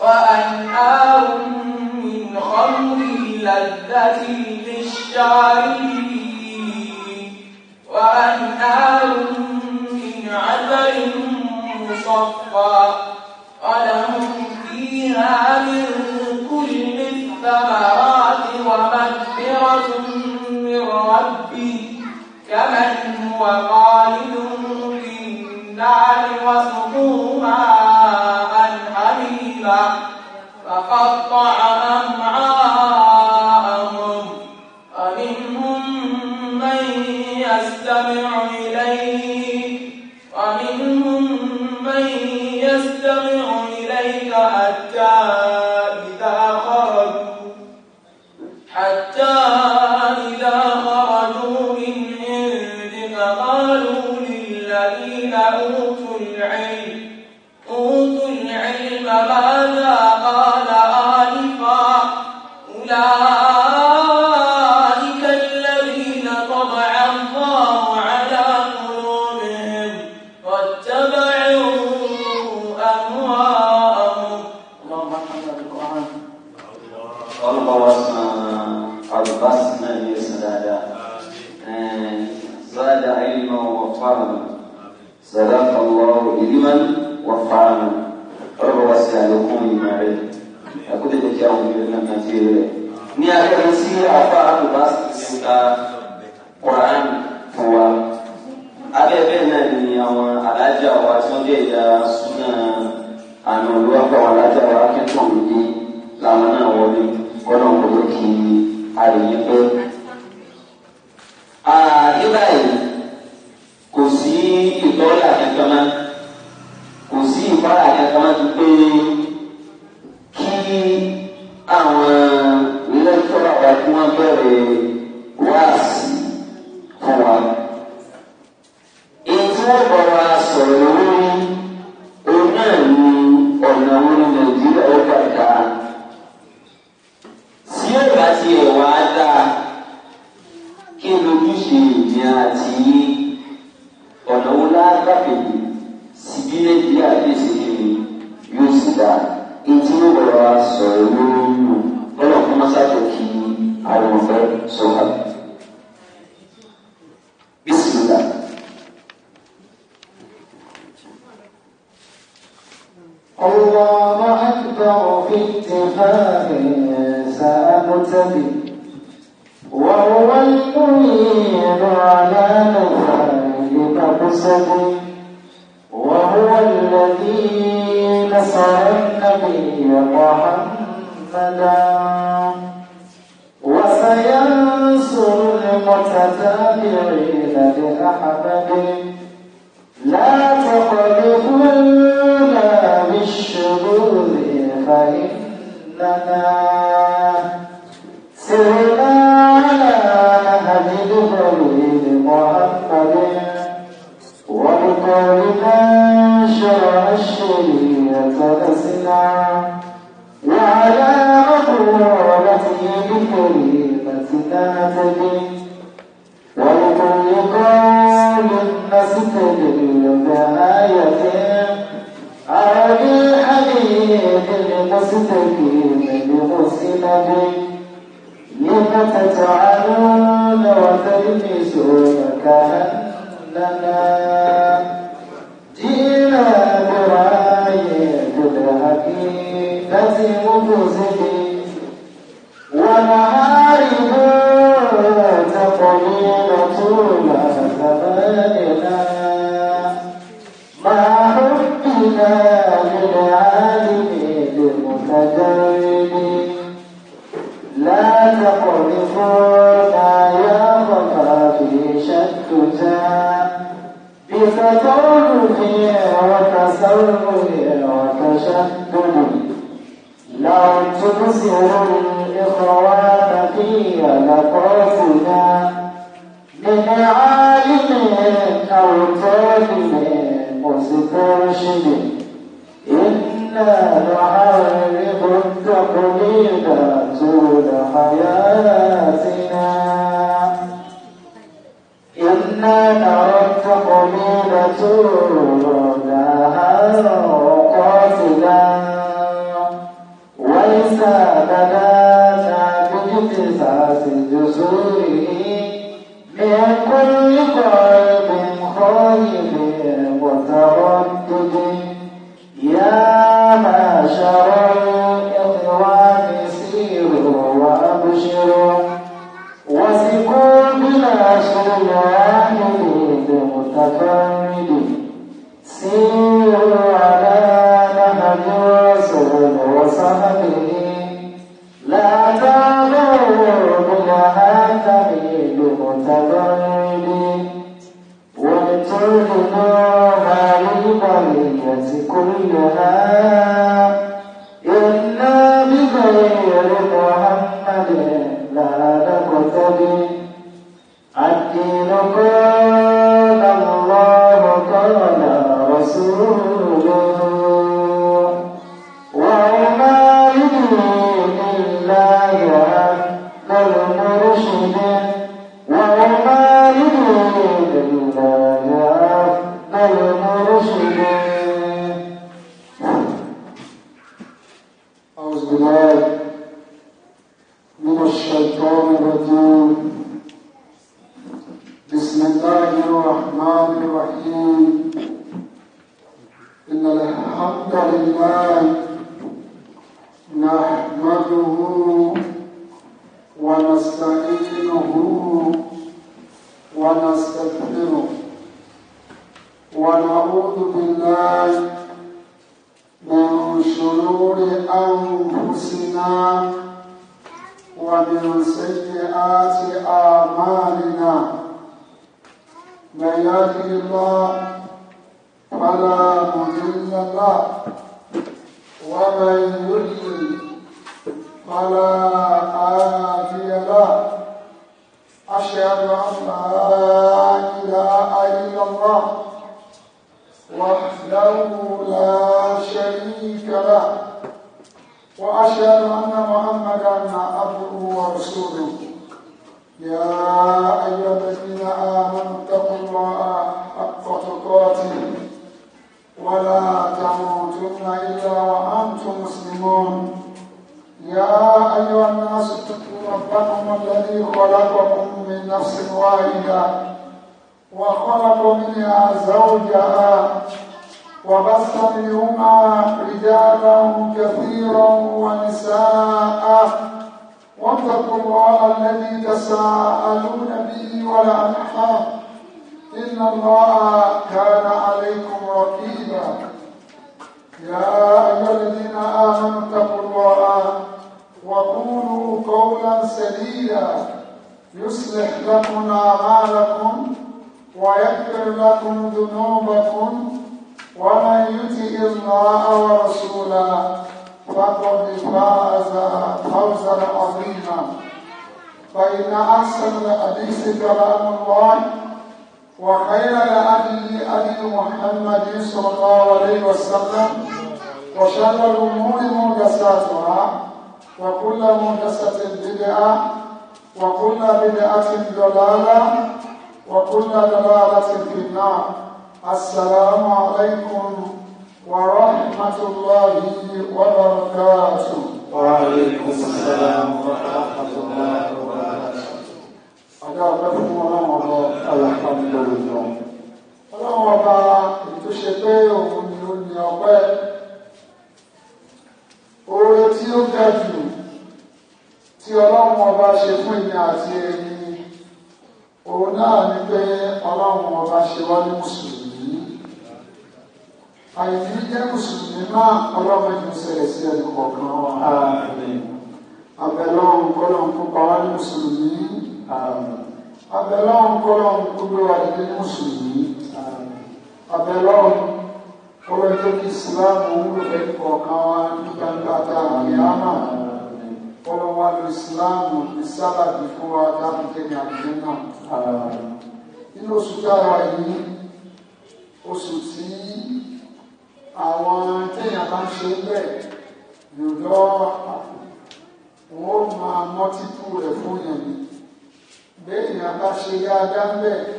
يطعم من خمر لذة للشاربين وأنهار من عسل مصفى ولهم فيها من كل الثمرات ومغفرة من ربه كمن هو خالد النار وسقوا ماء حميما فقطع أمعاءهم فمنهم من يستمع إليك ومنهم من يستمع إليك حتى كثيرا ونساء واتقوا الله الذي تساءلون به ولا والأرحام إن الله كان عليكم رقيبا يا أيها الذين آمنوا اتقوا الله وقولوا قولا سديدا يصلح لكم أعمالكم ويغفر لكم ذنوبكم ومن يطع الله ورسوله فقد فاز فوزا عظيما فإن أحسن الحديث كلام الله وخير لأبي أبي محمد صلى الله عليه وسلم وشر الأمور محدثاتها وكل محدثة بدعة وكل بدعة ضلالة وكل ضلالة في النار السلام عليكم ورحمة الله وبركاته وعليكم السلام ورحمة الله وبركاته أجابكم ورحمة الله الحمد لله ọlọ́run ọba ètò ṣe pé òun ni ó ní ọpẹ́ oore tí ó ga jù tí ọlọ́run ọba ṣe fún ìyá àti ẹni òun náà ni pé ọlọ́run ọba ṣe wá ní mùsùlùmí àìní jẹ́ mùsùlùmí náà ọlọ́mọdé ṣẹlẹ̀ sí ẹnì kọ̀ọ̀kan wa. abẹ́lọ́run kọ́lọ́run kó pa wá ní mùsùlùmí. abẹ́lọ́run kọ́lọ́run kó gbé wa dìde ní mùsùlùmí. abẹ́lọ́run kọ́lọ́run tó kí ìsìláàmù wúlò ẹnì kọ̀ọ̀kan wa ní gbangba tá a ní àmà. kọ́lọ́run wa lu ìsìláàmù ní sábàbí fún wa dábìtẹ́ ní àbúrò náà. nínú oṣù tí àwọn téèyàn bá ń ṣe bẹ́ẹ̀ yòdọ́ wọ́n máa mọ́títù rẹ̀ fún yẹn ni béèyàn bá ṣe dáadáa bẹ́ẹ̀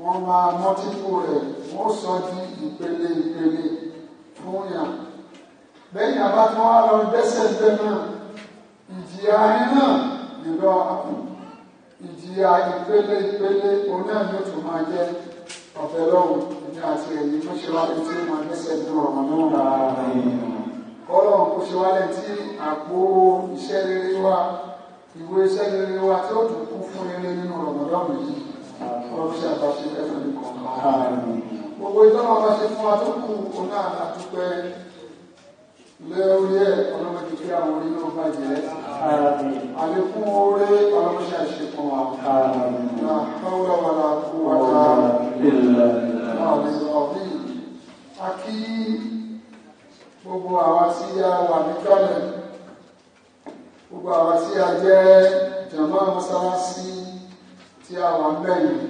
wọ́n máa mọ́títù rẹ̀ wọ́n sọ di ìpele ìpele fún yẹn béèyàn bá tún wá lọ dẹ́sẹ̀ bẹ́ẹ̀ náà ìjìyà ayé náà yòdọ́ ìjìyà ìpele ìpele òun náà yóò tún máa jẹ́ ọ̀fẹ́ lọ́hùn ẹni àti ẹ̀yìn tó ṣe wáyé tí wọ́n gbẹ́sẹ̀ ní ọ̀rọ̀ náà. kọ́lọ̀ kò ṣe wáyé tí àpò iṣẹ́ rere wa ìwé iṣẹ́ rere wa tí ó tún kún fún rere nínú rọ̀mọ̀dọ́mù yìí ọlọ́run ṣe àbáṣe ẹ̀fọ́ ní kọ̀ọ̀kan. gbogbo ìtọ́nà ọba ṣe fún wa tó kù òun náà àdúpẹ́ lé orí ẹ ọlọ́mọdé kí àwọn orí náà bàjẹ́ àlékún orí ọlọ́mọdé àṣepọ̀ wa nà káwọ́lá wà lá kú wà lá àlèkọ̀bí akí gbogbo àwa tí a wà ní kálẹ̀ gbogbo àwa tí a jẹ́ jàmbá mọ́sálásí tí a wà mẹ́yìn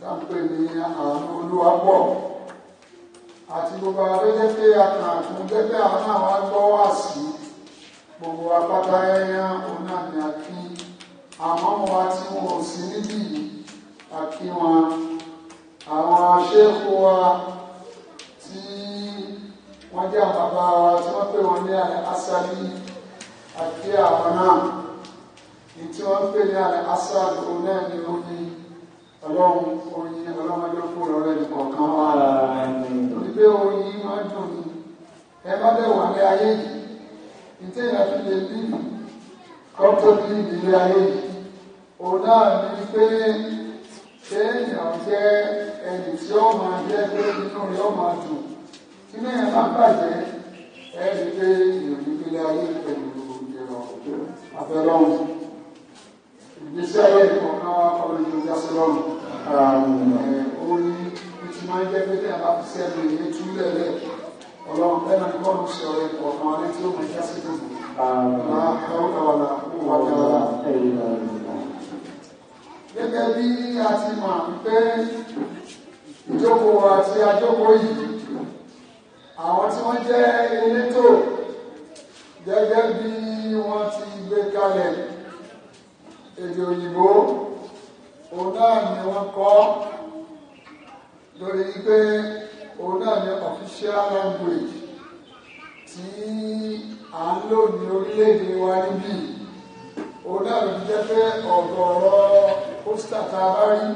tá à pè ní àánú olúwa pọ̀ àti gbogbo àwọn tó jẹ́ pé akàn àtún jẹ́ pé àwọn náà wá gbọ́ wá sí gbogbo apáta ẹyẹ òun náà ni a kí àmọ́ mo wá tí wọn ò sí níbí yìí a kí wọn àwọn aṣẹ́kù wa tí wọ́n jẹ́ àbábá wa tí wọ́n pè wọ́n ní asali àti àwọn náà ní tí pè ní asali òun náà ni ó ní ọlọ́run oyin ọlọ́run ọjọ́ kó lọ́rọ́ ẹni kọ̀ọ̀kan wá lórí pé oyin máa ń dùn ní ẹ bá bẹ̀ wà ní ayé yìí ní tí èèyàn fi lè bí kọ́tọ́ bí ilé ayé yìí òun náà ní pé kéèyàn jẹ́ ẹni tí ó máa jẹ́ pé inú rẹ̀ ó máa dùn tí mẹ́rin bá bàjẹ́ ẹni pé ìròyìn ìpínlẹ̀ ayé pẹ̀lú ìrọ̀ abẹ́rọ̀ ìgbésí ayé ìkọ̀ọ̀kan ọlọ́run ìjọba sí lọ́rùn ara wọn ẹ̀ ó ní ti máa ń jẹ́ pé tẹ́yà bá fi sí ẹ̀dùn ìyẹn túlẹ̀ lẹ̀ ọlọ́run lẹ́nu kọ́ ló ṣe ọ̀rẹ́ pọ̀ fún alẹ́ tí ó mọ̀ já sí gbogbo láàkàwọ́dàwàlà wọ́dàwàlà. gẹ́gẹ́ bí a ti mọ̀ pé ìjókòó àti àjókòó yìí àwọn tí wọ́n jẹ́ elétò gẹ́gẹ́ bí wọ́n ti gbé kalẹ̀ èdè òyìnbó òun náà ni wọ́n kọ́ lórí pé òun náà ni official language tí à ń lò ní orílẹ̀-èdè wa níbí òun náà ló jẹ́ pé ọ̀gọ̀ọ̀rọ̀ pósítà tá a bá rí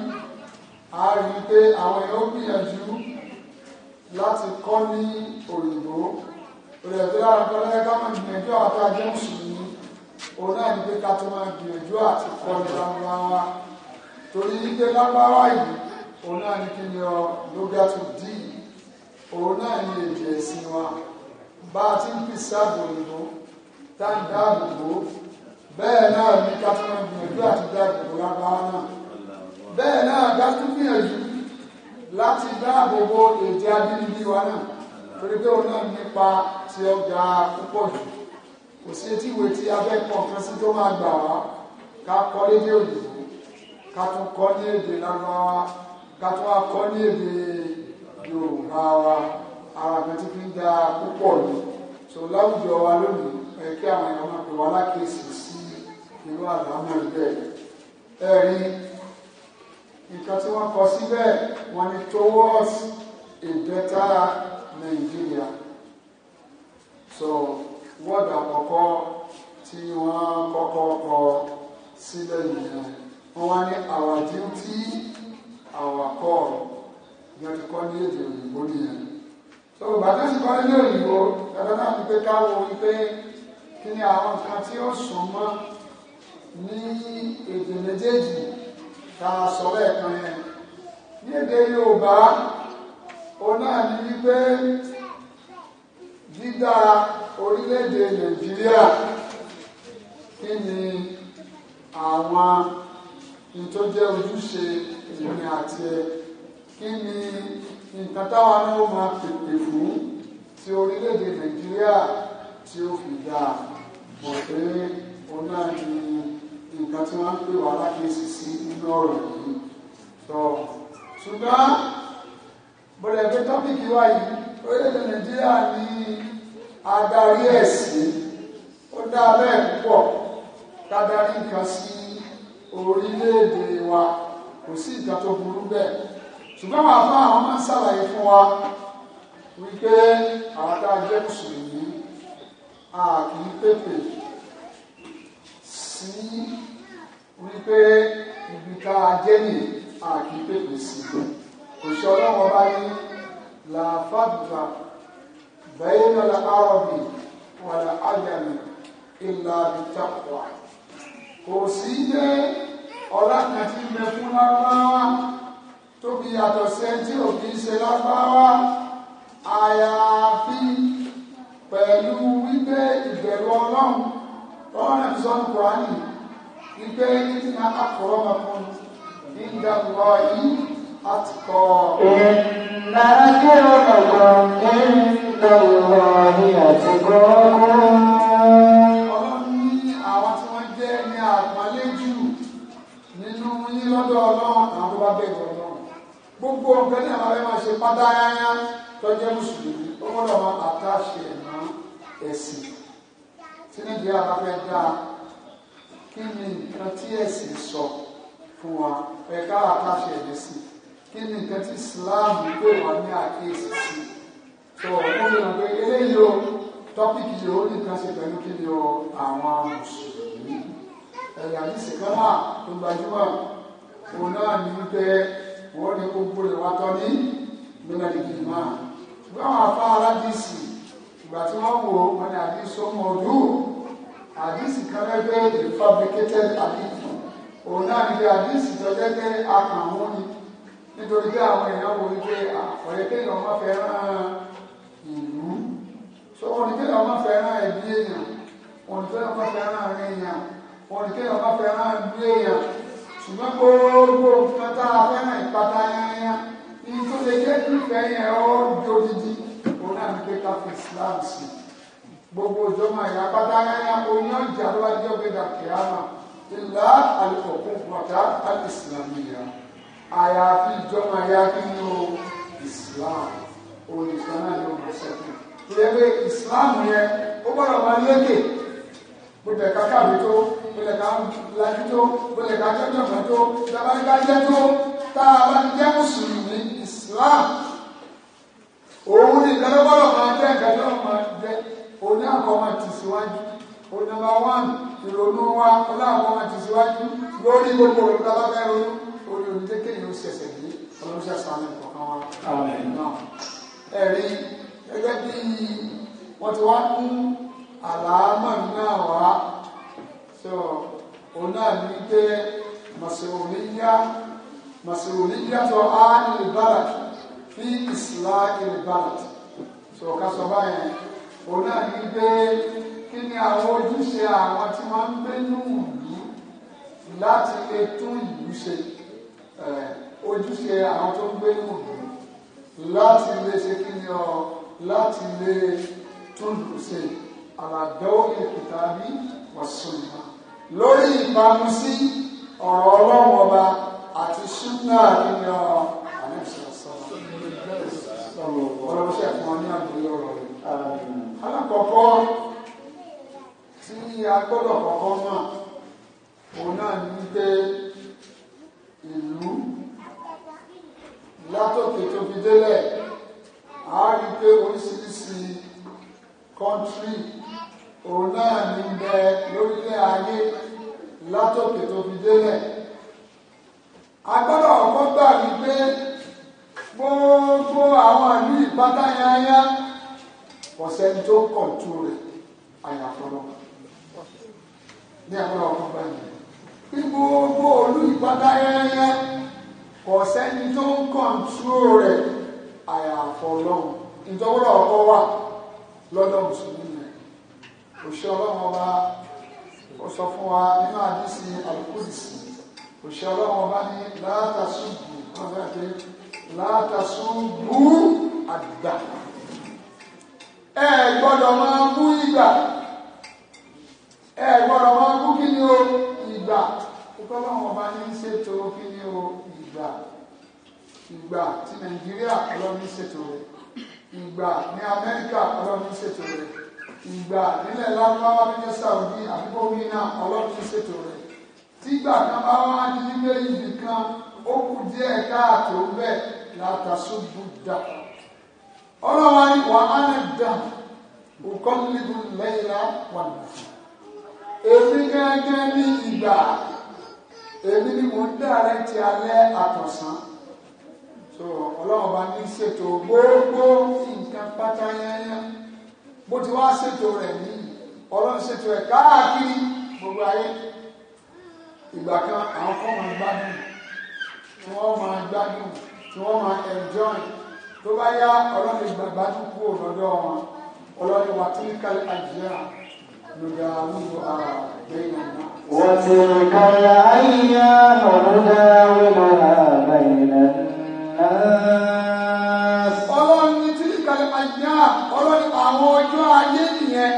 a rí i pé àwọn èèyàn gbìyànjú láti kọ́ ní òyìnbó òyìnbó tó dára pé lẹ́yìn ká máa gbìyànjú àwọn tó ajé mùsùlùmí òun náà ni pé ká tó máa gbìyànjú àti kọ́ ní gbangba wa torí ilé lágbára yìí òun náà ní kí ni ọ lóbiátù dí òun náà ní èdè ẹ̀sìn wa bá a ti ń fi sáàbò òyìnbó tá ń dáàbò bò ó bẹ́ẹ̀ náà ní ká fún wọn gbìyànjú àti dáàbò bò lágbára náà bẹ́ẹ̀ náà dájú gbìyànjú láti dáàbò bo èdè abínibí wa náà torí pé òun náà nípa tí ó ga púpọ̀ jù kò sí etí ìwé tí abẹ́kọ̀ọ́ kan sí tó máa gbà wá ká kọ́ lédè òyìnbó ká tún kọ́ ní èdè lágbára ká tún wá kọ́ ní èdè yorùbá wa ara kan ti fi ń da púpọ̀ ni so láwùjọ wa lónìí ẹ kí àwọn èèyàn máa pè wá lákèsì sí irú àdámọ̀ ibẹ̀ ẹ̀rí nǹkan tí wọ́n kọ síbẹ̀ wọ́n ní towards a better Nigeria so wọ́ọ̀dù àkọ́kọ́ tí wọ́n kọ́kọ́ kọ sílẹ̀ yìí wọ́n wá ní our duty our call ní wọ́n ti kọ́ ní èdè òyìnbó nìyẹn so gbàdé sì kọ́ nílé òyìnbó náà ni pé káwọ wípé kí ni àwọn nǹkan tí ó sùn mọ́ ní èdè méjèèjì tá a sọ lẹ́ẹ̀kan yẹn ní èdè Yorùbá òun náà wípé ni àwọn nítorí jẹ́ ojúṣe èmi àti ẹ kí ni nǹkan táwa náà máa pèpè fún tí orílẹ̀-èdè nàìjíríà tí ó fi dà mọ̀ pé òun náà ni nǹkan tí wọ́n ń pè wá lákèésí sí nínú ọ̀rọ̀ yìí tọ́ ṣùgbọ́n bọ̀dẹ̀ pé tọ́pìkì wa yìí orílẹ̀-èdè nàìjíríà ní adarí ẹ̀sìn ó dá bẹ́ẹ̀ púpọ̀ ká nǹkan sí orílẹ̀-èdè wa kò sí ìgbà tó burú bẹ́ẹ̀ ṣùgbọ́n àwọn afá àwọn máa ń ṣàlàyé fún wa wípé àwọn tá a jẹ́ mùsùlùmí a kì í pèpè sí wípé ibi tá a jẹ́ nì a kì í pèpè sí kò sí ọlọ́wọ́ bá ní làfàdùrà bẹ́ẹ̀ ní ọ̀là àrọ̀bì wàlà àjàmì ìlà bìtàkùwà kò sí jẹ́ ọlá kan tí ń fún lárúbáwá tó yàtọ̀ sí ẹni òbí ṣe lárúbáwá àyàfi pẹ̀lú wípé ìbẹ̀rù ọlọ́run lọ́rùn ìsọ́nù kùránì wípé ní ti máa kàkọ́rọ́ ọmọkùnrin nígbà lọ yìí àti kọ́ ìnà kẹ́rọ ọ̀gbọ̀n nígbà lọ yìí àti kọ́ ọkùnrin. lọ́dọ̀ ọlọ́run àwọn tó bá bẹ̀rù ọlọ́run gbogbo ọ̀gbẹ́ ní àwọn ẹ̀ máa ṣe pátáyáyá tọ́jẹ́ mùsùlùmí ó gbọ́dọ̀ máa àtàṣe ẹ̀mọ́ ẹ̀sìn tí nàìjíríà bá fẹ́ dáa kí ni nǹkan tí ẹ̀sìn sọ fún wa ẹ̀ka àtàṣe ẹ̀mí sí kí ni nǹkan tí Islam pè wá ní àkíyèsí sí tó ó yẹ pé eléyìí o tọ́pìkì yìí ó nìkan ṣe pẹ̀lú kí ni o àwọn mùsùlùmí ẹ̀yà ní sèkánná tó gbajúmọ̀ òun náà ní wípé wọ́n ní gbogbo rẹ̀ wá tọ́ ní mílíọ̀nù ìmọ̀ ṣùgbọ́n àwọn afá aládìsí ìgbà tí wọ́n wò wọ́n ní àdìsí ọmọ ọdún àdìsí kan lẹ́gbẹ́ the fabricated àdìsí òun náà ní àdìsí tó lẹ́gbẹ́ akànwó ni nítorí pé àwọn èèyàn wo wípé àkọ̀yẹ́ kéèyàn má fẹ́ràn ìlú tó wọ́n ní kéèyàn má fẹ́ràn ẹbí èèyàn wọ́n ní kéèyàn má fẹ́ràn àárín èèyàn wọ́n ní kéèyàn má fẹ́ràn ìlú èèyàn ṣùgbọ́n gbogbo kata fẹ́ràn ìpata yányá ní tó lè jẹ́ kífẹ́ yẹn ó dodidi òun náà ní pé ká fi Islam sí gbogbo ìjọba ìyá pátá yányá òun náà jà ló wá jẹ́ ọ̀gbẹ́dà kìámà ìlà àlùkòkò pàtà àti ìsìlámìyà àyàfi ìjọba ìyá nínú Islam òun ìsìlámù yẹn ló ń bọ̀ sẹ́kù. ìyẹ́pẹ́ Islam yẹn ó gbọ́dọ̀ wá lékè bó tẹ̀ ká káàbí tó bó tẹ̀ ká lajú tó bó tẹ̀ ká jẹ́jọ̀gbọ́n tó tábà ní ká jẹ́ tó tá a bá jẹ́ mùsùlùmí islam òun ni ìdánilọ́gbọ́dọ̀ máa jẹ́ ìdájọ́ máa jẹ́ oní àkọ́mọ tìsíwájú onàmbà wán ìrònú wa ọlọ́àkọ́mọ tìsíwájú lórí gbogbo olùdábà bẹ́ẹ̀ ronú orí onídékè yìí ó ṣẹ̀ṣẹ̀ bí ọlọ́run ṣẹ̀ṣẹ̀ àmì kọ̀ọ̀kan wa náà ẹ̀rí gẹ́gẹ́ bí wọ́n ti wá ń àlàámà náà wá so ona náà ní pé màsìlóníyà màsìlóníyà tó á ní balad fi ìsìlá ní balad so ká sọ báyẹn òun ona ní pé kí ni àwọn ojúṣe àwọn tí wọ́n ń gbé nù ìlú láti lè tún ìlú ṣe ojúṣe àwọn tó ń gbé nù ìlú láti lè ṣe kí ni ọ láti lè tún ìlú àràdọ́wọ́ kìtàbí wàsùnmá lórí ìbámu sí ọ̀rọ̀ ọlọ́run ọba àti súnà nínú àlẹ́sọ̀sọ̀ ọ̀rọ̀ ṣe fún ọ ní àgbélé ọ̀rọ̀ rẹ̀. alákọ̀ọ́kọ́ tí a gbọ́dọ̀ kọ́kọ́ mọ̀ òun náà ní pé ìlú látòkè tó fi délẹ̀ àá pé oríṣiríṣi. country òun náà ní bẹ lórílẹ̀ ayé látòkè tó fi délẹ̀ a ọkọ gbà wípé gbogbo àwọn ìlú ìpátá yányá ọ̀sẹ̀ tó kọ̀tù rẹ̀ àyàfọ́lọ́ ní gbà yẹn bí gbogbo òlú ìpátá yányá tó lọ́dọ̀ mùsùlùmí yẹn òṣìṣẹ́ ọlọ́run ọba ó sọ fún wa nínú àdísì àlùkùdìsì òṣìṣẹ́ ọlọ́run ọba ní látàṣùbù ọ̀gáde látàṣùbù àgbà ẹ gbọ́dọ̀ máa mú ìgbà ẹ gbọ́dọ̀ máa mú kí ni o ìgbà ọlọ́run ọba ní ṣètò kí ni o ìgbà ìgbà tí nàìjíríà ọlọ́run ṣètò rẹ̀. ìgbà ní amẹ́ríkà ọlọ́run ṣètò rẹ̀ ìgbà nílẹ̀ lárúbáwá bí jẹ́ sàwùdí àdúgbò na ọlọ́run ṣètò rẹ̀ tígbà kan bá wá ní nílé ibì kan ó kù díẹ̀ káàtó bẹ́ẹ̀ látàṣubú dà ọlọ́wà ni wà á òkọ́ n'ílùú lẹ́yìnlá èmi gẹ́gẹ́ ní ìgbà èmi ni ń ti alẹ́ àtọ̀sán. so ọlọ́run bá ní ṣètò gbogbo nǹkan pátá yányá bó ti wá ṣètò rẹ̀ ní ọlọ́run ṣètò ẹ̀ káàkiri gbogbo ayé ìgbà kan àwọn kan gbádùn tí wọ́n máa gbádùn tí wọ́n máa enjoy tó bá yá ọlọ́run ìgbà gbádùn kú lọ́dọ̀ wọn ọlọ́run wà tí kálí àjíyà lòdà wúlò àgbẹ̀yìn náà. wọ́n ti kàlà ayé náà lọ́dà wíwọ́n àgbẹ̀yìn ọlọ́run ní tí ìkàlẹ̀ àjá ọlọ́run àwọn ọjọ́ ayé nìyẹn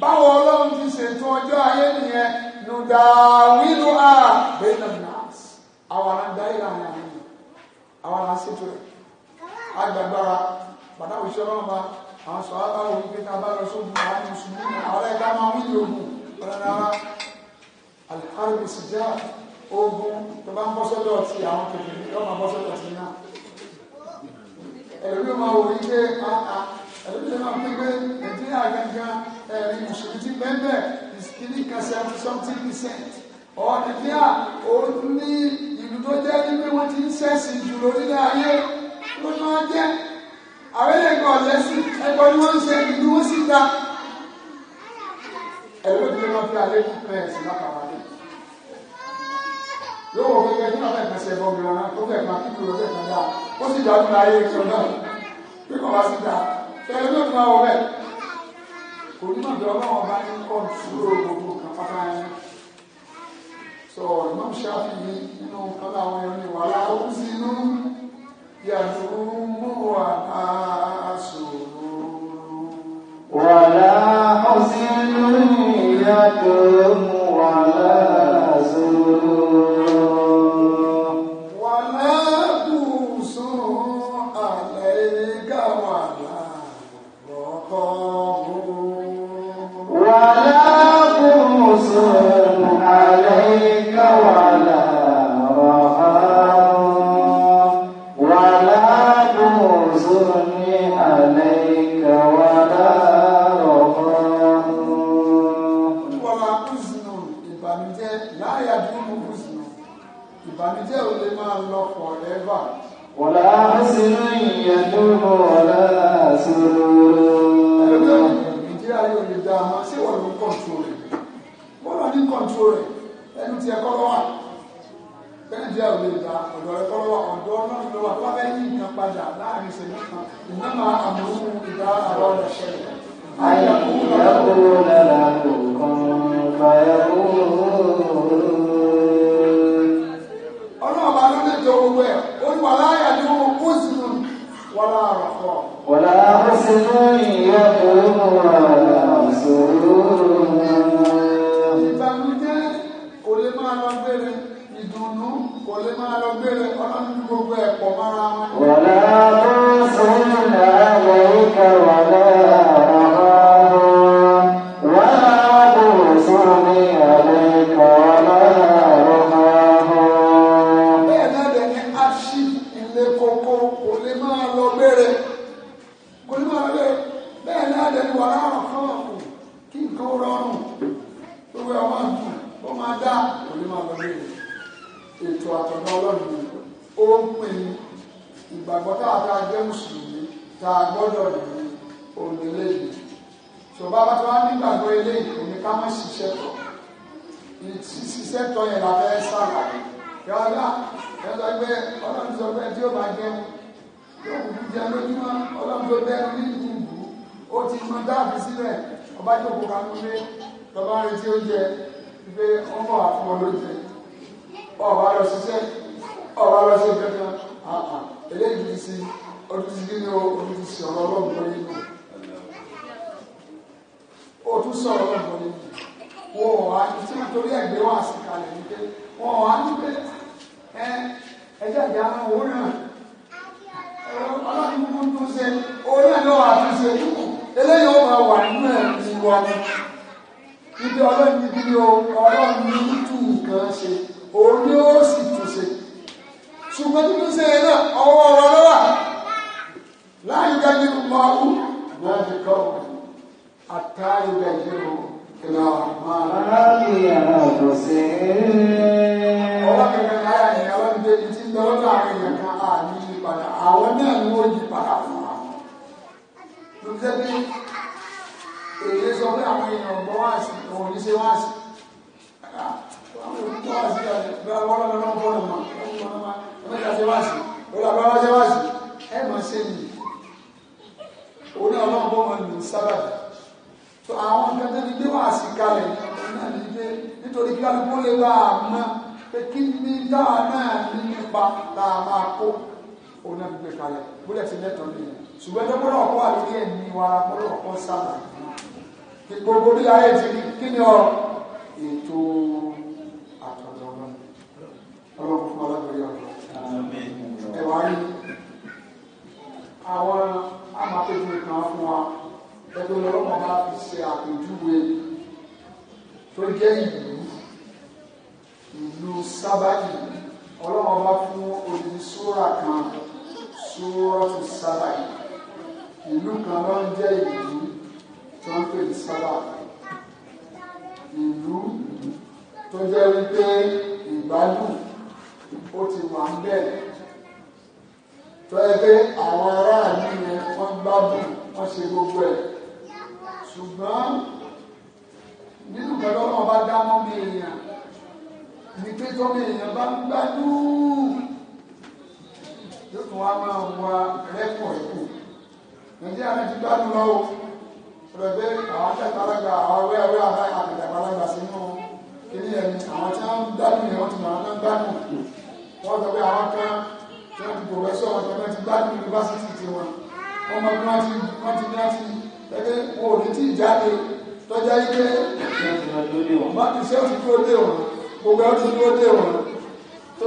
báwo ọlọ́run ti ṣètò ọjọ́ ayé nìyẹn nùdà wílù á bẹ́ẹ̀nà nàás àwọn àdáyé làwọn àwọn ènìyàn àwọn àwọn aṣètò rẹ̀ agbàgbára bàtà òṣìṣẹ́ ọlọ́run bá àwọn sọ̀rọ̀ bá wọ wípé ká bá lọ sóògùn àwọn mùsùlùmí àwọn ẹ̀ka máa wílì ogun ọ̀rẹ́ rárá alìkárùn-ún sì jẹ́ àti ogun tó bá ń bọ́ sọ́dọ̀ ti àwọn kèfèrí yóò máa bọ́ sọ́dọ̀ ti náà ẹ̀rí máa wò wípé àà ẹ̀rí tó máa pín pé nàìjíríà gangan ẹ̀rí mùsùlùmí ti bẹ́ẹ̀ ìsìkìní kan seventy something percent ọ̀ nàìjíríà ó ní ìlú tó jẹ́ wípé wọ́n ti ń ṣẹ̀sìn jù lórílẹ̀ ayé ló máa jẹ́ àwẹ́lẹ̀ kan lẹ́sìn ẹgbẹ́ ni wọ́n ń ṣe ìlú wọn síta ẹ̀rí tó máa fi àlékún pẹ̀sì lápapọ̀ yóò wọ kẹkẹ tó náà fẹẹ pèsè ẹbọ mi rárá tó fẹẹ máa kíkú lọ fẹẹ padà ó sì dá nínú ayé ìṣọ náà pé kò wá sí ta tẹlẹ tó tún wọ bẹ́ẹ̀ kò ní mọ̀ bí ọlọ́wọ́n bá ní kọ́ńtúrò gbogbo kan pátá yẹn sọ ìmọ̀n ṣáfi ní nínú kọ́lá àwọn ẹni wà láwọ́ sí inú yàtọ̀ mú wà á sòrò. wà inú yàtọ̀ mú wà á jà láàrin ìṣẹ́jú kan ìnáma àmúrú ìdá àwọn ọ̀rọ̀ ṣẹlẹ̀. àyàkúrò lára nǹkan fàyàkúrò. ọlọ́run bá lọ́nà ìjọ gbogbo ẹ̀ ó ní wàhálà àyàdé wọn kó sínú wàhálà àràfọ́. wàhálà àkọsínú ìyàkúrò àlàsòrò. ìbànújẹ́ kò lè máa lọ gbére ìdùnnú kò lè máa lọ gbére ọlọ́run gbogbo ẹ̀ pọ̀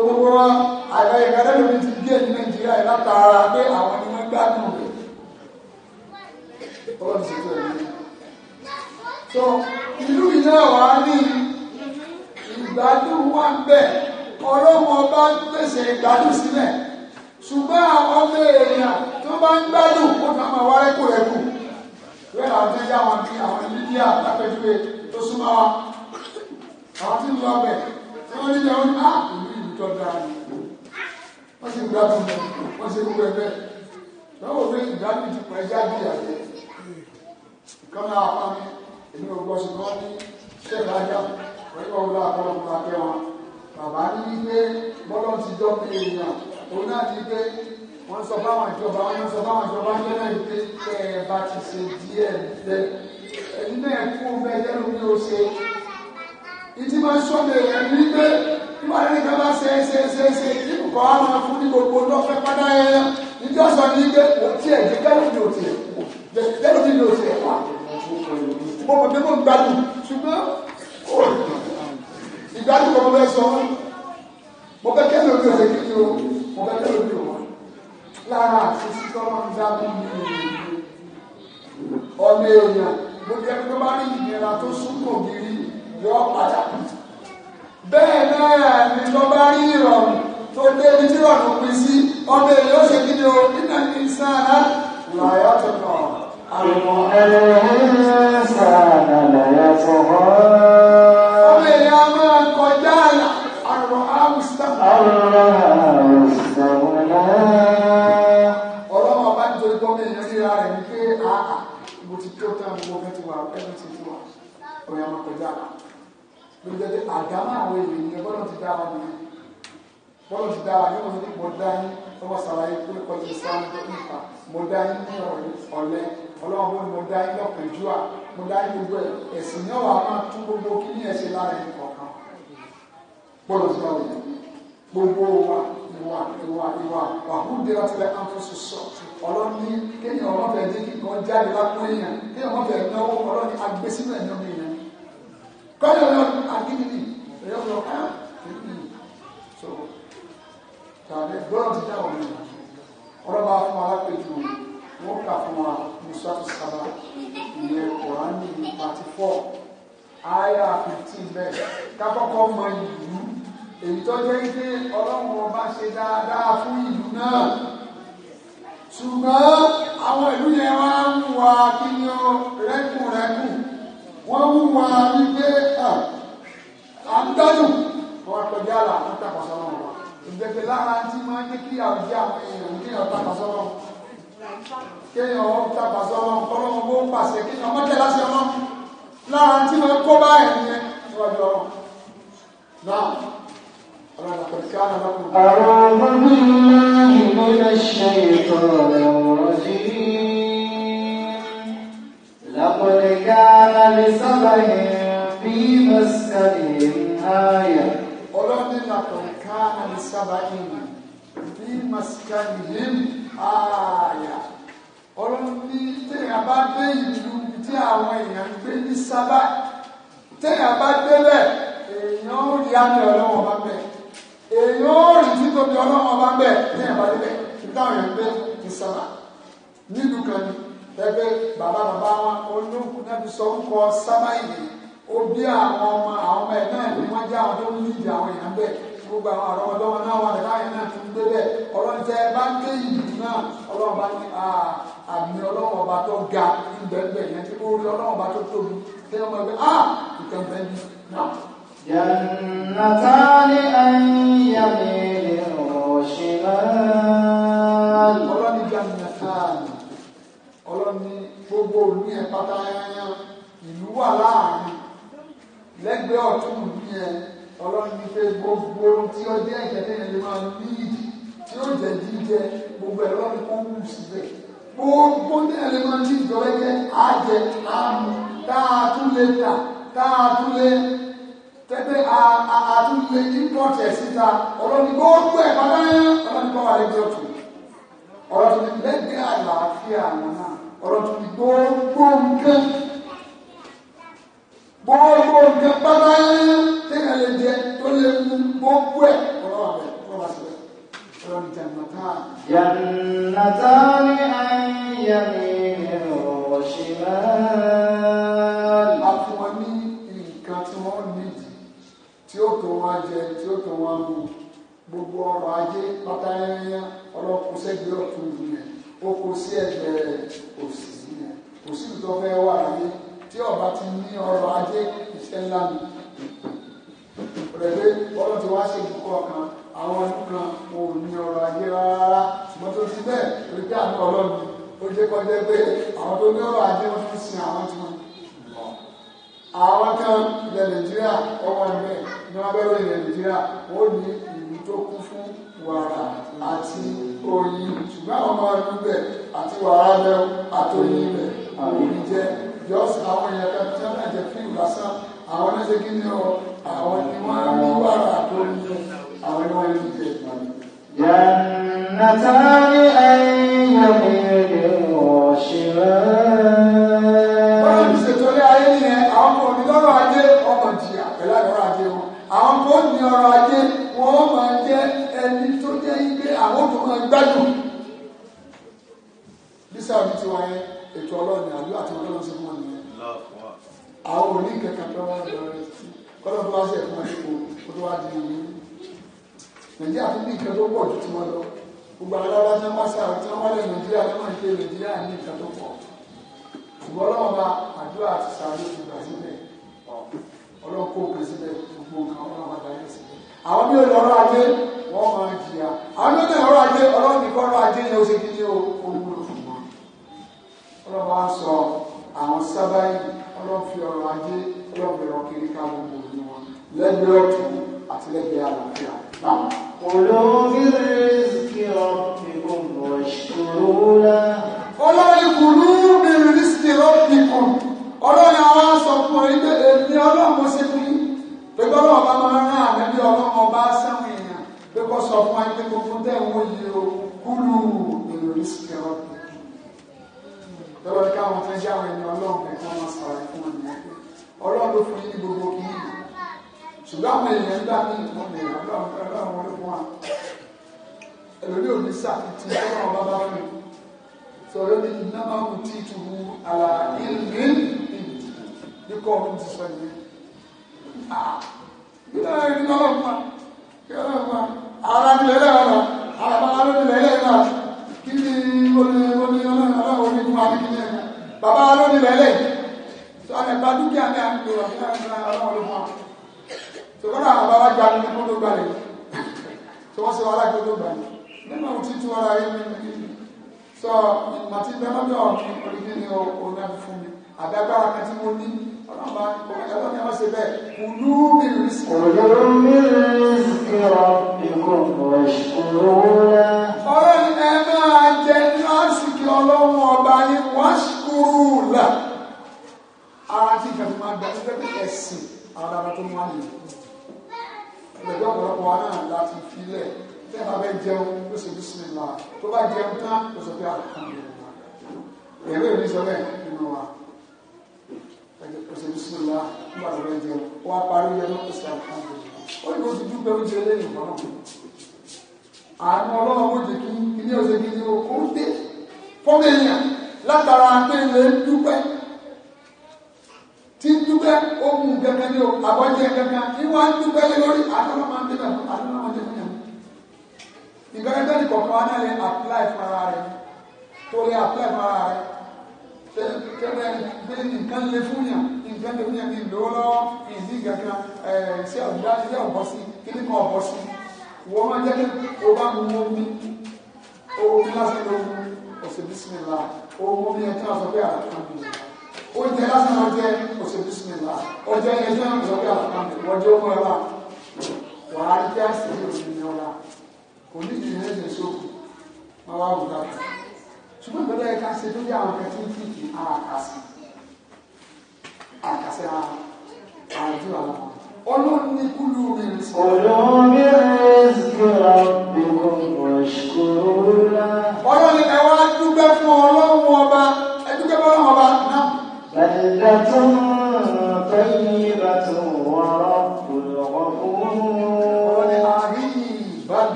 gbogbo wa àìmọ̀ ìkàdé lómi ti díẹ̀ ní nàìjíríà yìí látara pé àwọn ni wọ́n gbádùn rẹ̀ ọlọ́run sì tó yìí. so ìlú iná wà ní ìgbádùn wà ń bẹ̀ ọlọ́run ọba pèsè ìgbádùn sílẹ̀ ṣùgbọ́n àwọn ọmọ èèyàn tó bá ń gbádùn kó kà máa wá rẹ́kùrẹ́kù bẹ́ẹ̀ àwọn tó yá wọn bí àwọn mídíà lápẹ́júwe tó súnmọ́ wa àwọn tí ń lọ bẹ̀ tí wọ́n ní jẹun ní ah, tó dáa ni wọ́n sì gbá fún mi wọ́n sì wú ẹgbẹ́ lọ́wọ́ pé ìdáni ti pọ̀ ẹja bí ìyàgbẹ́ ìkànnì apá mi èmi ò gbọ́ ṣùgbọ́n ní ṣẹ́ẹ̀kì ajá pẹ̀lú ọ̀la àpọ̀lọpọ̀ àtẹ wọn bàbá ní wípé bọ́lọ́ ti jọ pé èèyàn òun náà ti pé wọ́n sọ fáwọn ìjọba wọ́n sọ fáwọn ìjọba ń lẹ́nà ìpè tẹ́ ẹ bá ti ṣe díẹ̀ nílẹ̀ ẹ̀yin náà kú ọmọ ẹgbẹ́ lómi ó ṣe ìdí máa ń sọ nígbà tí nǹkan bá ṣe ṣe ṣe ṣe kí nǹkan á máa fún ní gbogbo lọ́fẹ́ padà yẹn ìjọ sọ ní pé kò tiẹ̀ jẹ́ kẹ́lómi ò tiẹ̀ kẹ́lómi ò tiẹ̀ wá mo mọ̀ pé mo ń gbádùn ṣùgbọ́n ìgbádùn kan mo fẹ́ sọ mo fẹ́ kẹ́lómi ò tiẹ̀ kí ni o mo fẹ́ kẹ́lómi ò wá lára àṣìṣe tọ́lọ́ ń dábì ọmọ èèyàn gbogbo ẹni tó bá rí ìnira tó súnkàn gírí yọ padà bẹ́ẹ̀ náà ni tó bá rí ìrọ̀rùn tó dé ibi tí ìrọ̀rùn pín sí ọmọ èyí ó ṣe kí ni o nínú ní sáà làyà tó nà àlùmọ́ ẹ̀rọ ń sáà làyà tó hàn. ló jẹ́ pé àdámọ́ àwọn èèyàn yẹn bọ́lá ti dá wa nìyẹn bọ́lá ti dá wa ní wọn ní mọ̀dá yín ọmọ sàlàyé pé kọjú sáwọn tó ń fa mọ̀dá yín ní ọ̀lẹ́ ọlọ́run bó ni mọ̀dá yín lọ́pẹ̀ jù à mọ̀dá yín gbogbo ẹ̀ ẹ̀sìn náà wà máa tún gbogbo kí ní ẹ̀ṣẹ̀ lára ẹ̀ kọ̀ọ̀kan bọ́lá ti dá wa gbogbo wa ìwà ìwà ìwà wàhúndé láti lẹ́ àǹfọ̀sọ̀ sọ̀ ọlọ́ni kéèyàn ọmọ fẹ́ jẹ́ kí kan jáde lápò èèyàn kéèyàn ọmọ náwó ọlọ́ni agbésínú kọ́lé ọlọ́run àdínní ni ẹ̀yọ́ lọ ká èyí ni so tàbí gbọ́dọ̀ ti dá òun ni ọ̀rọ̀ bá fún wa lápẹjù wọ́n kà fún wa musa tó Quran, ìyẹn kòránì pàtí fọ́ àyà fifteen bẹ́ẹ̀ kákọ́kọ́ mọ ìlú èyí tó jẹ́ pé ọlọ́run ọba ṣe dáadáa fún ìlú náà ṣùgbọ́n àwọn ìlú yẹn wá ń wá kí ni ó rẹ́kùnrẹ́kùn wọ́n mú wọn wípé à ń dájú wọn pẹ̀lú àlà ń tàkọ̀sọ́ wọn wà ìgbẹ́gbẹ́ lára tí máa ń jẹ́ kí àwùjọ àwọn èèyàn kéèyàn tàkọ̀sọ́ wọn kéèyàn ó tàkọ̀sọ́ wọn kọ́lọ́wọ́n bó ń pàṣẹ kéèyàn mọ́tẹ́ láṣẹ wọn lára tí máa ń kó báyìí yẹn níwájú ọ̀rọ̀ náà. أعوذ بالله من الشيطان الرجيم لقد كان لسبع في مسكنهم آية ọlọ́ni لقد كان لسبع في مسكنهم آية ọlọ́ni téèyàn bá dé ìlú tí àwọn èèyàn ń gbé ní sábà téèyàn bá délẹ̀ èèyàn ó rí àmì ọlọ́wọ́n bá bẹ̀ èèyàn ó rí títóbi ọlọ́wọ́n bá bẹ̀ téèyàn bá délẹ̀ táwọn èèyàn ń gbé ní sábà nílùú kan ni tẹ́gbẹ́ bàbá bàbá wọn olóòkú náà fi sọ ń kọ sábàyè ó bí àwọn ọmọ àwọn ọmọ ẹ̀ náà ni wọ́n jẹ́ àwọn tó ń lídìí àwọn èèyàn bẹ́ẹ̀ gbogbo àwọn àrọ́mọdọ́mọ náà wà lẹ́ka yẹn náà ti ń gbé bẹ́ẹ̀ ọlọ́run tẹ́ bá ń dé ìlú náà ọlọ́run bá ní àmì ọlọ́run ọba tó ga ńbẹ̀ńbẹ̀ yẹn tí ó ọlọ́run ọba tó tóbi tẹ́ ọmọ ẹgbẹ́ ah nǹkan bẹ́ẹ̀ ni náà. jannatani an yamini ọlọ́ni gbogbo òlú yẹn pátá yányá ìlú wà láàrin lẹ́gbẹ̀ẹ́ ọ̀tún òlú yẹn ọlọ́ni ní pé gbogbo tí ó jẹ́ ẹ̀jẹ̀ tẹ́lẹ̀ lè máa ní ìdí tí ó jẹ́ jíjẹ gbogbo ẹ̀rọ ni kò wù síbẹ̀ gbogbo tẹ́lẹ̀ lè máa ní ìjọ ẹ̀jẹ̀ àjẹ àmú táàtúlẹ̀ tà táàtúlẹ̀ tẹ́gbẹ́ àtúlẹ̀ import ẹ̀ síta ọlọ́ni gbogbo ẹ̀ pátá yányá ọlọ́ni kọ́ wà lẹ́gbẹ̀ẹ́ ọ̀tún ọ̀rọ̀ tó ti àlàáfíà náà ọ̀rọ̀ tó fi gbogbo nǹkan gbogbo nǹkan pátá téèyàn lè jẹ tó lè mú gbogbo ẹ̀ ọ̀rọ̀ àbẹ̀ ọ̀rọ̀ bá ṣe ọ̀rọ̀ ní jàǹdàtà. jàǹdàtà ni àyà mi ní ọ̀rọ̀ ṣe máa. a fún wọn ní nǹkan tí wọ́n nídìí tí ó tó wọn jẹ tí ó tó wọn mú gbogbo ọrọ̀ ajé pátá yẹn ọlọ́kùnṣẹ́gbẹ́ ọ̀tún ìlú yẹn ó kó sí ẹ̀gbẹ́ òsì yẹn kò sí ìtọ́ fẹ́ wà láyé tí ọba ti ní ọrọ̀ ajé iṣẹ́ ńlá ni rẹ̀gbẹ́ bọ́lá ti wá ṣe ìdúkọ̀ kan àwọn ọdún kan wọn ò ní ọrọ̀ ajé rárá ṣùgbọ́n tó ti bẹ́ẹ̀ rí pé àmì ọlọ́run ó jẹ́ kọjá pé àwọn tó ní ọrọ̀ ajé wọn fi sin àwọn tí wọn. àwọn kan ilẹ̀ nàìjíríà ọwọ́ ẹgbẹ́ ní wọ́n bẹ̀rẹ̀ ilẹ̀ nàìjíríà ó ní ìlú tó kún fún wàrà àti oyin ṣùgbọ́n àwọn ọmọ ẹnu bẹ̀ àti wàrà bẹ̀ àti bẹ̀ òní jẹ́ just àwọn èèyàn kan tí wọ́n jẹ́ fíìmù lásán àwọn ẹlẹ́sẹ̀ kí ni ọ àwọn ni wọ́n ní wàrà àti oyin àwọn ni wọ́n jẹ́ ìpàdé. جنتان أن يميل وشمال máa gbádùn bí sáà ní tiwọn yẹn ètò ọlọ́run ní àlú àti ọlọ́run sí wọn nìyẹn àwọn òní kẹkẹ tó wọn lọ rẹ sí kọ́lọ́ tó wá sí ẹ̀fọn àdìpọ̀ kó tó wá di ìlú nàìjíríà tó ní ìkẹ́ tó ju tiwọn lọ gbogbo alára tí wọ́n bá sáà tí wọ́n wá lẹ̀ nàìjíríà tí wọ́n ń ṣe nàìjíríà ní ìkẹ́ tó pọ̀ ṣùgbọ́n bá àdúrà àti sàárè ti gbà síbẹ̀ ọlọ́run kó òkè síbẹ̀ gbogbo nǹkan ọlọ́run bá dá wọ́n máa jìyà àwọn tó tẹ̀lé ọrọ̀ ajé ọlọ́run nìkan ọrọ̀ ajé yẹn ó ṣe kíni o olúwo fún wọn ọlọ́run bá sọ àwọn sábàáyì ọlọ́run fi ọrọ̀ ajé ọlọ́run fi ọrọ̀ kiri ká gbogbo òní wọn lẹ́gbẹ̀ẹ́ ọ̀tún àti lẹ́gbẹ̀ẹ́ àlàáfíà náà. olórí kùrú mi rìsíkì rọ́ọ̀kì kan ọlọ́run àwọn aṣọ fún ọ ilé èmi ọlọ́run mo ṣe fún yín pẹ̀lú ọlọ́run bá máa rán àmì bí ọlọ́run ọba sáwọn kọ́kọ́ sọ fún wa pé gbogbo tẹ́ ń wọ́n yìí o kúlù èrò rí sí kẹrọ pé lọ́wọ́ ní káwọn tó ń jẹ́ àwọn ẹni ọlọ́run ẹ̀ kọ́ máa sọ̀rọ̀ fún wọn nìyẹn pé ọlọ́run ló fún yín ní gbogbo kí yìí ṣùgbọ́n àwọn èèyàn ń gbà mí ìmọ̀ mi ọlọ́run ọlọ́run ló fún wa ẹlòmí ò ní sàkìtì ọlọ́run bá bá fún mi sọ̀rọ̀ ní ìnáwó tí ì àlà ìlú ní kọ́ ọ̀hún ti sọ yìí. Ilé ẹ̀rí náà wà, kí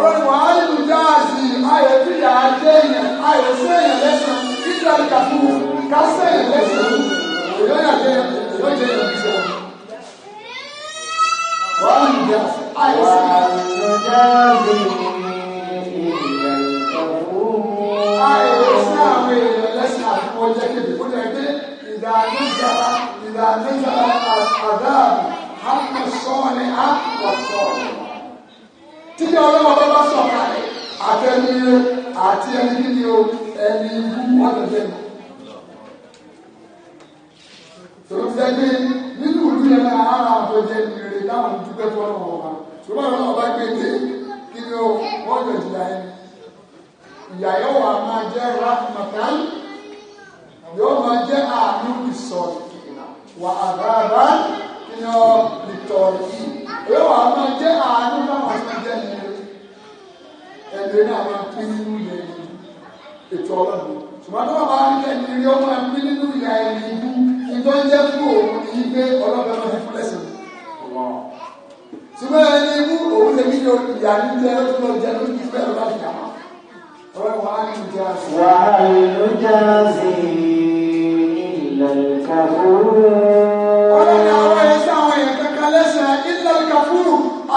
ọlọ́run wa ayé lu jáàsì ayé fìyà ajé yẹn ayé sẹ́yìn lẹ́sàn kíkà ní kàfú ká sẹ́yìn lẹ́sàn èyí ọ̀yà jẹ èyí ọ̀jẹ̀ yẹn bí sọ. wọ́n á lu jáàsì ayé sẹ́yìn. إذا نزل العذاب هم الصانع والصانع tíbi ọlọ́wọ́ bá bá sọ̀rọ̀ àtẹni àti ẹni kíni o ẹni ibú ọ̀dọ̀dẹ̀ mọ̀. tòlóṣẹ́gbé nínú ìlú yẹn náà ara àtọ́jẹ ìrè táwọn dúpẹ́ fọ́nà wọn wá ṣùgbọ́n àwọn ọba gbé dé kíni o wọ́n jọ jìyà ẹni. ìyà yóò wá máa jẹ́ rahmatan yóò máa jẹ́ àánú ìsọ̀rọ̀ wà àbára kíni o ìtọ̀rí yóò wá máa jẹ́ àánú báwọn máa jẹ́ ní ẹgbẹ́ náà máa pín nínú yẹ ètò ọlọ́run ṣùgbọ́n tó bá ń jẹ́ ní rí ọmọ pín nínú ìyá ẹni ibú ìtọ́ ń jẹ́ fún òun ní ilé ọlọ́run náà fún lẹ́sìn ṣùgbọ́n ẹni ibú òun lè nílò ìyá ní jẹ́ lọ́tún lọ́ọ́ jẹ́ lójú bẹ́ẹ̀ lọ́la fi àmọ́ ọ̀rẹ́ wa á ní jẹ́ àṣẹ. wàhálà ló jẹ́ àṣẹ ìlànà ìkàkùrù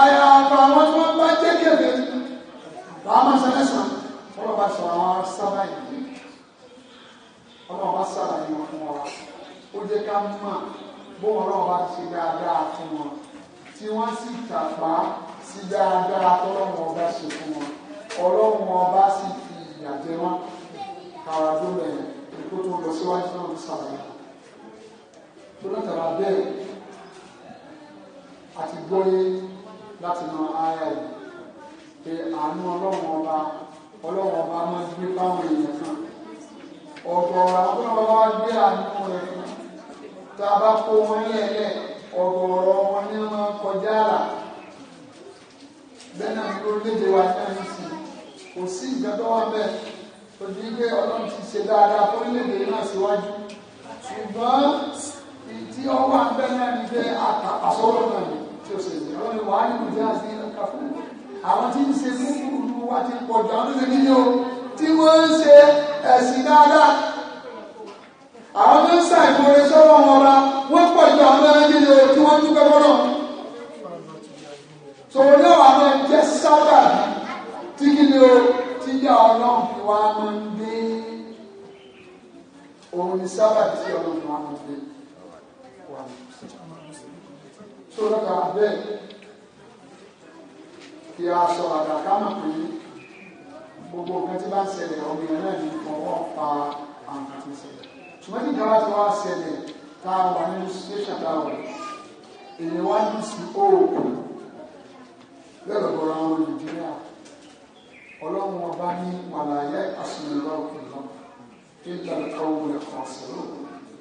àyàfà àwọn tí wọ́n bá jẹ́ kéde làwọn máa ṣe lẹ́sàn ọlọ́run bá sọ àwọn sábà yìí ọlọ́run bá sábà yìí wọn fún wa ó jẹ́ ká mọ̀ bó ọlọ́run bá ṣe dáadáa fún wọn tí wọ́n sì tàpá sí dáadáa tọ́lọ́run ọba ṣe fún wọn ọlọ́run ọba sì fi ìyà jẹ wọn kàrà tó bẹ̀rẹ̀ èkó tó lọ síwájú náà ń sàlàyé tó látara bẹ́ẹ̀ àti gbọ́yé láti mọ ara ẹ̀ pé àánú ọlọ́run ọba ọlọ́run ọba máa ń gbé báwọn èèyàn kan ọ̀gọ̀ọ̀rọ̀ àwọn ọlọ́run ọba gbé àánú rẹ̀ fún tá a bá kó wọn ní ẹ̀lẹ́ ọ̀gọ̀ọ̀rọ̀ wọn ní wọn kọjá àlà bẹ́ẹ̀ náà ló léde wa ní ẹ̀yìn sí kò sí ìgbẹ́tọ́ wa bẹ́ẹ̀ òjú pé ọlọ́run ti ṣe dáadáa fórílẹ̀-èdè náà síwájú ṣùgbọ́n ìdí ọwọ́ abẹ́ náà ni pé àtàkàsọ́rọ̀ náà ni tí ó ṣe ìwọ́n ni wàá nínú ìdí àti ẹ̀ka fún àwọn tí ń ṣe múkúrú wá ti pọ̀ jù àwọn tó ṣe nílé o tí wọ́n ń ṣe ẹ̀sìn dáadáa àwọn tó ń ṣàìmọ̀re sọ́wọ́ wọn ra wọ́n pọ̀ jù àwọn ẹni nílé o tí wọ́n dúpẹ́ mọ́nà sọ̀rọ̀ náà wà máa jẹ́ sábà tí kí ni o tí yá ọlọ́run fi máa ń dé òun ni sábà tí ọlọ́run fi máa ń dé wà ní so látara bẹ́ẹ̀ kí a sọ àdàkà mọ̀ pé gbogbo nǹkan tí bá ń ṣẹlẹ̀ ọmọ yẹn náà ní ọwọ́ pa àwọn nǹkan tí ń ṣẹlẹ̀ ṣùgbọ́n ní ìjọba tí wọ́n á ṣẹlẹ̀ tá a wà nínú ṣẹ́ṣà tá a wà èyí wá ní sí òòkù lọ́dọ̀ bọ̀rọ̀ àwọn Nàìjíríà ọlọ́run ọba ní wàlàyé àsìnlélọ́ọ̀kù lọ kí n tàbí kọ́ wọlé kan sọ̀rọ̀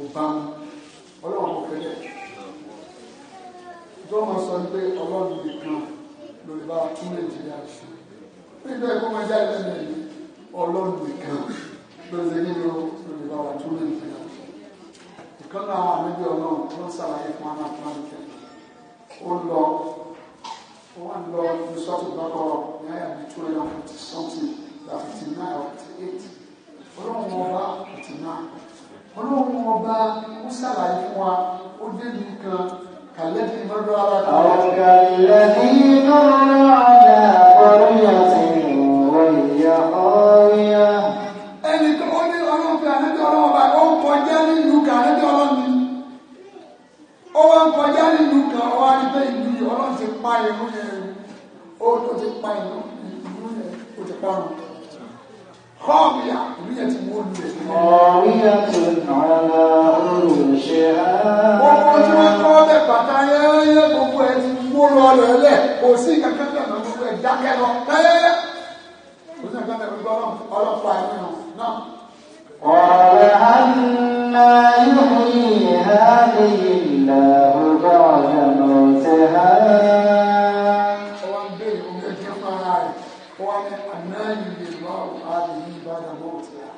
kò bá mu ọlọ́run kò fẹ́lẹ̀ ìjọba máa sọ pé ọlọ́run nìkan lórí bá tún nàìjíríà sí nígbà ẹ̀kọ́ máa jẹ́ àìsàn ẹ̀yìn ọlọ́run nìkan lórí nínú lórí bá wà tún nàìjíríà sí ìkan náà àmì bí ọlọ́run tó ń ṣàlàyé fún àwọn àtúntò ó lọ ó wà lọ ní sọ́tò bákọ́rọ̀ ní àyà bíi two hundred and fifty something by fifty nine or eight ọlọ́run wọn bá fifty nine ọlọ́run ọba ó ṣàlàyé fún wa ó débi kan kàlẹ́dì lọ́dọ̀ ara kan. àwọn kàlẹ́dì lọ́dọ̀ ara kọ́ríyà sí ìwọ ìyá ọ̀ríyà. ẹni tó ó ní ọlọ́run fi àlejò ọlọ́run ọba ó ń kọjá nílùú kan àlejò ọlọ́run ni ó wá ń kọjá nílùú kan ó wá ìlú ọlọ́run ti pa ìlú yẹn ó ti pa ìlú yẹn ó ti parun. خاوية رية مولد خاوية على عروشها gbogbo tí wọ́n kọ́ bẹ́ẹ̀ bàtà yẹ́yẹ́ gbogbo ẹ̀ ti mú lọ lẹ́lẹ̀ kò sí kankan bẹ́ẹ̀ náà gbogbo ẹ̀ dákẹ́ lọ yẹ́yẹ́ kò sí kankan bẹ́ẹ̀ gbogbo ọlọ́pàá ẹ̀ nínú náà. قال أنا يحيي هذه الله بعد موتها ìbàdàn mọ́ ti à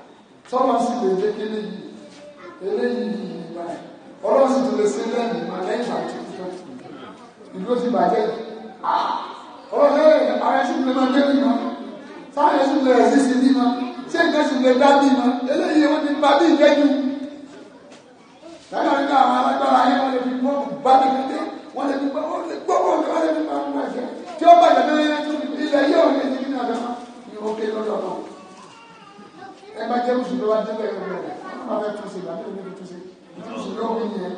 sọ́mà sì lè jẹ́ kí eléyìí eléyìí yìí báyìí ọlọ́run sì ti lè ṣe lẹ́yìn ìmọ̀ lẹ́yìn ìgbà tó ti fẹ́ ìlú ó ti bàjẹ́ ọlọ́run ara sì lè máa jẹ́ mímọ́ sáré sì lè ẹ̀sìn sí mímọ́ ṣé ìgbẹ́ sì lè dá mímọ́ eléyìí ó ti bá bí ìjẹ́jú lẹ́yìn ọ̀gá àwọn alágbára ayé wọn lè fi gbọ́ bá mi kéde wọ́n lè fi gbọ́ wọ́n lè gbọ́ wọ́n lè fi gbọ́ wọ́n lè fi gbọ́ tí ó bàjẹ́ lẹ́yìn ilẹ̀ yóò lè ní kí ni àgbà ni ó ké lọ́dọ̀ náà ẹ bá jẹ́ mùsùlùmí wá débẹ̀ ẹ bẹ̀rẹ̀ wọ́n fẹ́ tún sí ìgbà tó níbi tún sí mùsùlùmí yẹn.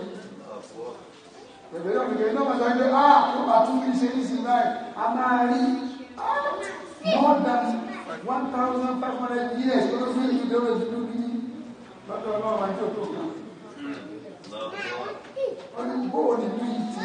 bẹ̀rẹ̀ náà kékeré náà máa sọ pé a ah, ó bá tún bí ṣe ní báyìí a máa rí ah, more than one thousand five hundred years tó ló fi ìlú dẹ́rọ ìdúró bí lọ́dọ̀ ọlọ́run àti òkú kan. wọ́n ní bó ni bí ti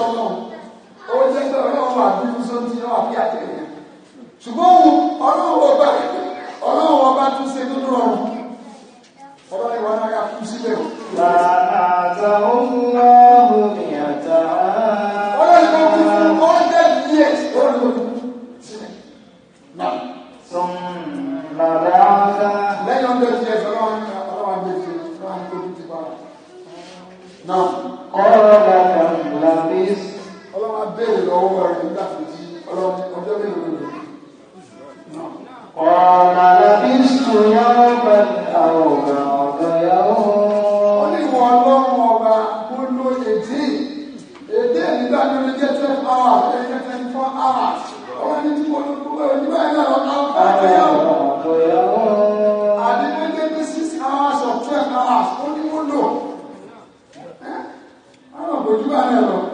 ṣùgbọ́n ọlọ́run ọba ọlọ́run ọba tún ṣe nínú ọrùn guarelão.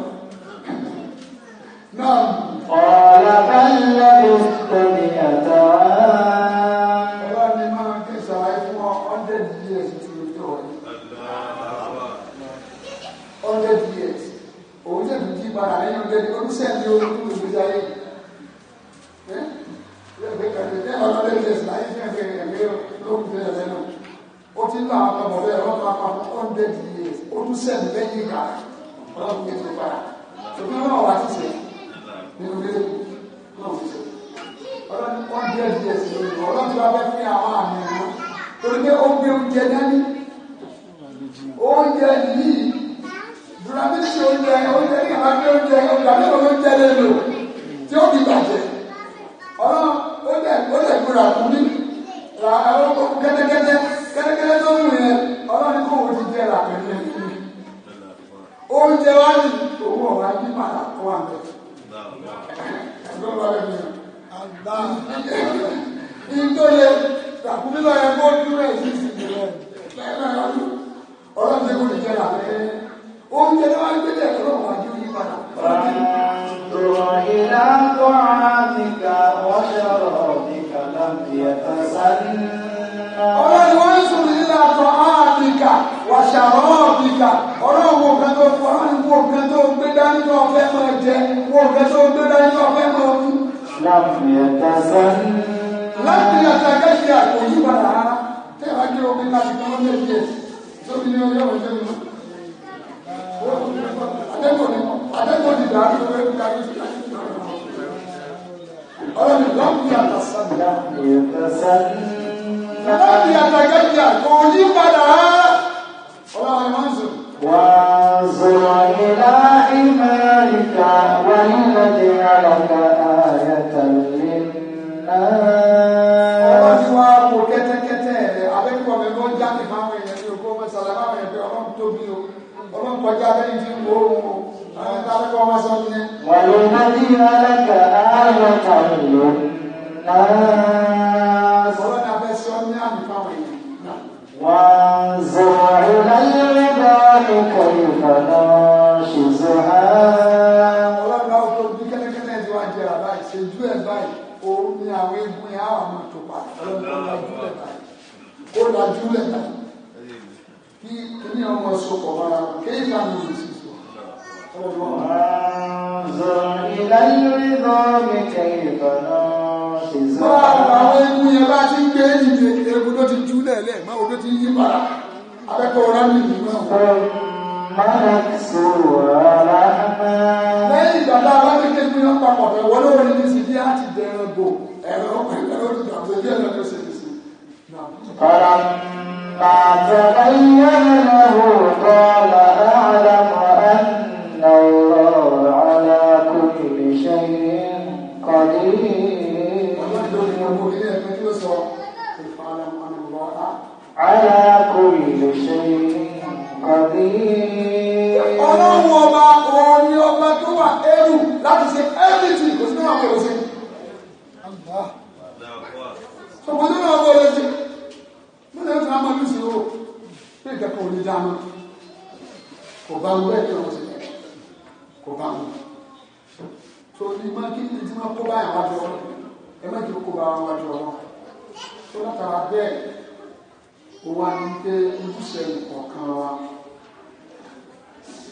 tó látara bẹ́ẹ̀ ó wá ní pé ojúṣe nǹkan wa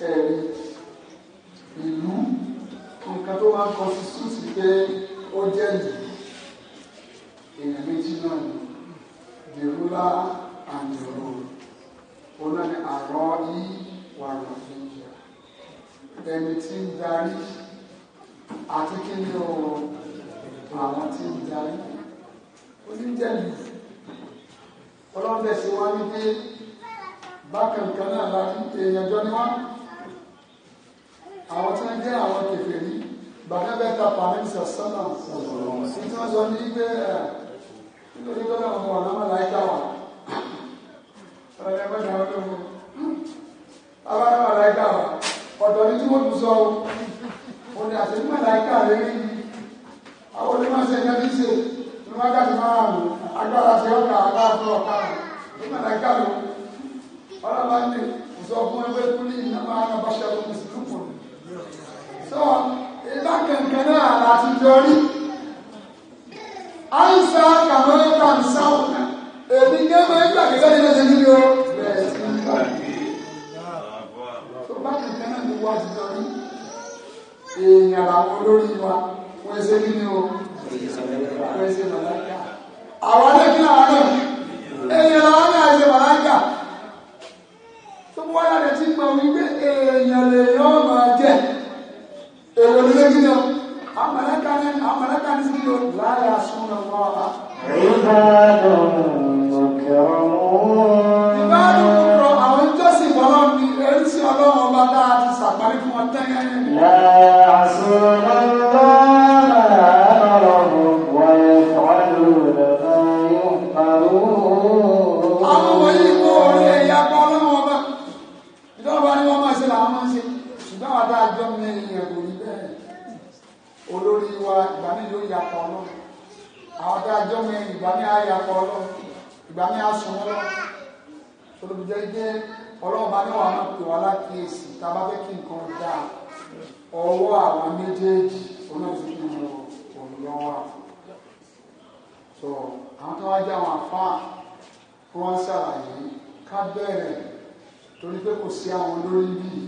ẹ̀rí ìlú nǹkan tó máa ń kọ sí sùúrù pé ó jẹ́ ìlú èèyàn méjì náà ni the ruler and òun náà ni àrọ́ yìí wà lọ́fíì ẹni tí ń darí àti kí ni o àwọn tí ń darí oníjẹ̀lì ọlọ́dẹ̀sí wa wípé bákan kan náà la èèyàn jọ ni wá àwọn tí wọ́n jẹ́ àwọn kèfèrí gbàdébẹ́ ta pàmísà sọ́nà tí wọ́n sọ ní pé nítorí gbọ́dọ̀ ọmọ ọ̀nà máa láì dá wà ọ̀rẹ́ mẹ́ta ọdún mu abáyọ̀ máa láì dá wà ọ̀dọ̀ ní tí wọ́n tún sọ ọ́ òní ní máa láì dá rẹ̀ àwọn onímọ̀ sẹ́yìn ẹni ṣe wọ́n jáde máa rò agbára ṣe ọ̀kà aláàfọ̀ ọ̀kà rò nígbà náà gàlò ọlọ́ba ní sọ fún ẹgbẹ́ kúlí iná máa ń bá ṣe ọdún sí lùpọ̀ sọ ìlà kẹ̀kẹ́ náà láti jọrí àìsà kàmẹ́rẹ́ kan sáwọn èmi ní ẹgbẹ́ ìgbà kẹ̀kẹ́ ní ẹsẹ̀ nílé o bẹ̀rẹ̀ sí ní ìgbà tó bá kẹ̀kẹ́ náà ní wá ti jọrí èèyàn làwọn olórí wa wọ́n ẹsẹ̀ nílé o àwọn adékí làwọn náà èèyàn làwọn náà ṣe màláìkà tó bó wáyà rẹ ti gbọ́ wípé èèyàn lè yọ máa jẹ èrò ní lé gíga àmàlẹ́kà ní àmàlẹ́kà ní sí yóò láyà súnmọ́ wọn wá. ìbádùn òkè ọ̀hún. ìbádùn òkè ọ̀hún àwọn ìjọsìn ọlọ́run ní eré ọlọ́run ọba dáa ti sàpárí fún ọtẹ́yẹ́ nínú. ìgbà ní aṣọ wọn lọ olùbíjẹ jẹ ọlọ́run bá níwọ̀n àwọn pè wá lákìyèsí tá a bá fẹ́ kí nǹkan dá ọwọ́ àwọn méjèèjì olóòtú kí ni òun lọ wà so àwọn tó wá jẹ àwọn àfáà kó wọn ṣàlàyé ká bẹ̀rẹ̀ torí pé kò sí àwọn olórí bíi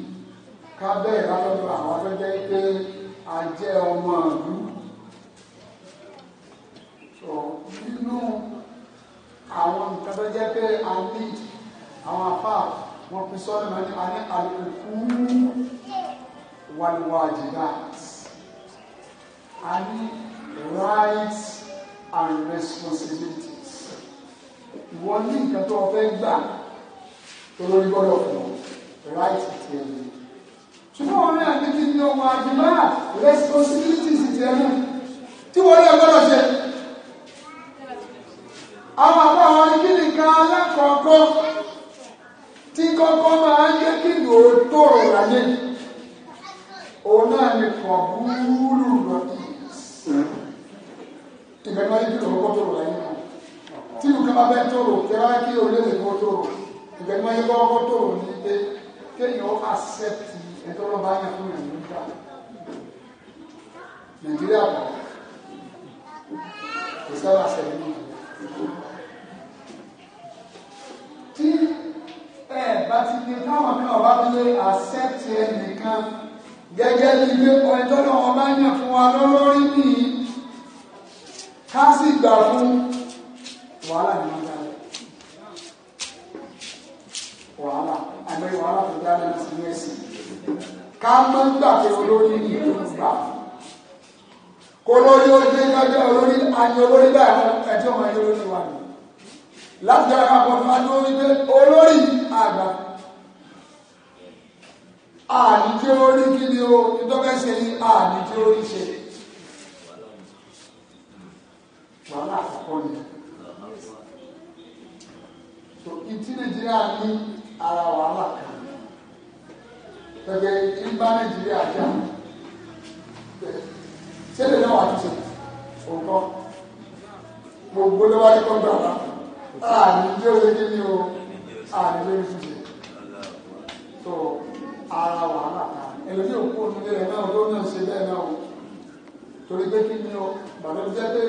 ká bẹ̀rẹ̀ látọ̀dọ̀ àwọn afẹ́jẹ́ pé a jẹ́ ọmọ ìlú so nínú àwọn nǹkan tó jẹ́ pé a ní àwọn afá wọn fi sọ́nà náà ní a ní àlùkù wàlúwàjìdáàt a ní rights and responsibilities ìwọ ní nǹkan tó o fẹ́ gbà tó lórí gbọ́dọ̀ fún ọ right ti ẹ̀ ní. ṣùgbọ́n wọn náà ní kí ni ọmọ àjùmọ́ responsibilities ti ẹ̀ náà tí wọ́n náà gbọ́dọ̀ ṣe àwọn àbá wa ní kí nìkan alákọ̀ọ́kọ́ tí kọ́kọ́ máa ń jẹ́ kí ìlú ó tòrò láyé òun náà ní kọ̀ọ̀búrú lọ ìbẹ̀rù wáyé kí kọ̀ọ̀kọ́ tòrò láyé náà tí nǹkan bá bẹ́ tòrò kẹwàá kí orílẹ̀-èdè kó tòrò ìbẹ̀rù wáyé kọ́kọ́ tòrò ní pé kéèyàn ó accept ẹ̀tọ́ lọ́ba yẹn fún ìlú nígbà Nàìjíríà kò sábà ṣẹlẹ̀ nígbà. tí ẹ bá ti lè táwọn náà bá ti lè accept ẹnìkan gẹ́gẹ́ bí ilé ọjọ́ náà wọn bá yàn fún wa lọ́lọ́rí nìyí ká sì gbà fún wàhálà ni wọ́n dálẹ̀ wàhálà àmì wàhálà tó dálẹ̀ ti ní ẹ̀sìn ká mọ́ gbà pé olórí ni ìlú gbà kó lórí ó dé lọ́jọ́ olórí àyè olórí báyìí ẹjọ́ wọn yóò ti wà ní láti ara àbọ̀dún adó wípé olórí àgbà àní tí ó rí kí ni o ìtọ́fẹ́ ṣe yí àní tí ó rí ṣe wàhálà àkọ́kọ́ ni so ìtí nàìjíríà ní ara wàhálà kan gẹ́gẹ́ ìgbà nàìjíríà jà ṣé lè náà wà á ti ṣe òǹkọ́ gbogbo ló wáyé kọ́ gbàgbà àníjẹ́ orí kí ni o àníjẹ́ orí fún jẹ tó ara wàhálà kan ẹlòmí òkú òtúndé rẹ náà ló náà ṣe bẹ́ẹ̀ náà o torí pé kí ni o bàbá mi jẹ́ pé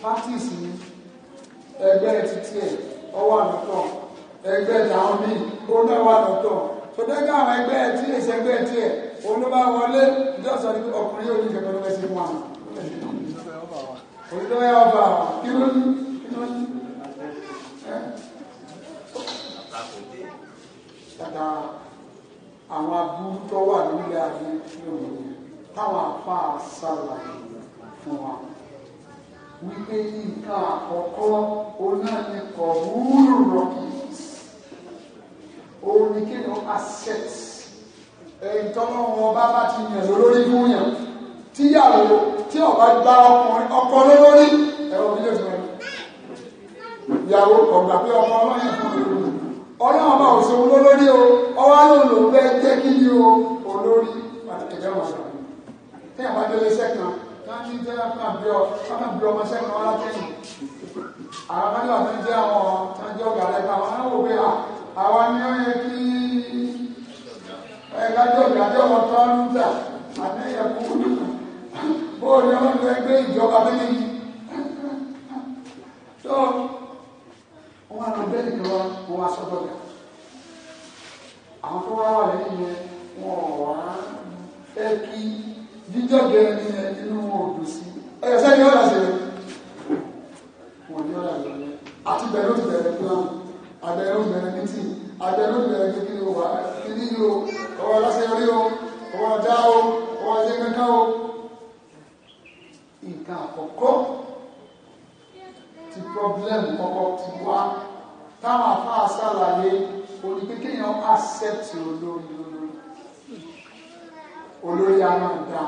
practice ni ẹgbẹ́ títí ẹ̀ ọwọ́ àlọ́tọ̀ ẹgbẹ́ ìdáhùn mi ó náà wà lọ́tọ̀ tó dẹ́gbẹ́ àwọn ẹgbẹ́ tí èsì ẹgbẹ́ tí ẹ̀ olóbá wọlé ìjọsọ ní ọkùnrin yóò ní ìjọba ló fẹ́ sí fún wa. òṣìṣẹ́ ọba wa kí ló ní kí ló ní. tata àwọn aburú tó wà nílẹ̀ ayé lónìí táwọn afa ṣàlàyé fún wa wípé nǹkan àkọ́kọ́ onáni kọ̀ wúlò rọ̀kì òun ni kí ni asset ìtọ́nà wọn bá bá ti yàn lórí fún yàn tíyàwó tí ọba gba ọkọ lórí ẹ̀rọ bí lè fún ẹ ìyàwó ọ̀gbà pé ọkọ ọlọ́yìn fún ìlú ọlọ́run bá òsè wọn lórí o ọwọ́ lòun lòun bẹ jẹ́ kí ni o olórí ẹ̀jẹ̀ wọn sọ tẹ́ ẹ̀ bá délé sẹ́kàn káàkiri jẹ́ àbí ọ àbí ọmọ sẹ́kàn wọn látẹ́yìn àwọn kan náà fẹ́ jẹ́ àwọn kan jẹ́ ọ̀gá lẹ́ka àwọn náà wò pé àwa ni ó yẹ kí ẹ̀ka jẹ́ ọ̀gá jẹ́ ọmọ tó ń tà àtẹ̀yẹ kú bóòlù ọmọ tó ẹgbẹ́ ìjọba fẹ́ wọn àti bẹ́ẹ̀ni kan wọn wá sọ́dọ̀ gà àwọn tó wá wà lẹ́yìn yẹn wọn wá fẹ́ kí jíjọba ẹni yẹn nínú òdù sí ẹ sẹ́ni ọ̀dà sí wọn ní ọ̀dà lọ yẹn àti bẹ̀rẹ̀ ó ti bẹ̀rẹ̀ plan àbẹ̀rẹ̀ ó bẹ̀rẹ̀ meeting àbẹ̀rẹ̀ ó bẹ̀rẹ̀ kékeré wà kíní o ọwọ́ aláṣeyọrí o ọwọ́ o ọwọ́ ẹsẹ̀ kankan o nǹkan ti problem kọ́kọ́ ti wá táwọn afáà ṣàlàyé oní pé kéèyàn accept olórí olórí olórí a máa dá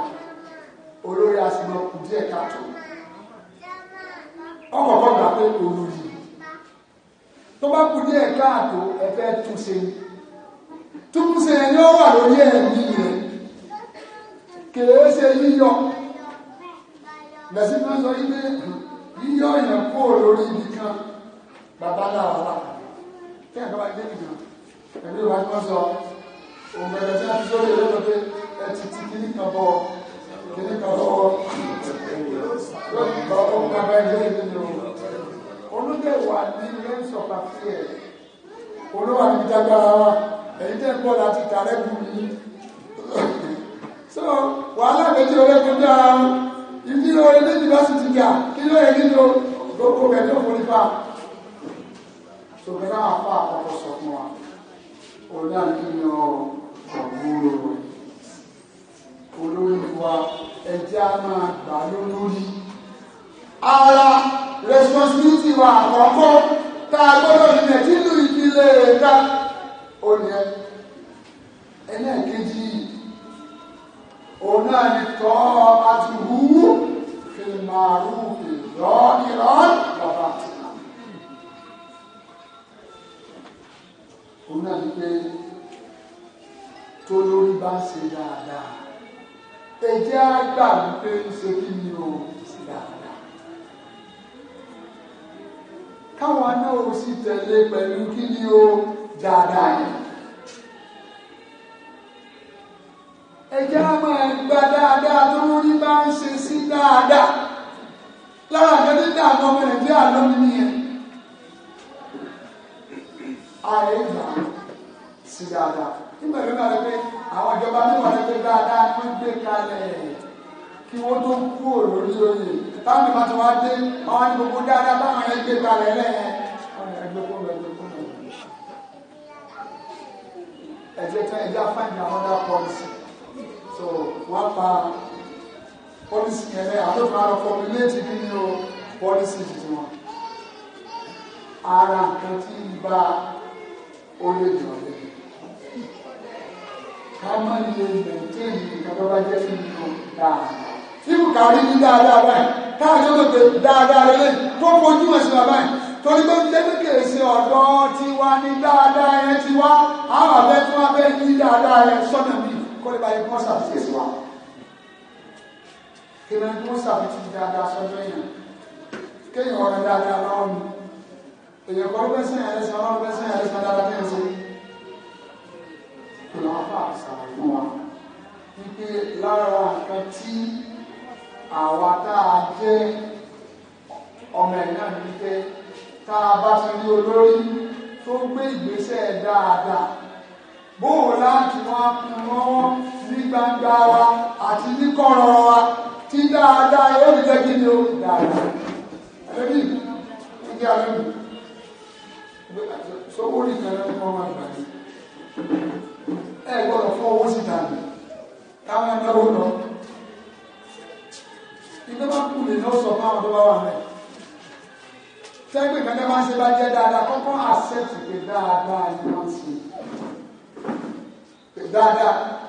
olórí a sì lọ kù díẹ̀ káàtó ọkọ̀ọ̀kọ̀ gbà pé olórí tó bá kù díẹ̀ káàtó ẹ fẹ́ tún ṣe tún ṣe ẹni ó wà lórí ẹ̀mí rẹ̀ kèé ṣe yíyọ lẹ́sìn náà sọ yí pé yíyọ èèyàn kúrò lórí ibi kan bàbá náà wà láàbà tí àgbà bá dé nìkan ẹ̀mí ìwà tí wọ́n sọ òun bẹ̀rẹ̀ tí a ti sórí ẹ̀rọ pé ẹ ti ti kíní kan bọ̀ kíní kan lọ́wọ́ lọ́wọ́ ọkùnrin bàbá ẹgbẹ́ ìlú ni o olùdẹ̀wà ní lẹ́yìn ọ̀pá fíẹ̀ olówà ní dágbára wa èyí tẹ́ pọ̀ láti tààrẹ́ bù mí so wàhálà méjì olókùn dáa ìdí lọ ilé yunifásitì gà kí ló yẹ kí ló lóko bẹ̀ tó fún nípa sọgbẹ́rẹ́ àpá àkọ́kọ́ sọ fún wa orí àkíyàn ọ̀gbúrò olórí wa ẹjẹ́ a máa gbà lólórí ara responsibility wa àkọ́kọ́ tá a gbọ́dọ̀ nílẹ̀ tí ìlú ìdílé rẹ̀ dá ó ní ẹ ẹlẹ́ẹ̀kejì yìí òun ni tọ́ ọba ti wú fìlìmàrú ìlọ́ ìlọ́ bàbá àti ìlànà. òun náà ni pé tó lórí bá ṣe dáadáa ẹjẹ́ á wípé ń ṣe kí ni o ṣe dáadáa. káwọn náà ó sì tẹ̀lé pẹ̀lú kí ni o dáadáa yẹn. ẹjẹ́ á máa gba dáadáa tó ń rí bá ń ṣe sí dáadáa lára àgbẹ̀dẹ́ ní àwọn ọmọ nàìjíríà lómi nìyẹn ààrẹ gbà sí dáadáa nígbà tó bá rẹ pé àwọn ìjọba níwọ̀n rẹ pé dáadáa wọ́n gbé kalẹ̀ kí wọ́n tó kú òròrí oyè táwọn ìbá tó wá dé àwọn ní gbogbo dáadáa báwọn ẹ gbé kalẹ̀ lẹ́yìn ọ̀nà ẹgbẹ́ kó lọ ẹgbẹ́ kó lọ ẹgbẹ́ tó ẹgbẹ́ fáìlì àwọn dá pọ́lísì so wọ́n pa pọ́lísì yẹn lẹ́yìn àwọn tó máa lọ fọmíléètì nínú pọ́lísì tiwọn ara nǹkan tí ń bá olè jọ lẹ́yìn ká má lè mẹ̀tẹ́ẹ̀nì nǹkan tó bá jẹ́ sí nínú dáadáa tí kò kárí ní dáadáa báyìí káàdé ó lè dáadáa lélẹ̀ tó fojú ẹ̀ sí bàbá yìí torí pé lẹ́gbẹ̀ẹ́ sí ọ̀dọ́ tiwa ní dáadáa yẹn tiwa àwọn abẹ́ tí wọ́n abẹ́ ní dáadáa yẹn sọ́nà mi kọ́ ibà yẹn kí wọ́n ṣàfihàn sí wa kí wọ́n kí wọ́n ṣàfihàn dáadáa sọ́jọ́ yẹn kéèyàn ọ̀rẹ́ dáadáa lọ́wọ́ mi èyàn kọ́ bẹ́ẹ̀ sẹ́yìn ẹlẹ́sìn ọlọ́run bẹ́ẹ̀ sẹ́yìn ẹlẹ́sìn dáadáa bẹ́ẹ̀ sí kò lọ́wọ́ fà sàrà fún wa wípé lára nǹkan tí àwa tá a jẹ́ ọmọ ẹ̀ náà ní tá a bá ti rí olórí tó gbé ìgbésẹ̀ dáadáa bóò láti máa kún lọ́wọ́ ní gbangba wa àti ní kọ̀rọ̀ wa tí dáadáa yóò fi jẹ́ kí ni ó dáadáa. Àlébí ìdí àlébí sowó ní ìfẹ́rẹ́ fún ọmọ àgbà Ẹ gbọ́dọ̀ fún owó síta nì táwọn ẹgbẹ́wò lọ. Iná máa kú lè lọ́sọ̀ fún àwọn tó bá wà rẹ̀. Tẹ́gbẹ̀ẹ́ mẹ́ta máa ń ṣe bá jẹ́ dáadáa kọ́kọ́ àṣẹ́tì pé dáadáa ni wọ́n ń ṣe dáadáa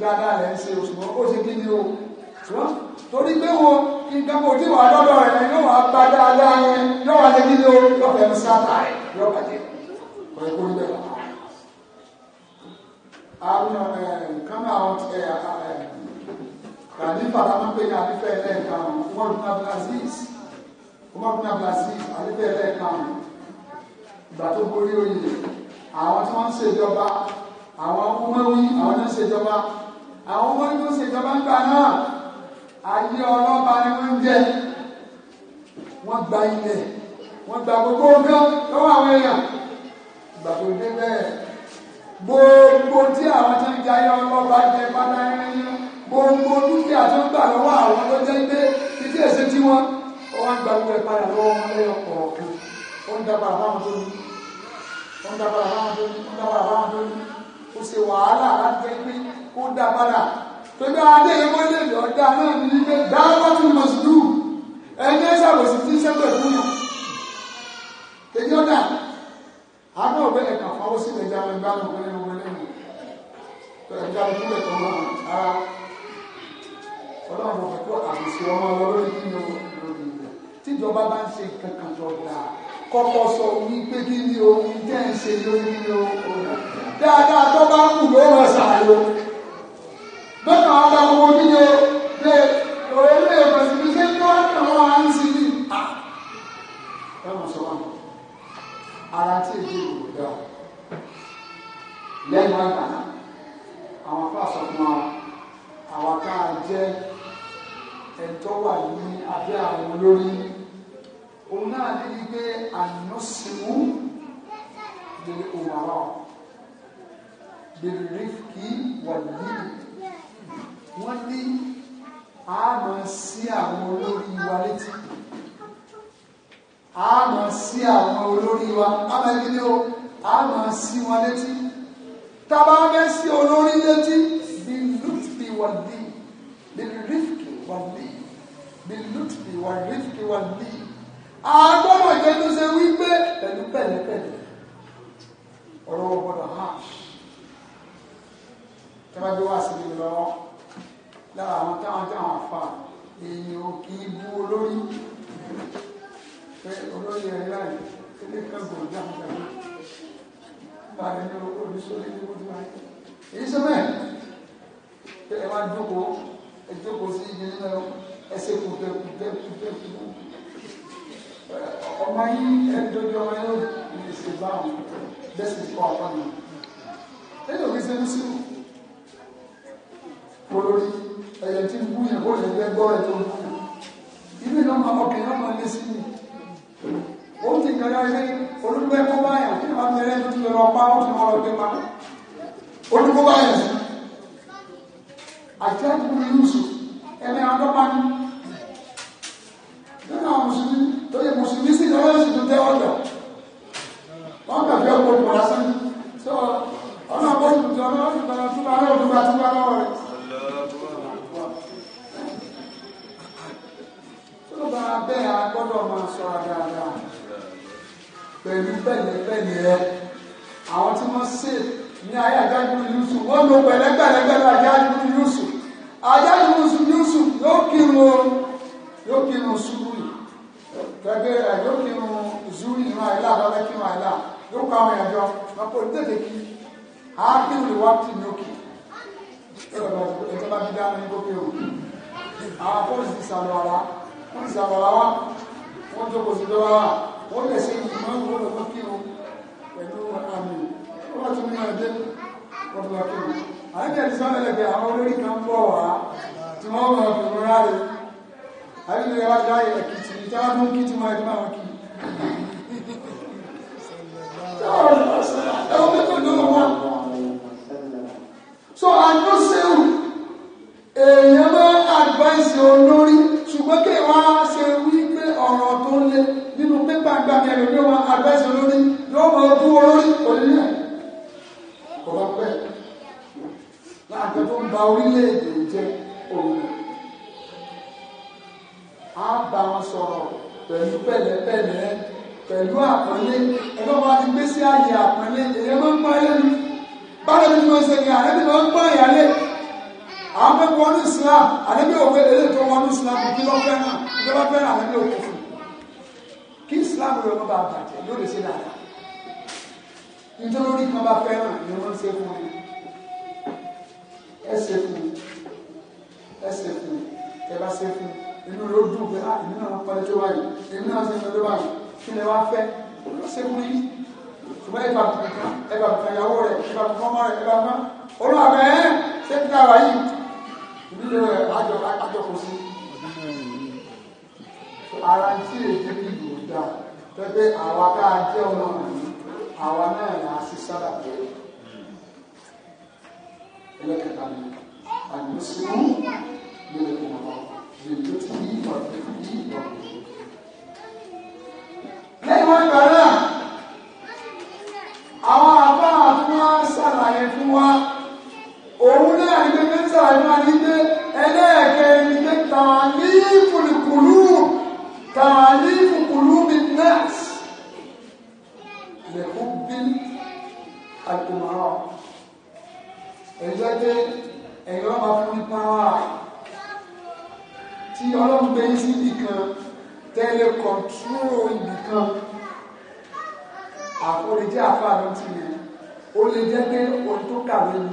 dáadáa rẹ̀ ń ṣe ṣùgbọ́n ó ṣe kí ni o ṣùgbọ́n torí pé wo nǹkan kò tí wàá lọ́dọ̀ rẹ̀ yóò wàá gba dáadáa yẹn yóò wàá ṣe kí ni o yóò fẹ́ mi sáta rẹ̀ yóò bàjẹ́ kò ní kó ní bẹ́ẹ̀ àwọn eh, kánú àwọn ẹ̀ kàní fàtàmọ́ pé ní àbífẹ́ ẹlẹ́ẹ̀kan wọn ní Abdulaziz wọn ní Abdulaziz àbífẹ́ ìgbà tó borí oyè àwọn tí wọ́n ń ṣèjọba àwọn ọmọwí àwọn ní ṣèjọba àwọn ọmọ ní ṣèjọba ńgbà náà ayé ọlọ́ba ni wọ́n ń jẹ wọ́n gba ilẹ̀ wọ́n gba gbogbo nǹkan lọ́wọ́ àwọn èèyàn ìgbà tó dé bẹ́ẹ̀ gbogbo tí àwọn tó ń jẹ ayé ọlọ́ba jẹ pátá yín gbogbo dúkìá tó ń gbà lọ́wọ́ àwọn tó jẹ́ pé títí èsì tí wọ́n wọ́n gba gbogbo ẹ̀ padà lọ́wọ́ wọn lẹ́yìn ọ̀pọ̀ ó kò ṣe wàhálà láti jẹ́ pé kó dá padà pẹ̀lú adé ẹgbẹ́ lè náà ní ilé dáhùn mọ̀sùlù ẹni ẹ ṣàwòsí tí sẹ́gbẹ̀ fún yàn èyí ọ̀dà àbọ̀ ọ̀bẹ ẹ̀ka fọwọ́ sí ẹja ọmọ ẹgbẹ́ àwọn ọmọ ẹgbẹ́ lẹ́nu ẹja ọmọ ẹgbẹ́ tó wà ara ọlọ́run ọ̀fẹ́ kó àbùsí ọmọ ọmọ kí ni ó lórí rẹ̀ tíjọba bá ń ṣe kankan tó dáa kọ́kọ́ sọ wípé kí ni o ní ń ṣe lórí kí ni ó rẹ̀ dáadáa tó bá kù ló ràn ṣàlò bẹ́ẹ̀ àwọn ọmọ oníye lè orílẹ̀ èdè ti ṣe ń tó àwọn à ń sì ní. ẹ̀wọ̀n sọ wọn ara tí èdè ìlú dá lẹ́nu àgbà àwọn afáàsọ fún wa àwọn ká jẹ́ ẹ̀tọ́ wà ní abẹ́ àwọn olórí òun náà ní wípé ànúsìmú lè òwàrà ọ̀hún bìrìkì wọ̀nyí wọ́n ní àmọ́ sí àwọn olórí wa létí àmọ́ sí àwọn olórí wa ámẹ́gídé o àmọ́ sí wọn létí tábà bẹ́ sí olórí létí bìrìkì wọ̀nyí bìrìkì wọ̀nyí bìrìkì wọ̀nyí wọ̀nyí àgbọ̀dọ̀ jẹ́ tó ṣe wípé pẹ̀lú pẹ̀lẹ́pẹ̀lẹ́ ọ̀rọ̀ ọ̀gbọ̀dọ̀ harsh tí wọ́n gbé wá síbi lọ́wọ́ lára àwọn táwọn táwọn fà èèyàn ò kì í bú olórí pé olórí ẹ̀ láì ilé kan gbòó dáhùn dáhùn báyìí ní olùsọ̀rọ̀ ilé kó tó wáyé. èyí sọ bẹ́ẹ̀ pé ẹ máa jókòó ẹ jókòó sí ibi nínú ẹsẹ̀ kùtẹ̀ kùtẹ̀ kùtẹ̀ kùtẹ̀ ọmọ yìí ẹ dojú ọmọ yìí ló ń ṣe báwọn bẹ́ẹ̀ sì kọ́ ọ̀pọ̀ nù. ẹ yóò fi ṣe ní sùúrù olórí ẹ̀yẹ tí ń bú yẹn bó yẹn gbẹ́gbọ́ ẹ̀ tó ń bú ibi náà máa ọkẹ́ náà máa lé sí i ó ti gbẹ̀rẹ̀ ayé olùgbé kó báyà kí wọ́n bẹ̀rẹ̀ tó ti lọ pa ó ti máa lọ gbé pa olùkó báyà sí àti àkùnrin yusuf ẹ̀mí àdọ́pá ni nínú àwọn mùsùlùmí tó yẹ mùsùlùmí sí ìjọba ìṣèlú tó tẹ́ ọ̀dọ̀ wọ́n kà fẹ́ ọkọ̀ ọ̀pọ̀ lásán tó ọ̀nà àbọ̀ ìjọba ìjọba tó bá rẹ̀ ọ̀dọ̀ nípa bẹ́ẹ̀ a gbọ́dọ̀ máa ṣọ́ra dáadáa pẹ̀lú pẹ̀lẹ́pẹ̀lẹ́ àwọn tí wọ́n ṣe ní ayé àjájú Yusuf wọ́n lo pẹ̀lẹ́pẹ̀lẹ́ pẹ̀lú àjájú Yusuf àjájú Yusuf yóò kírun yóò kírun ṣubú yìí gẹ́gẹ́ yóò kírun zuri ìran àìlá lọ́lẹ́ kírun àìlá yóò kọ àwọn ìrìnàjò wọn kò tètè kí ákírun lè wá tì ní òkè ẹ̀rọ ìjọba dídá ní gbogbo àwọn akọ́sí sàlọ́ ara wọ́n ti sàbàlá wá wọ́n jókòó sí dọ́wọ́ wá wọ́n lè ṣe ìmọ̀ ń wọ́n lọ́kọ́ kírun pẹ̀lú àmì wọ́n tún ní máa dé wọ́n tún lọ kírun. àyẹ̀kẹ́ ti sọ́nà lẹ́gbẹ̀ẹ́ àwọn olórí kan bọ̀ wá tí wọ́n mọ̀ ọ́ fìmú ráre àyẹ̀kẹ́ wá dá ẹ̀kìtì ìjáwá tó ń kí ti máa dé máa kí. so àjọṣe èèyàn máa advice olórí ṣùgbọ́n kí wá ṣe wí pé ọ̀rọ̀ tó ń lé nínú pépà gba ẹ̀rọ pé wọ́n advice olórí yóò máa bú olórí onílẹ̀ kò bá pẹ́ láàbẹ̀ tó ń ba orílẹ̀-èdè jẹ́ òun á bá wọn sọ̀rọ̀ pẹ̀lú pẹ̀lẹ́pẹ̀lẹ́ pẹ̀lú àpọ́nlé ẹgbẹ́ wa ti gbé sí àyè àpọ́nlé èèyàn máa ń pọ́n ẹlẹ́nu báwo ni mo ṣe ní àrẹ́bí máa ń pọ́n ìyálé àwọn pé wọn ní islam àdébí òwe eléyìí tó wọn ní islam kí ló fẹ́ náà kí ló fẹ́ náà àdébí òwe fún kí islam rẹ ọmọ bá bàjẹ́ ló lè ṣe dáadáa nítorí kan bá fẹ́ náà ni wọ́n ṣe fún mi ẹ ṣe fún mi ẹ ṣe fún mi ẹ bá ṣe fún mi inú ló dùn pé ah èmi náà pẹ̀lú tó báyìí èmi náà ṣe pẹ̀lú báyìí kí lè wá fẹ́ ló ṣe fún yín ṣùgbọ́n ẹ bá bùkún ẹ bá bùkún ìyàwó rẹ ẹ bá bùkún ọmọ rẹ ẹ bá bùkún olùwàbẹ̀ ẹ ṣé kí náà wáyé nílò ẹ̀ àjọ àjọkọ̀ sí. ara ń tí èdè ìlú dá pẹ́pẹ́ àwa ká jẹ́ ọmọ yìí àwa náà là á sí sára pé ẹlẹ́kẹ̀ta ni àdúrósínú lórí ìmọ̀lá lè tó ti yí ìtọ́jú yí ìtọ́jú. lẹ́yìn wọn gbà náà àwọn àbá àti wọn fún wa òun náà gbẹgbẹ àdúrà yìí máa ní pé ẹlẹ́ẹ̀kẹ́ ni pé tàlífù kùlù tàlífù kùlù bí nẹ́ẹ̀sì lè kú bí àkùnmọ́rọ̀ ẹ̀jẹ̀ pé ẹ̀yọ́ máa fún ní pàrọ̀ à tí ọlọ́run gbé sí ibìkan tẹ́lẹ̀ kọ̀ntúrò ibìkan àforíjẹ́ àfáà ti yẹ ó lè jẹ́ pé ohun tó kàwé ni.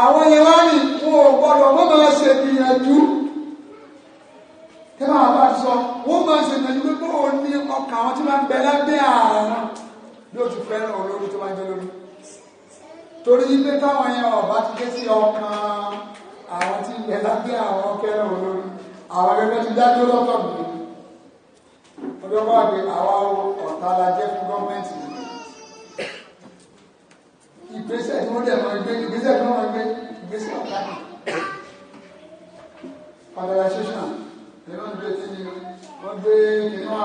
àwọn yẹn wá ní wọn ò gbọdọ̀ wọ́n máa ṣe ìyànjú tí máa bá sọ wọ́n máa ṣe ìyànjú pé bó o ní ọkà àwọn tí máa ń bẹ lábẹ́ ààrùn bí o ti fẹ́ràn olórí tó máa ń jẹ́ lórí torí pé táwọn yẹn ọba ti dé sí ọkàn àwọn tí ń bẹ lábẹ́ àwọn fẹ́ràn olórí àwọn akẹ́kọ̀ọ́ ti dájú lọ́tọ̀ mi ọdún ọgbà pé àwa ọ̀tá la jẹ́ fún gọ́ọ̀mẹ́ntì ìgbésẹ̀ tí wọ́n dẹ̀ máa gbé ìgbésẹ̀ tí wọ́n máa gbé ìgbésẹ̀ àtàkì federation ni wọ́n gbé tí ni wọ́n gbé kíní wa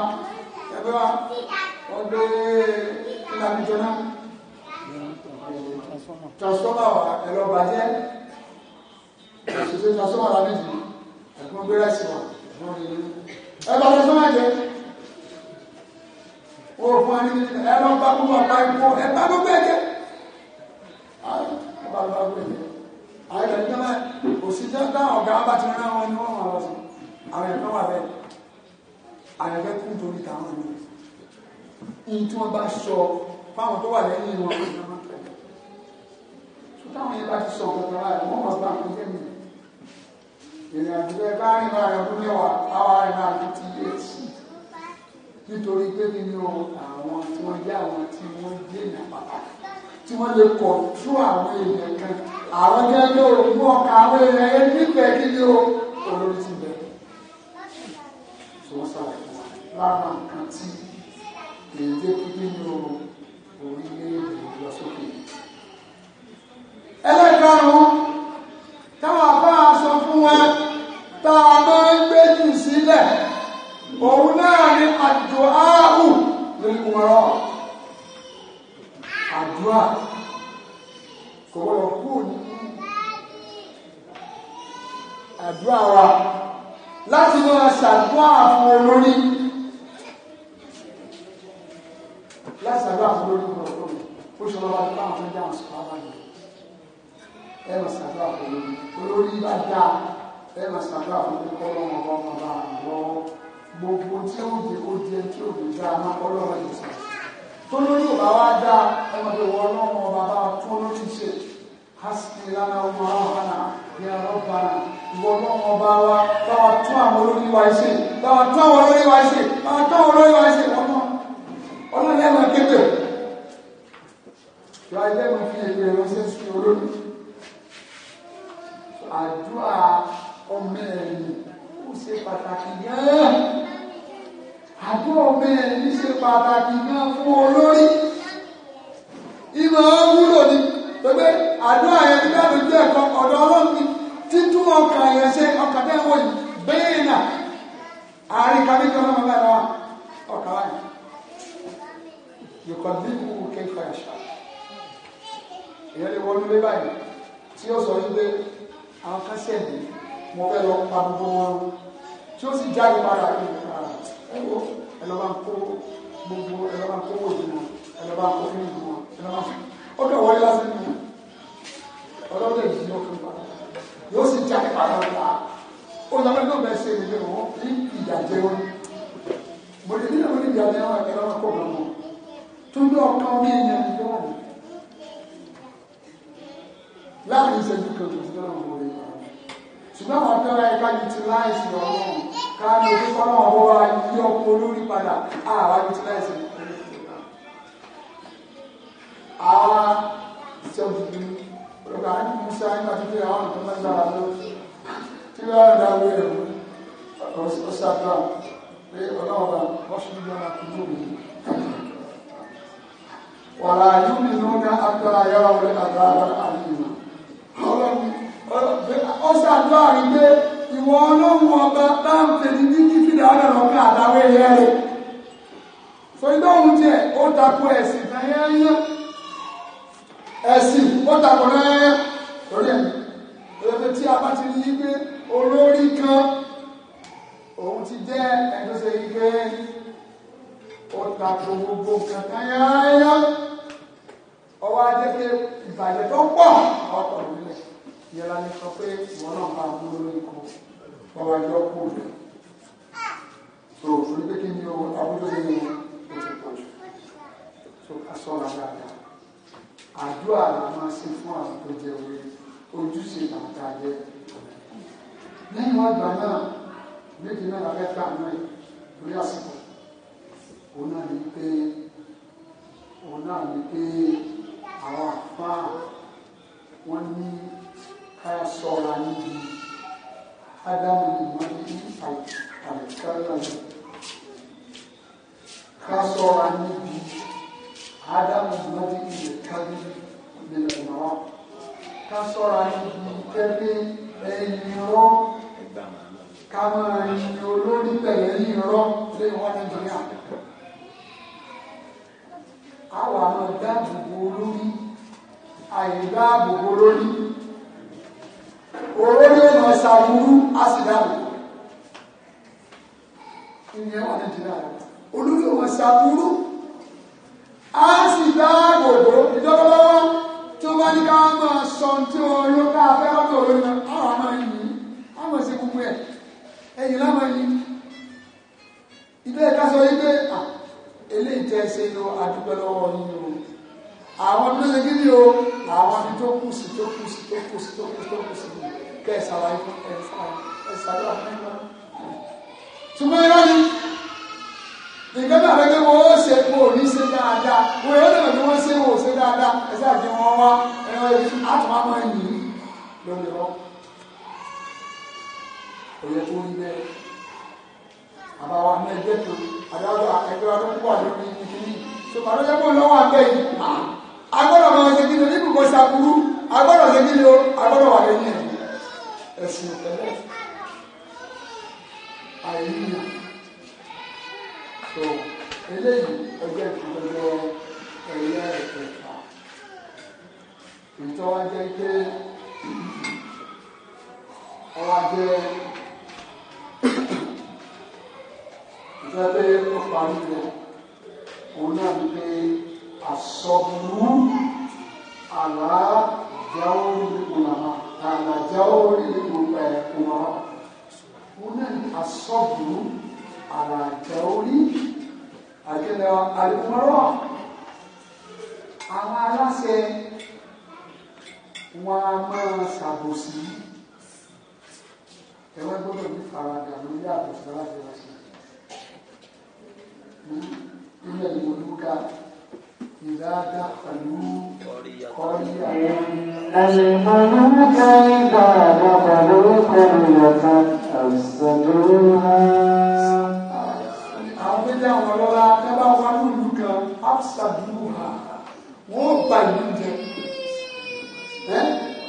ẹgbẹ́ wa wọ́n gbé ìlànà ìjọba transformer wa ẹ̀rọ bàjẹ́ ìṣèṣe transformer la méjì ẹ̀gbọ́n gbé rẹ́sì wa ẹ̀gbọ́n gbé ní ẹ̀rọ o jẹ́ òògùn àníbi ẹ̀rọ bá gbogbo àpá ẹ̀kọ́ ẹ̀bá gbogbo ẹ̀jẹ̀ àbálùbá gbé yẹn àyẹ̀dá ní ọmọ òṣìṣẹ́ dá ọ̀gá bá ti rán wọn ní wọ́n wọn lọ sí àwọn ẹ̀kọ́ wà bẹ́ẹ̀ àyẹ̀fẹ́ kú torí táwọn ní ní tí wọ́n bá sọ fáwọn tó wà lẹ́yìn wọn táwọn yẹn bá ti sọ ọ̀gá kan láàyè wọ́n mọ̀ bá àwọn jẹ́ mi ìrìn àjò ẹ bá rìn láàrin ọdún mẹ́wàá àwọn arìn láàrin ti yé sí nítorí pé nínú àwọn tí wọ́n jẹ́ àwọn tí wọ́n jẹ́ ìyàn pàtàkì tí wọ́n lè kọ̀ntró àwọn èèyàn kan àwọn gẹ́gẹ́ òmú ọkà àwọn èèyàn yẹn nífẹ̀ẹ́ kí ni o olórí ti bẹ̀. sọ́wọ́n sàlẹ̀ lára nǹkan tí èyí jẹ́ kí nínú orílẹ̀-èdè lọ sókè. ẹlẹ́karùn-ún táwọn àbá sọ fún wa tá a máa ń gbé jù sílẹ̀ òun náà ni àjò áàrùn lórí wọn rọ̀ àdúrà kò gbọ́dọ̀ kú nínú àdúrà wa láti máa ṣàdúrà fún olórí láti ṣàdúrà fún olórí gbọ́dọ̀ kó ṣe lọ́wọ́ bá àwọn fẹ́ dáhùn sí pàápàá yìí ẹ máa ṣàdúrà fún olórí olórí bá dáa ẹ máa ṣàdúrà fún ọlọ́run ọba ọba àwọn gbogbo tí ó di ó di ẹ tí ó di dáa má ọlọ́run ẹ̀ ṣàṣ tó lórí ìbá wá dá ẹmọ tó wọ ọlọ́run ọba bá fún lójú ṣe hasbi lana ọmọ ọ̀hánà ní ọlọ́bàrà ìwọ ọlọ́run ọba wa báwa tún àwọn olórí wa ṣe báwa tún àwọn olórí wa ṣe báwa tún àwọn olórí wa ṣe ọmọ ọlọ́run yẹn máa kéde ìwà ilé mi fi èdè ìránṣẹ́ sí olórí àdúrà ọmọ ẹ̀yìn ó ṣe pàtàkì yẹn àbúrò mẹ́rin ṣe pàtàkì náà fún olórí ìmọ̀ wúlò ni pẹ̀pẹ́ àdúrà yẹn ti dáàbò jẹ́ ẹ̀kọ́ ọ̀dọ̀ ọlọ́run ni títún ọkàn yẹn ṣe ọkàn náà wọ̀ bẹ́ẹ̀ nà àárín kan níkan náà bá yàrá ọkàn wáyé yòókàn bí kò kéka ẹ̀ṣá ìyẹn lè wọnú lé báyìí tí ó sọ wípé àwọn kásẹ̀ yìí mo fẹ́ lọ pa gbogbo wọn tí ó sì jáde padà kí n ẹwọ ẹlọba ń kó gbogbo ẹlọba ń kó wò ìlú wọn ẹlọba ń kó fún ìlú wọn ẹlọba ń kó ọdọ wọlé lásán nìyẹn ọlọ́dẹ yìí yóò fi padà yóò sì jáde padà wá olùdarí ló bẹ ṣe ìdílé wọn ní ìyàjẹ wọn bòdì nínú wọn ní ìyàjẹ wọn ẹlọba kó wọn mọ tó ní ọkàn ní ẹyẹ ìdílé wọn láàrin ìṣẹ́jú kan tó ti dáná wọn wọlé wọn ṣùgbọ́n àwọn akẹ́rọ ẹ̀ka yìí ti láìsí ọlọ́run káàdì òkúkọ́ náà wọ́n wá yí ọkọ̀ olórí padà àwa yìí ti láìsí àwa sẹ́gun ọ̀gá ní musa nígbà tí kìlọ̀ àwọn nǹkan mẹ́ta wà ló kìlọ̀ àwọn ọ̀dà wẹ̀ ẹ̀rọ ọ̀sàdúrà pé ọlọ́run wa wọ́n fi gbọ́n àkùnú mi. wàrà yìí nínú ní akara yàrá wọlé àgbà àlè yìí ọlọ́run ọ̀sẹ̀ àdúrà rí pé ìwọ ọlọ́run ọba bá ń tẹ̀lé ní kíkìdá ọlọ́run kan àtàwọn èèyàn rẹ̀ torí lóhun tiẹ̀ ó takò ẹ̀sìn náà yẹ́nyẹ́ ẹ̀sìn ó takò náà yẹ́nyẹ́ lórí ẹ̀mí lọ́dọ̀ tí a bá ti rí pé olórí kan òun ti jẹ́ ẹ̀dọ́ ṣe yí pé ó takò gbogbo kan náà yẹ́nyẹ́ ọwọ́ ajẹ́ pé ìbàjẹ́ tó pọ̀ ọ̀tọ̀ nílẹ̀ yẹn la ní sọ pé wọn náà máa mú lórí ikú wọn máa yọ kú rẹ so òfin pé kí ni o abúlé ni o ti pọ̀ jù so asọ́ra dáadáa àdúrà la máa ṣe fún àwọn tó jẹ wé ojúṣe tàǹtà jẹ nínú àgbà náà méjì náà la fẹ́ tà náà lórí àsìkò òun náà ní pé òun náà ní pé àwọn àfáà wọ́n ní ká sọra níbi ádámù ìmọ̀lẹ́ àìkáyọ̀ ká sọra níbi ádámù ìmọ̀lẹ́ ìkáyọ̀ ìbílẹ̀ náà ká sọra níbi kẹ́kẹ́ ẹ̀yìn rọ́ ká máa yin olórí pẹ̀lẹ́ yìí rọ́ lé wọn nàìjíríà àwọn àwọn dáàbòbò olórí àyè dáàbòbò olórí òró ní ọmọ ṣàbúrú àṣìdáàbò ìyẹn wà nàìjíríà olórí ọmọ ṣàbúrú àṣìdáàbò bò ìjọba lọ́wọ́ tí wọ́n bá ní ká máa sọ tí oyún ká fẹ́ ká tó olórí náà àwọn àmọ́ yìí àwọn ṣe gbogbo ẹ̀ ẹ̀yìn láwọn yìí ilé ẹ̀ka sọ yìí pé eléyìí tẹ́ ṣe lo àdúgbò lọ́wọ́ yìí o àwọn tó ṣe kí ni o àwọn tó kù sí tó kù sí tó kù sí tó kù sí tó kù sí kẹ́ ẹ̀ ṣàlàyé fún ẹ̀ ṣàdúrà fún ẹ̀gbọ́n. ṣùgbọ́n irọ́ ni nǹkan náà lẹ́gbẹ́ wo ó ṣe kó o ní ṣe dáadáa wo ìwé náà ni wọ́n ṣe wò ṣe dáadáa ẹ ṣáà fi wọn wá ẹ̀rọ ẹ̀fí àtúmọ̀ àmọ́ ẹ̀yìn lórí ọ. òye tó ń bẹ àbáwá ní ẹgbẹ́ tó àdáwọ̀ ẹgbẹ́ wa ló pọ̀ lórí ìkíní ṣùgbọ́n àdójọ́ pé lọ́wọ́ àgbẹ̀ yìí agbọ́dọ̀ máa ṣe kí ni oníbùkún ṣàkúrú agbọ́dọ̀ ṣe kí ni o agbọ́dọ̀ wà lẹ́yìn ẹ̀ ɛfunu pɛlɛ ayinu so eléyìí ẹgbẹ́ ìfúnpẹjọ ẹyẹ ẹkẹfà ìtọ́wájẹ pé ọwájẹ ìfẹ́ pé ó parí rẹ òun náà ni pé asọ́bùrú àlá ìjáwó ní kùnàmá àlàjá orí gbogbo ẹ̀kún wa wọn náà ní asọ́bù àlàjá orí àjẹlẹ àlùmọ́rọ́ àwọn aláṣẹ wọn a máa ṣàbòsí ẹ̀wọ́n gbọ́dọ̀ ní faradà lórí àbòsí aláṣẹ wa ṣe ilé ìwòlúkà. إذا دخلوا قرية إن الملوك إذا دخلوا قرية أفسدوها àwọn méjì àwọn ọlọ́lá tábà wà lùlù kan afsaduha wọ́n gbà ìlú jẹ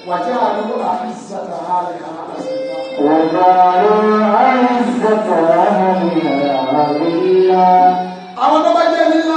wàjá àlọ́ àfìsàtà àlẹ́ àfìsàtà. wàjá àlọ́ àfìsàtà àlẹ́ àfìsàtà. àwọn tó bá jẹ́ nílá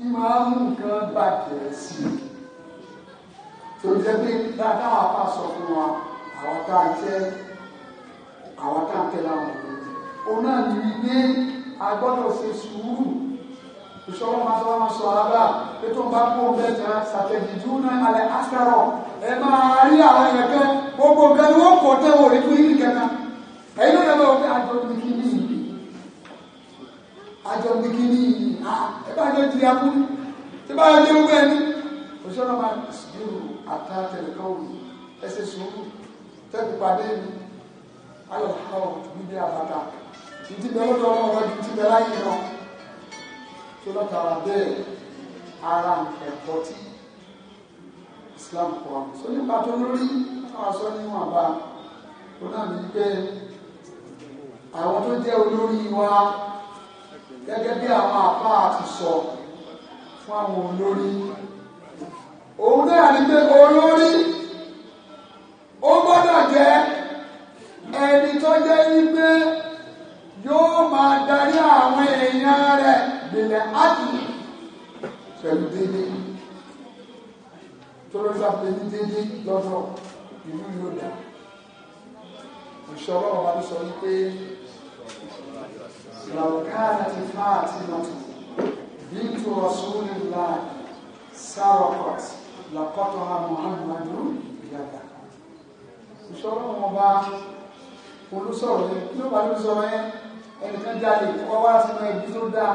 kí máa mú nǹkan bàjẹ́ sí i tó jẹ́ pé dáadáa wà fà sọ fún wa àwọn tá a jẹ́ àwọn tá a tẹ̀lé àwọn ọ̀rẹ́ jẹ́ òun náà ní wípé a gbọ́dọ̀ ṣe sùúrù ìṣòro máa sọ máa sọ ara pé bá kó bẹ́ẹ̀ jẹ́ ṣàtẹ̀jì jù náà alẹ́ àṣàrọ̀ ẹ máa rí àwọn ẹ̀kẹ́ gbogbo nǹkan ni wọ́n kọ̀ tẹ́wọ̀ rí fún yín nìkan náà ẹ̀yin náà lọ́wọ́ pé àjọ mi àjọ bikini ah, ẹbá jẹ́ ti akúrú tí bá jẹ́ gbogbo ẹni òṣèlú máa sùúrù àtà tẹ̀lẹ̀kọ́ òní ẹsẹ̀ sùúrù tẹ́kù pàdé mi ayọ̀ ọ̀ níbi àbàtà ìdí bẹ́ẹ̀ lọ́dọ̀ ọmọ ọ̀rọ̀ ìdí bẹ́ẹ̀ láyé lọ tó lọ́tara bẹ́ẹ̀ ara ẹ̀kọ́ tí Islam kọ́ àmì sọ nípa tó lórí àwọn aṣọ níwọ̀n àbá tó náà ní pé àwọn tó jẹ́ olórí wa gẹ́gẹ́ bí àwọn àpá àti sọ fún àwọn olórí òun náà ní pé olórí ó gbọ́dọ̀ jẹ́ ẹni tó jẹ́ wípé yóò máa darí àwọn èèyàn rẹ̀ gbìlẹ̀ ákìlì pẹ̀lú dédé tó ló sáà pẹ̀lú dédé lọ́dọ̀ ìlú yóò dá òṣìṣẹ́ ọlọ́run wa ló sọ wípé. لو كانت فاطمة بنت رسول الله سرقت لقطها محمد يدها ìṣòro wọn bá olùsọ̀rọ̀ yẹn kí ló bá ló sọ yẹn ẹnìkan jalè ọ wá láti mọ ẹbí tó dáa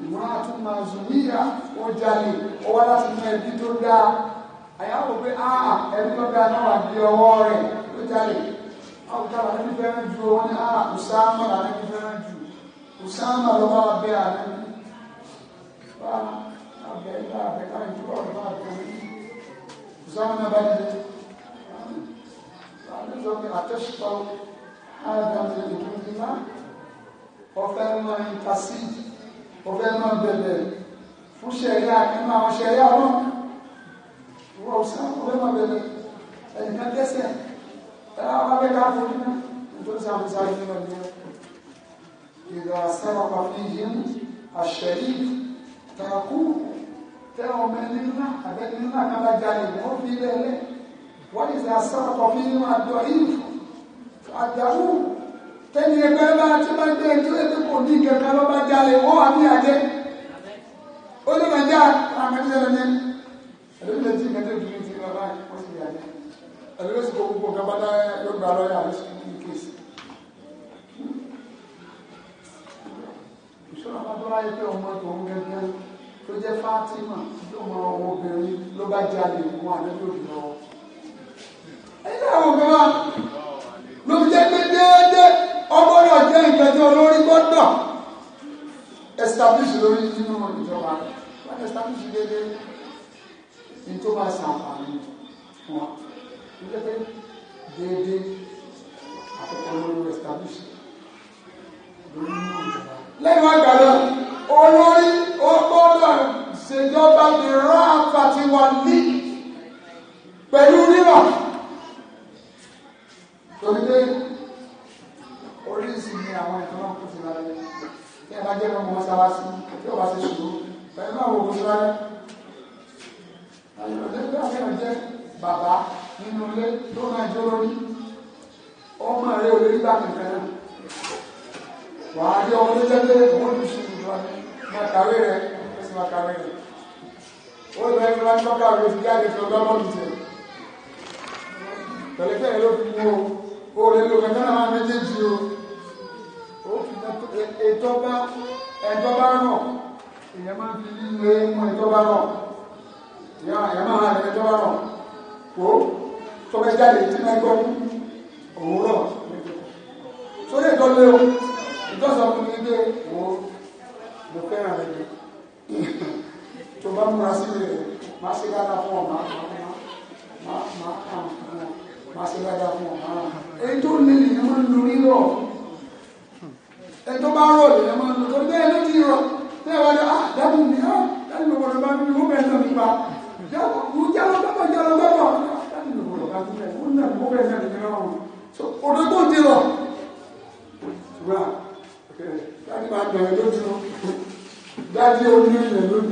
ìmúra tún máa zùn níyà ó jalè ọ wá láti mọ ẹbí tó dáa àyàwó pé áà ẹbí tó dáa náà wà bí ọwọ́ rẹ̀ ó jalè àwùjọ àwọn ẹbí fẹ́ràn ju owó ní áà kò sáà mọ́ àwọn Usama ló bá bẹ àná bá abẹ bá abẹ bá ìdúró ọ̀rọ̀ bá abẹ rí. Usama náà bá dé. Àwọn ọ̀dọ́ mi àtẹ̀sùpá Ádámù ìdúndínlá. Ọ̀fẹ́ máa ń tasí. Ọ̀fẹ́ máa bẹ̀rẹ̀ fún ṣẹ̀rí àkínú àwọn ṣẹ̀rí àwọn. Ìwọ Usama ọ̀fẹ́ máa bẹ̀rẹ̀ ẹ̀yìn náà tẹ̀sẹ̀. Ẹ إذا سرق فيهم الشريف تركوه tẹ ọmọ ẹni ńlá àbẹni ńlá kaba jalè ni wọn fi lé ẹlẹ wọn ìzà sábà kọfí nínú àjọ yìí àjàwù tẹni ẹgbẹ́ bá tí wọn gbé ẹjọ́ ẹjọ́ kò ní kẹ̀kẹ́ lọ bá jalè wọn wà ní àjẹ ó lè má já àmì ẹlẹ ní ẹlẹbi lè ti kẹtẹ ìdílé ti bàbá yìí wọn sì yà jẹ ẹlẹbi lè ti kó gbogbo kaba dá yọgbà lọ yà lọ sí i. tó náà wọn tó ráyè pé ọmọ tòun gẹ́gẹ́ tó jẹ́ Fátímà tó mọ obìnrin ló bá jalè wọn àlejò lọ. ẹ̀yin náà wò gbọ́n ló fi jẹ́ pé déédéé ọgbọ́n náà jẹ́ nǹkan tí olórí gbọ́dọ̀ establish lórí nínú ìjọba wọ́n establish déédéé ní tó bá ṣàǹfààní wọn ló jẹ́ pé déédéé àkọ́kọ́ lórí establish lórí nínú ìjọba lẹ́yìn àgbà náà olórí ó gbọ́dọ̀ ṣèjọba ní ráàpà tí wà ní pẹ̀lú rírà torí pé oríṣi ni àwọn ìtọ́nà kò sí lára yẹn tí ẹ bá jẹ́ ọmọ mọ́sálásí tí ó bá ṣe ṣòro pẹ̀lú àwọn òkú sí lára àyẹ̀wò tó bá fẹ́ràn jẹ́ bàbá nínú ilé tó náà jẹ́ lórí ọmọ rẹ̀ olórí bá kẹfẹ́ náà wàá rí ọmọ tó jẹ́ pé òun ní sùn ìjọ ni máa kàwé rẹ̀ ó sì máa kàwé rẹ̀ ó lọ ẹni máa ń tọ́ka rẹ̀ sí jáde fi ọgbà mọ́tò jẹ pẹ̀lẹ́pẹ̀ ló fi wo oore ló fẹ́ fẹ́ràn máa méjèèjì o ó fi ètò bá ẹ̀tọ́ bá rọ̀ èèyàn máa fi lílo ẹmu ẹ̀tọ́ bá rọ̀ èèyàn máa hàn ẹ̀tọ́ bá rọ̀ kó tọ́gbẹ́ jáde tí náà gbọ́ òwúrọ̀ sórí ìtọ́lé o ìjọsọ fún mi pé wo mo fẹ́ràn rẹ ni tó bá múra sí rẹ máa ṣe dáadáa fún ọ máa máa máa kàn fún ọ máa ṣe dáadáa fún ọ máa èyí tó ní nìyẹn máa ń lo rírọ ẹni tó bá rọ lèyẹn máa ń lo torí bẹ́ẹ̀ ló ti rọ bẹ́ẹ̀ wá ní Union you.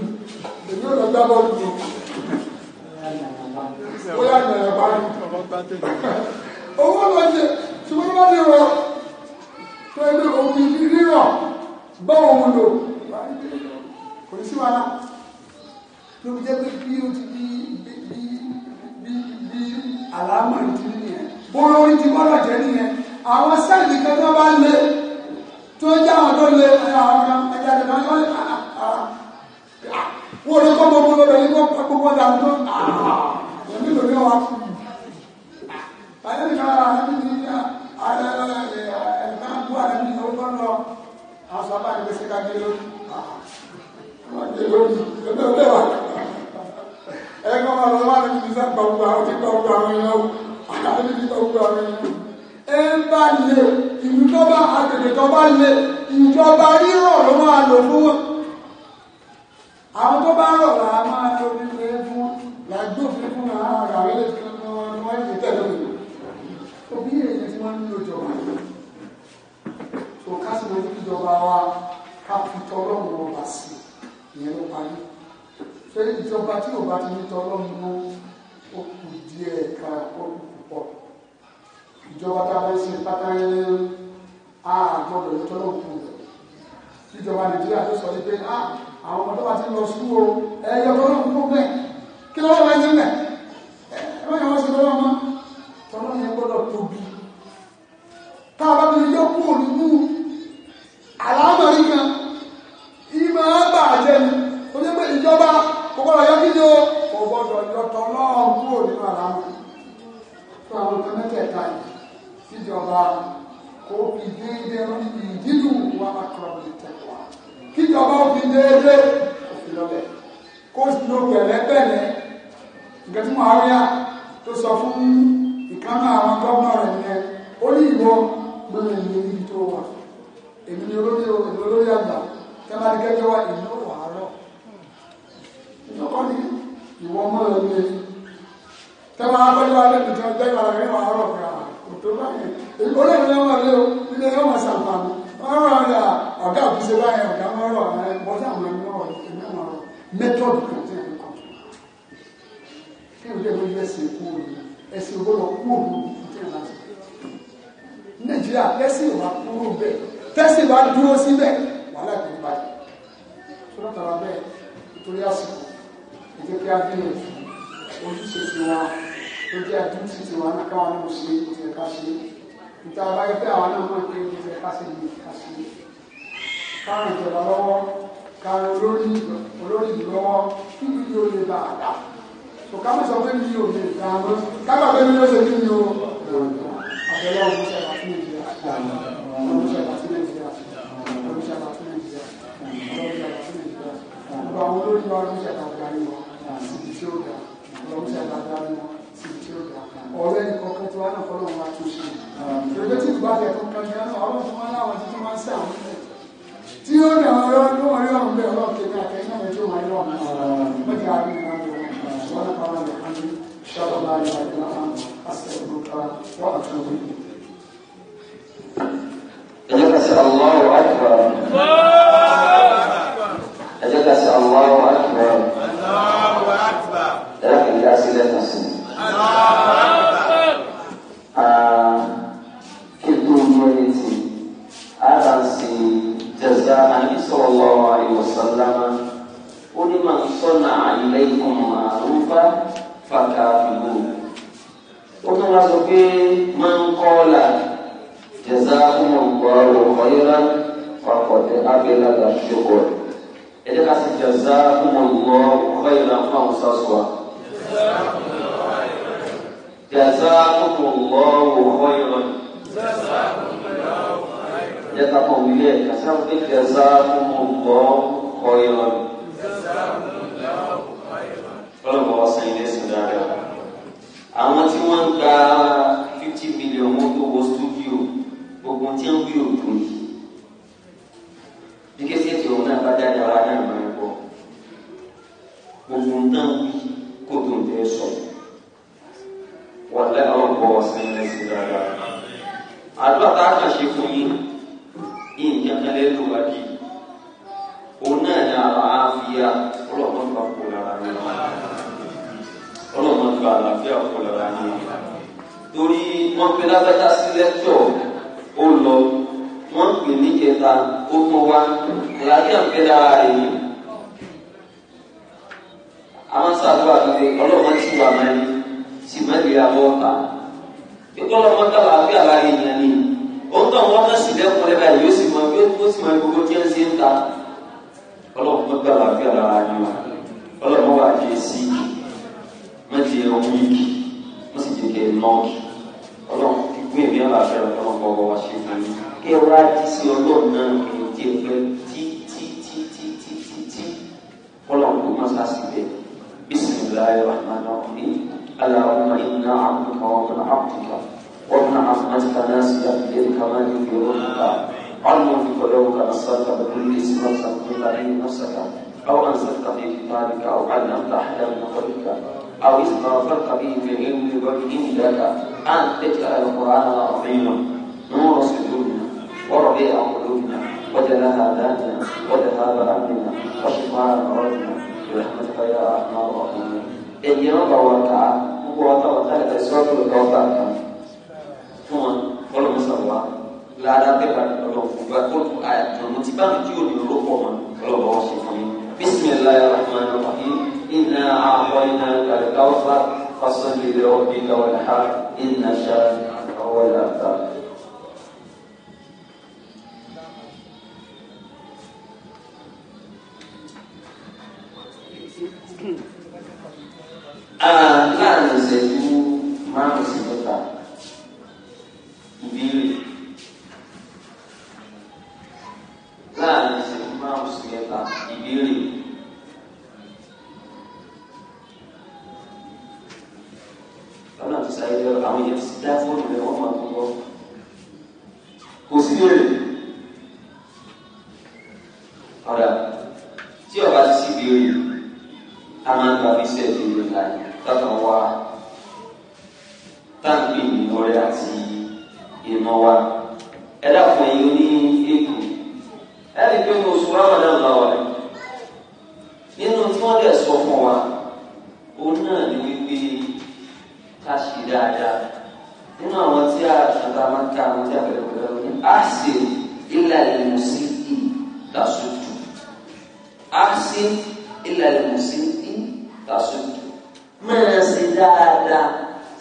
وأتوب الله أكبر fẹ́ sọ fún wa òun náà ni wípé ká ṣe dáadáa nínú àwọn tí a àtúntà máa ń ká àwọn tí a bẹ̀rẹ̀ pẹ̀lú ní àṣì ilà ìmùsí ì tàṣùtù àṣì ilà ìmùsí ì tàṣùtù máa ṣe dáadáa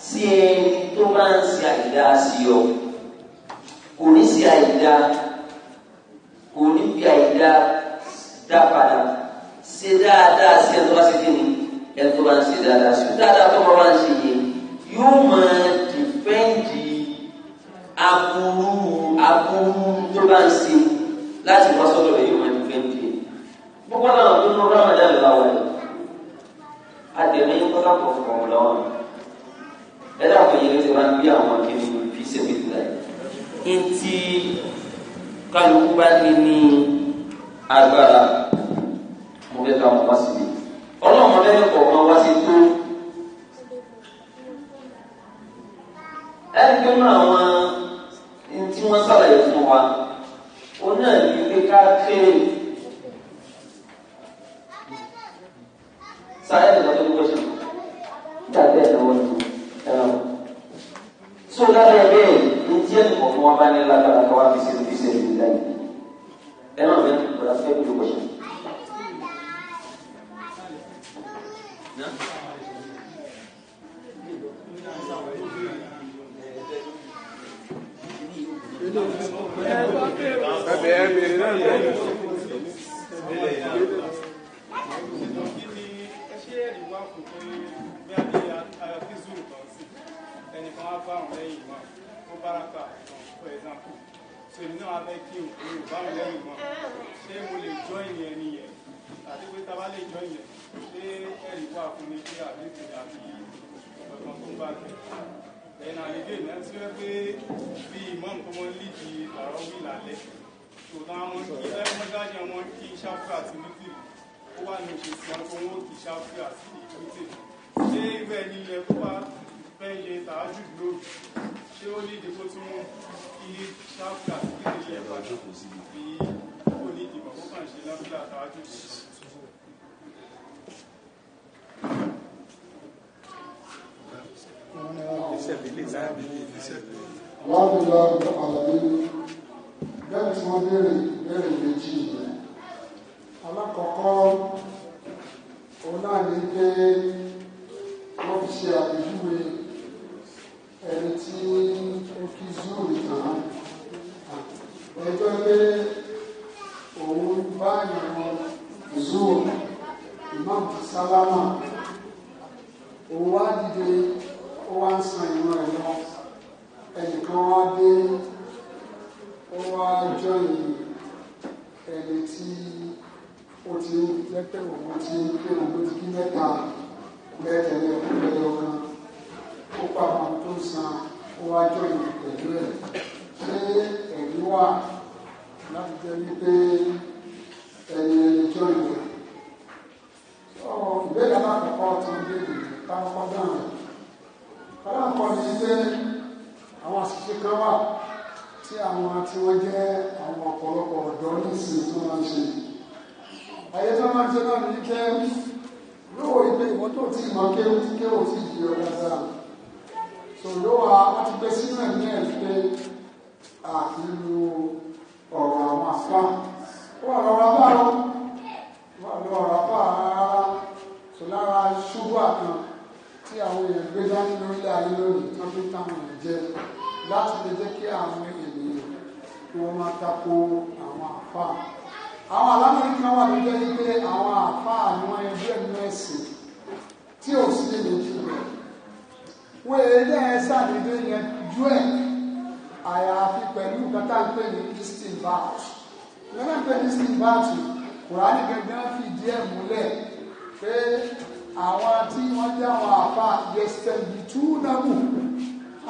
sí ẹni tó máa ń ṣe àìdá sí ọ kò ní ṣe àìdá. dáadáa sí ẹni tó bá ṣe kí ni ẹni tó bá ń ṣe dáadáa sí dáadáa tó máa ń ṣe yẹ yóò máa dìfẹ́ǹdì aburú aburú tó bá ń ṣe láti wá sọ́dọ̀ rẹ̀ yóò máa dìfẹ́ǹdì ẹ̀. gbogbo àwọn tó ń lọ ráwọn ẹ̀dá ìlà wọlé adẹ̀mí ń kọ́lá pọ̀ fún ọmọ lọ́wọ́ ẹ̀dá àwọn yẹn ti máa ń bí àwọn akéwì fi ṣẹ́bi ìlà yìí. etí kálukú bá ní ní agbára mo fẹ́ ká wọn wá síbi ọlọ́run lẹ́yìn kọ̀ọ̀kan wá sí tó ẹni pé náà àwọn tí wọ́n sàlàyé fún wa òun náà ní pé ká kéré sáyẹ́ ìdájọ́ tó gbọ́dọ̀ dàbí ẹ̀ lọ́wọ́ tó ẹ̀rọ. tó lábẹ́ bẹ́ẹ̀ ní díẹ̀ nìkan fún wa bá ní lágbára káwá fi ṣe fi ṣe ìdájọ́ ẹ̀rọ mi kò dá fẹ́ bí ó gbọ́dọ̀. ẹbẹ ẹbẹ náà lọ. ẹnìkan á bá àwọn lẹ́yìn mọ́ ó bára kà for example so èmi náà àti pé tá a bá lè jọ yẹn ṣé ẹ̀rí wà fún mi pé àbẹ̀tẹ̀ àti ọ̀gbọ̀n tó ń bá gbẹ̀. ẹ̀yìn àlejò ìná tí wọ́n pé bí ìmọ̀n tó wọ́n lì di àrọ́ wí lálẹ́ ṣùgbọ́n àwọn kí lẹ́mọ́dájà wọn kí ṣáfù àti mítìrì ó wà ní ìṣesí wọn kó wọn kì í ṣáfù àti mítìrì ṣé ibẹ̀ ni ilẹ̀ tó wá fẹ́ ṣe tààjù lóru ṣé ó ní ìdíkó tí wọ́n kí ṣáfù àti mítìrì ẹ̀ méjèèjì mọ̀ kó kàn ṣe lábílà àtàwájú ìgbésàn Lábùlá àlàyé bẹ́ẹ̀ tí wọ́n béèrè béèrè méjì yìí. Alákọ̀ọ́kọ́ òun náà ní pé wọ́n fi ṣe àpèjúwe òun báyìí wọn zoo imam Salama, òun wá dìde ó wá ń san ìran ẹ̀ lọ ẹnìkan wá dé ó wá jọyìn ẹni tí ó ti jẹ́ pé òun ti ń pè òun ti kí mẹ́ta lẹ́tẹ̀lẹ́ ọ̀pẹ̀lẹ́ ọ̀kan ó pa àwọn tó ń san ó wá jọyìn pẹ̀lú ẹ̀ ṣé ẹ̀rí wà láti jẹ́ wípé ẹni ẹni tí ó yẹ. ìbéèrè alákọ̀ọ́kọ́ ti ń béèrè táwọn kọ́ dáhùn. alákọ̀ọ́ ni pé àwọn àṣìṣe kan wà tí àwọn tí wọ́n jẹ́ àwọn ọ̀pọ̀lọpọ̀ ọ̀dọ́ nísìnyí tí wọ́n ń ṣe. ayé tó máa ń ṣe náà ní jẹ́ lówó ìgbé ìwọ́n tó ti mọ̀ kéwò tí kéwò tí ìdí ọ̀dà sáà. sọ̀rọ̀ wa wọ́n ti gbé sínú ẹ̀mí ẹ̀ pé àfihàn aslam ó wà lọ́wọ́ apá ó wà lọ́wọ́ apá rárá tó lára ṣubú àkàn tí àwọn èèyàn gbé dání lórílẹ̀ ayé lónìí tó fi táwọn èèyàn jẹ láti lè jẹ́ kí àwọn ènìyàn kí wọ́n máa tako àwọn àfa àwọn alámọ̀rin kan wà lójọ́ yìí pé àwọn àfa ni wọ́n yanjú ẹ̀mí ẹ̀sìn tí ò sí lè lójú rẹ̀ wọ́n èlé ẹ̀ sàdédé yẹn ju ẹ̀ àyàfi pẹ̀lú nǹkan ní christian vows ìyẹn náà pé ní sí ìbáàtì kùránì gẹ́gẹ́ fi díẹ̀ múlẹ̀ pé àwọn tí wọ́n jẹ́ àwọn àfa yẹsẹ̀bì túnàmù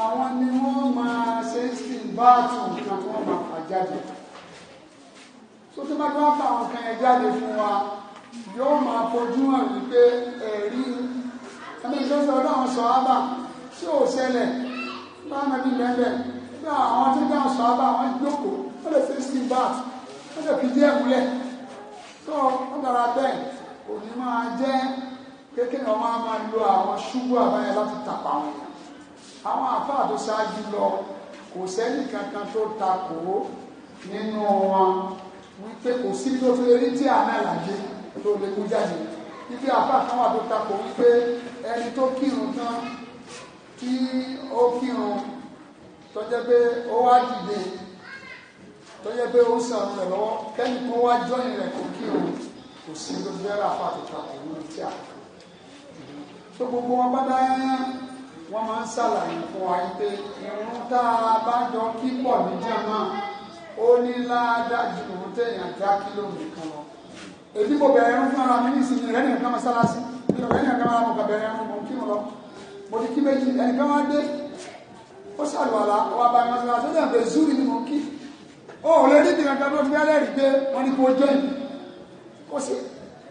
àwọn ni wọ́n máa ṣe sí ìbáàtì nǹkan tí wọ́n máa fà jáde tó tó bá tó wá fà àwọn kan yẹn jáde fún wa yóò máa fojú hàn wípé ẹ̀rí ẹni tó sọ dáhùn sọ ábà tí ò ṣẹlẹ̀ bá nàbí lẹ́lẹ̀ bí àwọn tó dáhùn sọ ábà wọ́n jókòó wọ́n lè fi sí ìbáàtì ó sì fi díẹ̀ múlẹ̀ tó ó dára bẹ́ẹ̀ kò ní máa jẹ́ kékeré ọmọ á máa lo àwọn ṣubú àbáyẹ láti tàpá wọn àwọn àfáà tó ṣáájú lọ kò sẹ́ni kankan tó takò ó nínú wọn wípé kò sí tó fi rí tí àná làjẹ tó lè mú jáde ibi àfáà kan wà tó takò wípé ẹni tó kírun tán tí ó kírun tó pé ó wá dìde tó yẹ pé ó ń san ọ̀rọ̀ rẹ̀ lọ́wọ́ kẹ́ni kan wá jọ́yìn rẹ̀ kò kí o kò sí ló fẹ́ rà fún àtúntò àtàwọn ohun tí a kò tó gbogbo wọn pátá wọn máa ń ṣàlàyé fún wa pé irun tá a bá jọ kí pọ̀ ní jẹ́mọ́ ó ní ládájú òun téèyàn dá kílómítà kan lọ èdè mo bẹ̀rẹ̀ irun fún ara mi ní ìsinmi rẹ̀ nìkan máa ṣáláṣí mi ò rẹ̀ nìkan máa mọ̀ kà bẹ̀rẹ̀ irun mọ̀ kí mo lọ mo ti kí méjì ẹnìkan wá dé ó ṣàlùwàlà ó wá bá ẹ̀ma ṣáláṣí ó dẹ̀ bẹ̀ zúrì ni mo kí ó lè ní ìdìrẹ̀ kan tó fi ẹlẹ́rìí pé wọ́n ní kó jẹ́ kò sí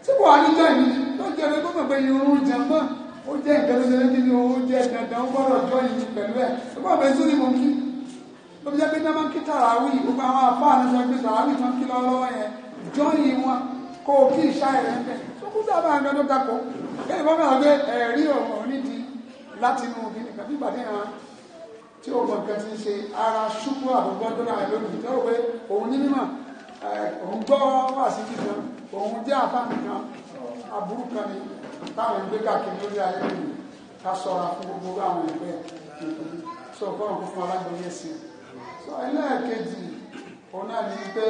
tí kò wá ní jẹ́ ìní ló jẹ́ pé gbọ́dọ̀ pé irun jẹ mọ́ ó jẹ́ nǹkan tó ṣe kí ni ó jẹ́ dandan ó gbọ́dọ̀ jọ ìyìn pẹ̀lú ẹ̀ ó gbọ́dọ̀ pé sórí mọ̀ kí ló fi jẹ́ pé dáná kí tàràwì gbogbo àwọn àfáà náà sọ pé tàràwì tán kí lọ́wọ́ yẹn jọ tí ó mọ nǹkan ti ń ṣe ara ṣubú àbúgbọ́ tó náà lónìí tó pé òun ní mímọ̀ òun gbọ́ wà sí kíkan òun jẹ́ àfáàmì kan aburú kan ni táwọn ìgbé káàkiri lórí ayé lónìí ká sọra fún gbogbo àwọn ìgbẹ́ ìpínlẹ̀ sọ fọ́nà kó fún alágbèéyé sí i sọ ẹlẹ́ẹ̀kejì òun náà ní pé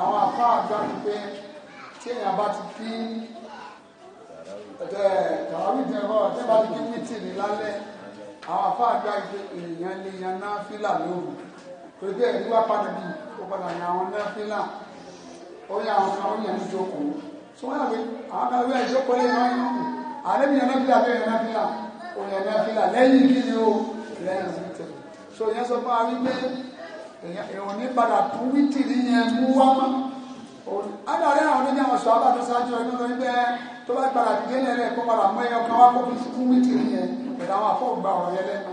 àwọn àfa àgbà ní pé tí èèyàn bá ti kí ẹ̀ẹ́dẹ̀ẹ̀kàwé jẹ́ bọ́ tí èèyàn bá ti kí mítìrì lálẹ́ àwọn àfáàgbà ìgbé èèyàn lè yan náfìlà lóru torí bí ẹ̀rí wá padà bí ó padà yan àwọn náfìlà ó yan àwọn kan ó yan níjókòó tó wọ́n yà pé àwọn kan wíwá ìjókòó lè yan yín àlẹ́ mi yan náfìlà bẹ́ẹ̀ yan náfìlà ó yan náfìlà lẹ́yìn kí ni ó lẹ́yìn sí tẹ̀ so ìyẹn sọ fún wa wípé èèyàn ní padà tún wítìrí yẹn mú wá mọ́ adarí àwọn oníjà wọn sọ abájọ sáájú ọdún lórí bẹ́ẹ̀ tó bá padà délẹ̀ rẹ̀ kó pẹ̀lú àwọn afọ́gbà ọ̀rọ̀ yẹn lẹ́nu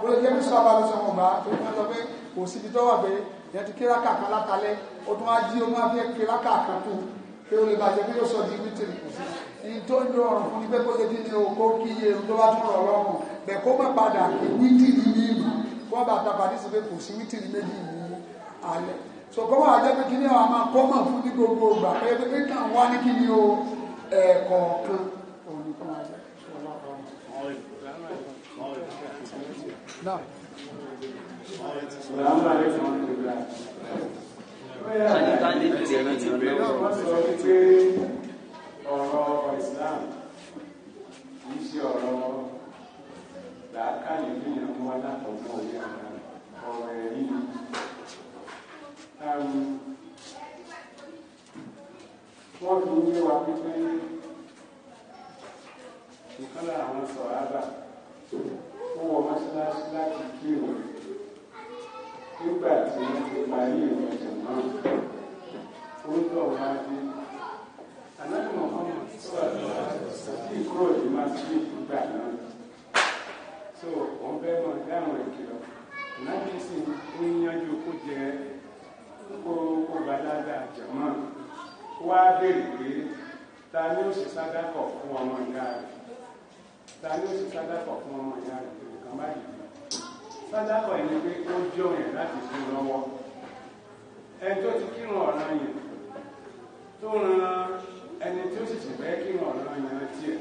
ó lè jẹ́ mísọ́ bá lọ́sọ̀ wọn bá tó ń sọ pé kò síbi tó wà pé ìyẹn ti kíráka kan látàlẹ́ ó tún wá jí ó máa fẹ́ kíráka kan kú pé ó lè bàjẹ́ pé yóò sọ di wítìrì kù sí ní tó ń dún ọ̀rùn fún ní pé kó ṣe dín ní okó kí iye ohun tó bá tún rọ̀ lọ́rùn bẹ̀ kó má padà kí wítìrì ní ìlú kó bá ta pàdé sí kò sí wítìrì méjì so kọ́mọ̀ àjẹ́ pé kí àwọn máa kọ́mọ̀ fún ní gbogbo ìgbà pé pé kàn wá ní kí o ẹ̀ẹ̀kọ̀ọ̀kan òun ni kọ́mọ̀ àjẹ́ sọ́lá ọ̀run. نعم السلام عليكم ورحمة الله wọ́n sọ wípé ọ̀rọ̀ Islam kì í ṣe ọ̀rọ̀ làákàyè fìyàn mú alákọ̀ọ́gbọ́n orí ọ̀rọ̀ ẹ̀rí wọ́n fi ń yé wa pípé ìkan lára àwọn sọ̀rọ̀ àbá ó wọ mọ́ṣáláṣí láti kírun nígbà tí wọ́n ti parí ìrìn ẹ̀jẹ̀ náà orúkọ wa dé anáàmọ̀ ọmọ sí ìkúrò ní masiri ìgbà náà so wọ́n fẹ́ mọ̀ dáhùn ìkìlọ̀ anáàmọ̀ sì ń yanjú kó jẹ kó kó balaga jẹ̀mọ́ wá béèrè pé ta ni ó ṣe sádàkọ̀ fún ọmọ ìyá rẹ̀ ta ni ó sì sádàkọ̀ fún ọmọ ìyá rẹ̀ pé nǹkan báyìí sádàkọ̀ pé ó jọ yẹn láti sùn lọ́wọ́ ẹni tó ti kírun ọ̀ràn yẹn tó ran ẹni tí sì sì fẹ́ kírun ọ̀ràn yẹn tiẹ̀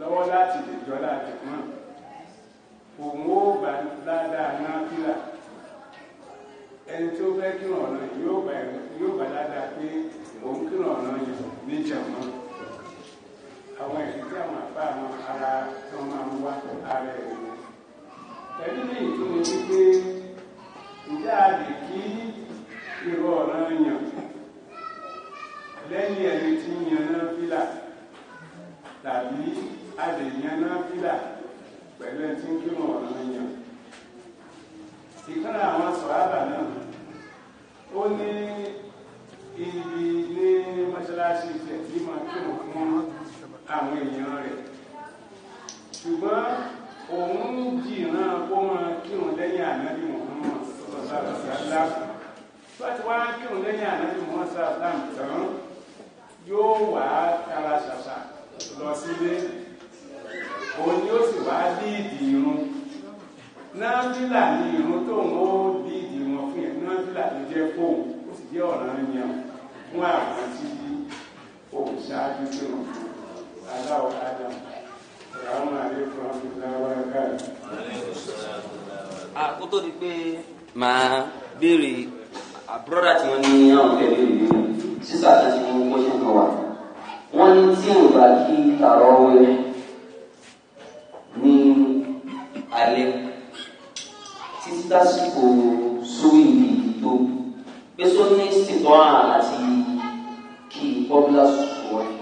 lọ́wọ́ láti lè jọ láti pọ́n òun ó gbà dáadáa náà fílà ẹni tó fẹ́ kírun ọ̀ràn yẹn yóò gbà dáadáa pé òun kírun ọ̀ràn yẹn níjàmbá àwọn ẹ̀sìn tí àwọn àbá àwọn ara tí wọ́n máa ń wá ara ẹ̀ wò. ẹ̀rí lè tún mi wípé ǹjẹ́ a lè kí irú ọ̀ràn yàn lẹ́yìn ẹni tí ń yanná fílà tàbí a lè yanná fílà pẹ̀lú ẹni tí ń kírun ọ̀ràn yàn. ìkànnì àwọn sọ̀rọ̀ náà ó ní ibi ní mọ́ṣáláṣí ìṣẹ̀ tí máa kírun fún wọn àwọn èèyàn rẹ̀ ṣùgbọ́n òun jìran kó kírun lẹ́yìn ànábì Muhammad sallallahu tó ti wá kírun lẹ́yìn ànábì Muhammad sallallahu tán yóò wá tara ṣàṣà lọ sílé òun yóò sì wá díìdì irun náfìlà ni irun tóun ó díìdì wọn fún yẹn náfìlà ló jẹ́ fóun ó sì jẹ́ ọ̀ràn yẹn wọn àwọn tí òun ṣáájú tó wọn fún aláwọ̀ adam ah, tó di pé màá béèrè àbúrọ́dà ah, tí wọ́n ní àwọn tẹ̀lé ìlú sísà tí wọ́n mú ṣe kàn wá wọ́n ní tí ò bá kí tààrọ̀ wẹ̀ ní alẹ́ títí dásìkò sóyè tó pé sóyè ṣètò àti kí popular sùn wọ̀nyí.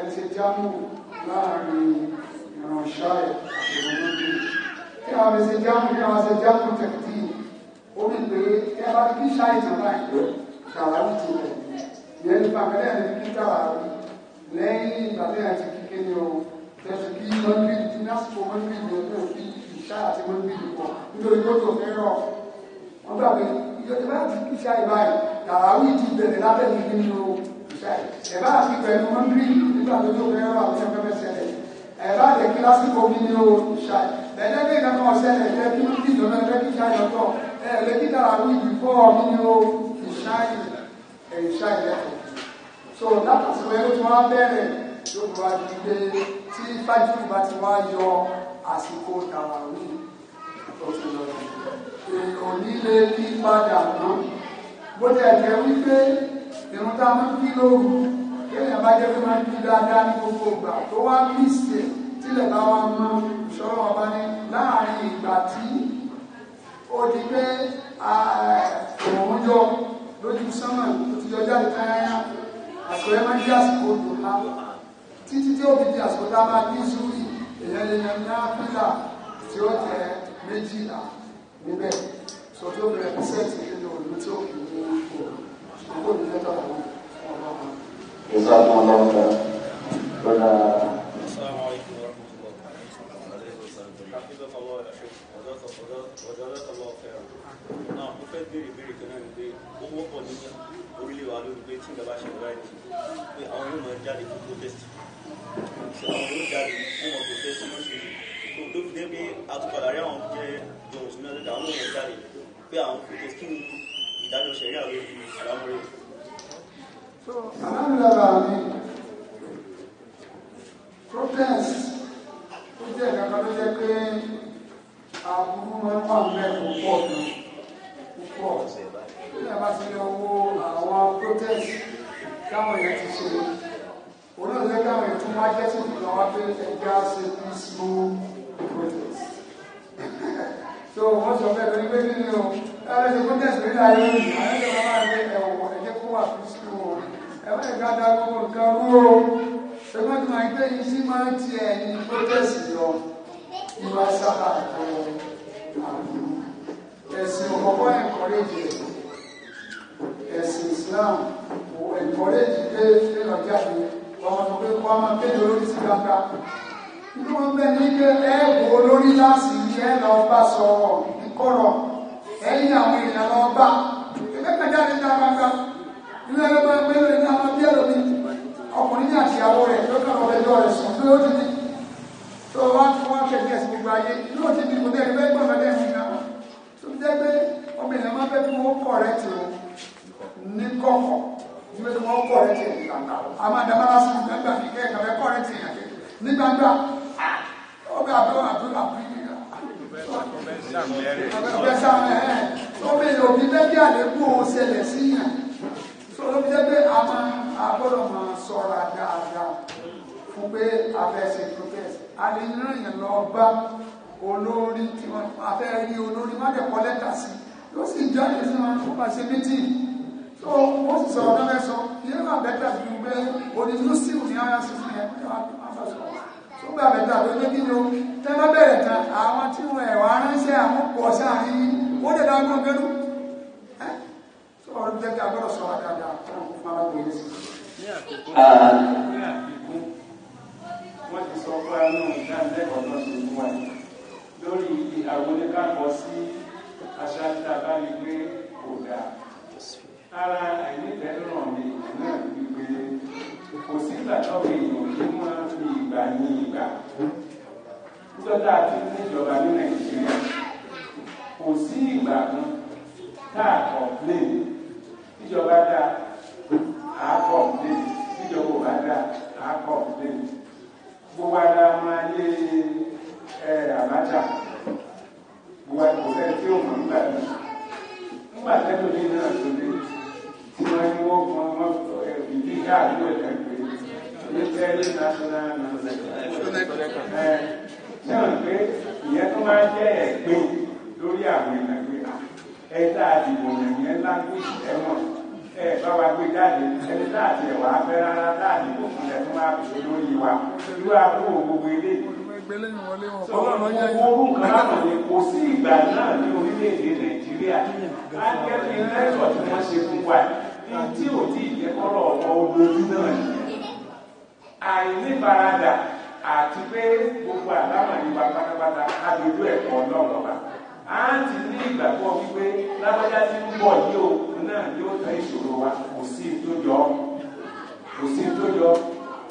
ẹ ti jámù láàrin ìrànṣá ẹ̀ àti ìrànlódé kí a fi ṣe jámù kí a ṣe jámù tẹ̀kítì ó ní pé kí a bá kí ṣáì tán láìpẹ́ kàràwù ti rẹ̀ ìyẹn ní pàkẹ́lẹ́ ẹ̀ ní kí kàràwù lẹ́yìn ìgbà tí a ti kí kéde o tẹ̀sí kí mọ́nbí ní lásìkò mọ́nbí ní ọjọ́ òbí ìṣá àti mọ́nbí ní pọ̀ nítorí tó tó fẹ́ràn wọ́n gbà pé ìjọba bá ti kí ṣáì báyìí kàràwù ti bẹ̀rẹ̀ lábẹ́ ìgbìmọ̀ ìṣá ẹ̀ bá ti pẹ̀lú mọ́nbí nígbà tó tó fẹ́ wà ní ẹgbẹ́ ṣẹlẹ̀ ẹ̀rọ àjẹ kíláàsì kòbí ni o ṣá ẹ̀jẹ̀ pé nǹkan kan ṣẹlẹ̀ kí ló dì lọ́nà ẹ̀jẹ̀ kíkà yọtọ̀ ẹ̀jẹ̀ kí dára wí bìfọ́ mi ni o ìṣáì ìṣáì lẹ́kọ̀ọ́ so látàsí wẹ́n ló ti wá bẹ̀rẹ̀ ló bu adi pé tí fájúù bá ti wá yọ àsìkò tàwárí tó ti lọ èèyàn nílé yí padà lónìí bó wípé ìrún tá a kí lóru kéèyàn bá jẹ́ pé máa ń bí dáadáa ní gbogbo ìgbà tó wá mísì ẹ̀ tílẹ̀ bá wá mọ ìṣọ́rọ̀ ọba ní láàrin ìgbà tí ó di pé òun yọ lójú sánmà tó ti yọjá ìtayáyá àsìkò ẹ máa ń jẹ́ àsìkò òdò ha títí tí ó fi di àsìkò tá a máa bí sórí èèyàn lè yan náà pílà tí ó tẹ méjìlá níbẹ̀ sọ tó bẹ̀rẹ̀ pẹ́sẹ̀tì nínú òdò tí ó kì í mú òkú òkú òdò lẹ́tọ̀ àwọn ọmọ ọmọ. جزاكم الله خيرا ولا السلام عليكم ورحمه الله حفظك الله يا شيخ وجزاك الله خيرا náà mo fẹ́ béèrè béèrè kan náà ni pé ó wọ́pọ̀ ní orílẹ̀ wa lórí pé tí ìjọba ṣe ìwà ẹni pé àwọn yóò máa jáde fún protest ṣùgbọ́n àwọn yóò jáde fún wọn protest náà ṣe tó tó fi dé pé àtúpadà rí àwọn jẹ́ jọ̀wọ̀n sí náà lẹ́ka àwọn yóò so alámìlára mi protest ó jẹ́ ìkàkọ́ tó jẹ́ pé àbúrú máa ń wà mẹ́ púpọ̀ kan púpọ̀ ó yẹ bá ti lọ wo àwọn protest táwọn èèyàn ti ṣe òun náà jẹ́ káwọn èèyàn tún wá jẹ́ sí ìpínlẹ̀ wá pé ẹja ṣe peaceful protest so wọ́n sọ fẹ́ẹ́ pé pé nínú ẹ̀rọ ìṣègùn tẹ̀sán nílẹ̀ ayé àwọn ẹ̀jẹ̀ kan máa ń gbé ẹ̀wọ̀n ẹ̀jẹ̀ kó wà peaceful ẹ̀wọ́n ẹ̀ka da gbogbo nǹkan rú o ẹgbẹ́ tó máa ń gbé yín sí máa ń tiẹ̀ ní protest lọ ìwà sábà kọ àbúrò ẹ̀sìn ọ̀kọ̀ọ̀kọ̀ ẹ̀kọ́rẹ́jì ẹ̀sìn Islam kò ẹ̀kọ́rẹ́jì pé ẹ̀rọ jáde ọmọ tó pé kọ́ máa kéde olórí sí gbangba nínú wọn bẹ ní pé ẹ wò olórí láti ní ẹ lọ bá sọ̀rọ̀ ní kọ̀rọ̀ ẹ̀yìn àwọn èèyàn lọ bá ẹgbẹ́ ilé ẹgbẹ́ mélòó ní àwọn bí ẹ̀rọ mi ọkùnrin ní àtìyàwó rẹ̀ lọ́kàn ọ̀rọ̀ ẹjọ́ rẹ̀ sùn pé ó ti ní tó wá fún wọn kẹ̀kẹ́ sí gbogbo ayé inú òtí bí ìbùdó ẹgbẹ́ gbọ̀ngàn náà ní ìgbà tó fi jẹ́ pé ọmọ ènìyàn máa fẹ́ kí wọ́n kọ̀ rẹ̀ tì ó ní kọ̀kọ̀ ní pé wọ́n kọ̀ rẹ̀ tì ó gbàgbà a máa dá máa sùn gbàgbà fi kẹ́ ẹ̀kọ́ kọ̀ rẹ̀ tì so ló fi jẹ́ pé a máa a gbọ́dọ̀ máa sọ̀rọ̀ dáadáa fún pé a fẹ́ ṣe progress a lè rìn lọ bá olórí tí wọ́n a fẹ́ rí olórí má dẹ̀ kọ́ lẹ́tà sí yóò sì jáde sí wọn fún pàṣẹ meeting so ó sì sọ̀rọ̀ náà mẹ́sọ yóò wà bẹ́tà fún pé onídùúsíwù ní ara sí fún yẹn tó gbà bẹ́tà pé pé kí ni o tẹ́ bá bẹ̀rẹ̀ tán àwọn tí wọn ẹ̀wà ránṣẹ́ àwọn pọ̀ sáà yìí ó dẹ̀ dá gbọ́n pẹ̀lú ọ̀rọ̀ bí lẹ́gbẹ̀ẹ́ agbọ́dọ̀ sọ̀rọ̀ dáadáa tó ń fún ara wọlé sí. Ah. wọ́n ti sọ fún ẹnu ìdánilẹ́kọ̀ọ́ náà ṣe fún wa lórí àwọn oníkàkọ́ sí aṣáájú àbá mi pé kò dáa. ara àìníkẹ́lọ́rọ̀ mi náà wí pé kò sí ní nàìjíríà kò sí ìgbà kan tá a kọ̀ lé mi tíjọba dá àákọ̀ ǹdé tíjọba òbá dá àákọ̀ ǹdé gbogbo ara máa yé ẹ àbájá gbogbo àti òfẹ́ tí ó mọ̀ nígbà tí nígbà tẹ́lẹ̀ ní náà tó dé tí wọ́n ní wọ́n fún ọmọ ìdí ìyá àdúgbò ẹ̀dá pé ní tẹ́lẹ̀ national national ẹ̀ sẹ́wọ̀n ìyẹn tó máa jẹ́ ẹ̀gbìn lórí àwọn ìlànà ah, ẹ̀dá àdìbò nìyẹn lágbèsè ẹ̀wọ̀n. ẹ bá wa gbé jáde ẹni láti ẹ̀wà afẹ́ rárá láti kò fún wa irú àbúrò gbogbo ilé owó nǹkan sí ìgbà náà ní orílẹ̀-èdè nàìjíríà ágẹ́bí lẹ́tọ̀ tí wọ́n ṣe fún wa ní tí ò tí ì jẹ́ kọ́rọ̀ ọ̀pọ̀ gbogbo àlámà ìwà pátápátá abẹ́lú ẹ̀kọ́ ọlọ́run ọba á ti ní ìgbàgbọ́ wípé lábájá ti ń bọ̀ yí òun náà yóò tẹ ìṣòro wa kò sí tó jọ kò sí tó jọ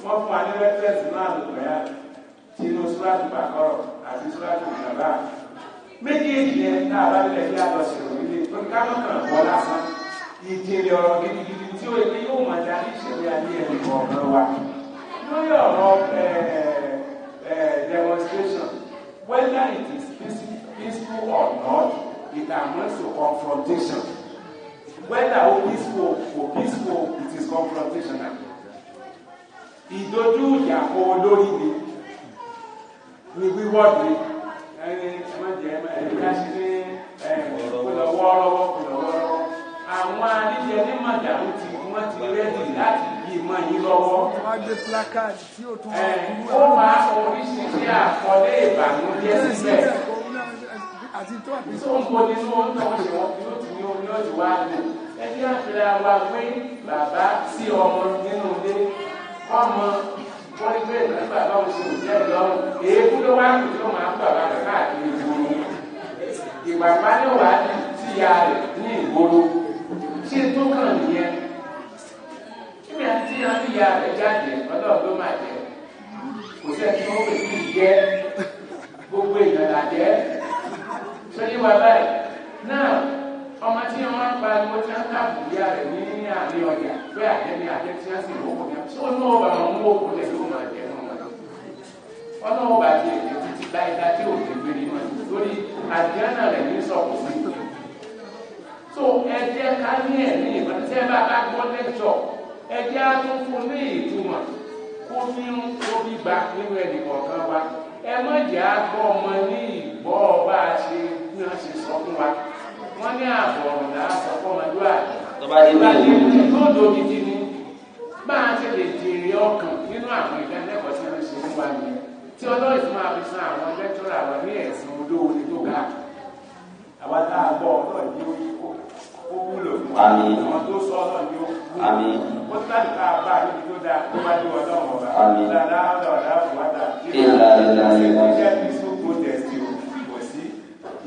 wọ́n fún wa ní rẹ́fẹ́sì náà lùpẹ́ yá tinú súráàtì pàkọ́rọ̀ àti súráàtì ìjọba méjèèjì yẹn náà bá lẹ̀ bí àlọ́sẹ̀rọ̀ nílé pé kámọ́kàn bọ́ lásán ìjìnlẹ̀ ọ̀rọ̀ gidigidi tí ó yẹ yóò máa darí ìṣẹ̀lẹ̀ ayé ẹni kọ̀ọ̀kan wa lórí ọ̀rọ̀ eh, eh, demonstration whether it is peaceful or not it amounts to confrontation. When I o peaceful for peaceful it is confrontational ìdojú ìyà kọ olórí ni ni wíwọ́ọ̀dù ni ẹni ẹ má jẹ ẹ má ṣe ní ẹ kòlọ̀wọ́ọ́rọ́wọ́ kòlọ̀wọ́ọ́rọ́wọ́ àwọn adíjẹ ní màdàrú ti wọ́n ti rẹ́dì láti yí mọ́ yín lọ́wọ́ ẹ ó máa oríṣiríṣi àkọlé ìbànújẹ́ síbẹ̀ tó ń bọ nínú ọ̀nà ọ̀ṣẹ̀ wọn yóò ti ní omi ọ̀ṣẹ̀ wá dùn ẹbí àpèrè àwa pé bàbá sí ọmọ nínú ilé ọmọ wọn gbé ìgbà bàbá wọn sì jẹ lọ́rùn èébú ló wá kù tó máa ń bàbá rẹ káàkiri ìgboro ìwà ìpánìwá ti ya rẹ ní ìgboro ṣé tó kàn nìyẹn kíni àti àti ya rẹ jáde ọlọ́ọ̀ ló máa jẹ kò sẹ́ni tó wẹ̀ sí ìjẹ gbogbo ìgbàlà jẹ sọ́yìn wa báyìí náà ọmọ tí wọ́n ń pariwo tí wọ́n ká fìyà rẹ̀ ní àárín ọjà pé àjẹmí àjẹ tí wọ́n sì wò kò yẹn tó ní ọba àwọn owó kò lè ló máa jẹ fún wọn. wọ́n náà bá ti èdè títí báyìí dá tí òkè gbére wọn lórí àdìránà rẹ̀ ní sọ̀kò sí. tó ẹ jẹ́ ká ní ẹ̀mí ìbánisẹ́ bá bá gbọ́ lẹ́jọ́ ẹ á tún fún ní ìtumọ̀ kó ní kó bí gba nínú ẹnì kọ̀ọ̀kan wa ẹ mọ̀jà gbọ́ ọmọ ní ìgbọ́ ọba ṣe bí wọ́n ṣe sọ fún wa wọ́n ní àbọ̀rùn là àfọ̀kọ́mọdúà tọ́ba ti ní ìlú tó dòdì ti ní bá a ti lè jèrè ọkàn nínú àwọn ìdánilẹ́kọ̀ọ́ tí wọ́n ṣe fún wa ni tí ọlọ́run ti máa fi san àwọn lẹ́tọ́rọ̀ àwọn ní ẹ̀sìn olówó ni tó ga àwa tá a gbọ́ ọlọ́run ní orí kó ó wúlò fún wa àwọn tó sọ ọlọ́run ní ó wúlò ó ti láti ká bá a níbi tó dáa kó wá ní ọlọ́run ọba dáadáa ọ̀dà ọ̀dà ọ̀dà ìlànà ìlànà ìlànà ìlànà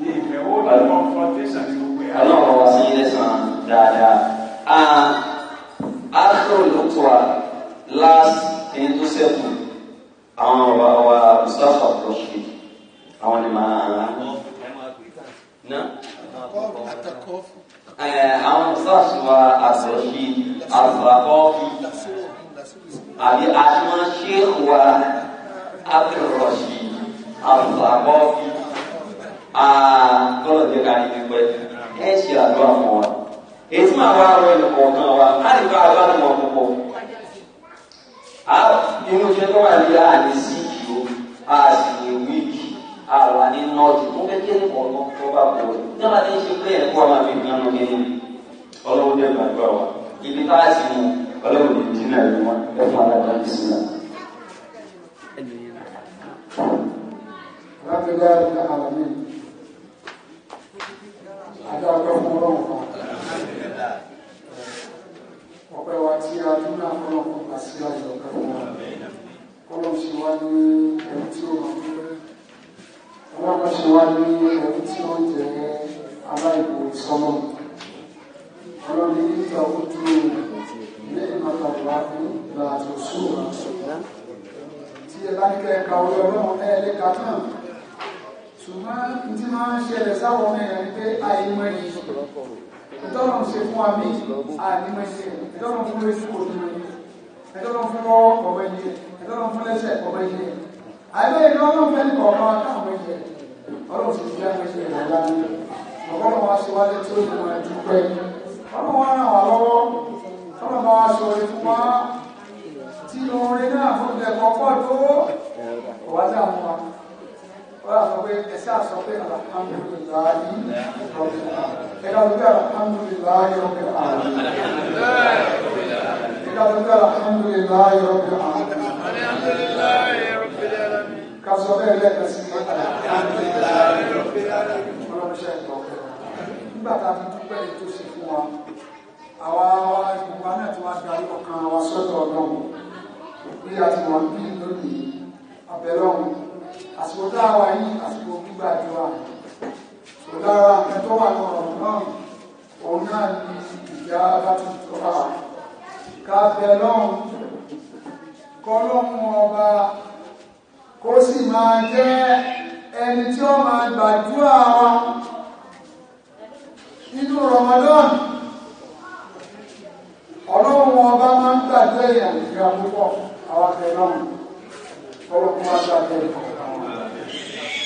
ìlànà ìlànà ọlọ́run ọba sí lẹ́sàn-án dáadáa. Ah, ákúrò ló tó wa last ẹni tó sẹ́kù àwọn ọba wa mustapha rọ́ṣì àwọn ni màá ná. Eh, àwọn mustapha wa àtọ̀ṣì àtọ̀kọ́fì àbí àtúmọ̀ ṣéèkù wa ákúrò rọ́ṣì àtọ̀kọ́fì. 啊，多了就干一杯。ẹ ṣe àdúrà fún wa ètí màá wá rọ ẹnì kọ̀ọ̀kan wa á lè bá àdúrà nù wọn púpọ̀ á inú iṣẹ́ tó wà nílẹ̀ á lè sí ìkìló á sì lè wí ìkì á wà ní nọ́ọ̀tì mo fẹ́ kí ẹnì kọ̀ọ̀kan tó bá bọ̀ ọ́ ní wàá ní ṣe pé ẹ̀kọ́ àwọn àmì kan ló ní ọlọ́wọ́ dẹ̀ gbàgbọ́ wa ibi tá a sì mú ọlọ́wọ́ dẹ̀ dínà ẹ̀ wọn ẹ̀ fún alágbá الحمد لله رب العالمين adé ọpẹ́ fún Ọlọ́run ọpẹ́ wa tí a dún náà fún Ọlọ́run kan sí àyè ọpẹ́ fún wa Ọlọ́run ṣe wá ní ẹni tí ó máa dúpẹ́ Ọlọ́run ṣe wá ní ẹni tí ó jẹ aláìkò sọmọ Ọlọ́run ní nígbà ó dúró ní ìmọ̀tàlá fún ìlànà tó sùn tí ẹ bá ní kẹ́ Ọlọ́run ẹ̀ lè ṣùgbọ́n n tí máa ń ṣẹlẹ̀ sáwọn ọmọ ẹ̀yà ni pé àìmọ̀ ni ìtọ́nà ṣe fún wa mí àìmọ̀ ṣe ìtọ́nà fún lóṣù òdùnmọ̀ ni ìtọ́nà fún lọ́wọ́ ọ̀wẹ́ ni ìtọ́nà fún lẹ́sẹ̀ ọ̀wẹ́ ni àìmọ̀ ìlú ọlọ́run fẹ́ ní kọ̀ọ̀kan wa káwọn ẹ̀yẹ ọlọ́run sì fi àmọ̀ ṣe ìrọ̀lá ọgọ́rùn wa ṣe wáyé tí ó ti wọ́n ẹ̀dùn pẹ́ ọlọ́run wa ràn wá lọ́wọ́ ọlọ́run wa ṣọ ìfún wa tí orin náà fún ìdẹ̀kọ́ pọ̀ tó wá dáa fún wa wọ́n á sọ pé ẹ̀sẹ̀ àsọ pé alhamdulilayi ọ̀gbìn ẹ̀ka lóbi alhamdulilayi ọ̀gbìn ààrùn ẹ̀ka lóbi alhamdulilayi ọ̀gbìn ààrùn ká sọ bẹ́ẹ̀ lẹ́ẹ̀kan sí alhamdulilayi ọ̀gbìn ààrùn ọlọ́mọṣẹ́ ìtọ́kọ̀ nígbà tá a fi dúpẹ́ ètò sí fún wa àwa ìgbòho náà ti wá darí ọkàn wa sọ́dọ̀ ọlọ́run bí àsìkò tá a wà ní àsìkò gbígbà àdúrà kò lára ẹ̀tọ́ wà lọ ọ̀rọ̀ náà òun náà ní ìjà bá ti tọ́ra ká bẹ lọ́hùn kọ́ lọ́hùn ọba kó sì máa jẹ́ ẹni tí ó máa gbàdúrà wa nínú Ramadan ọlọ́run ọba máa ń gbàdúrà ìyànjú àpúpọ̀ àwọn akẹ́lọ́run ọlọ́run wá gbàdúrà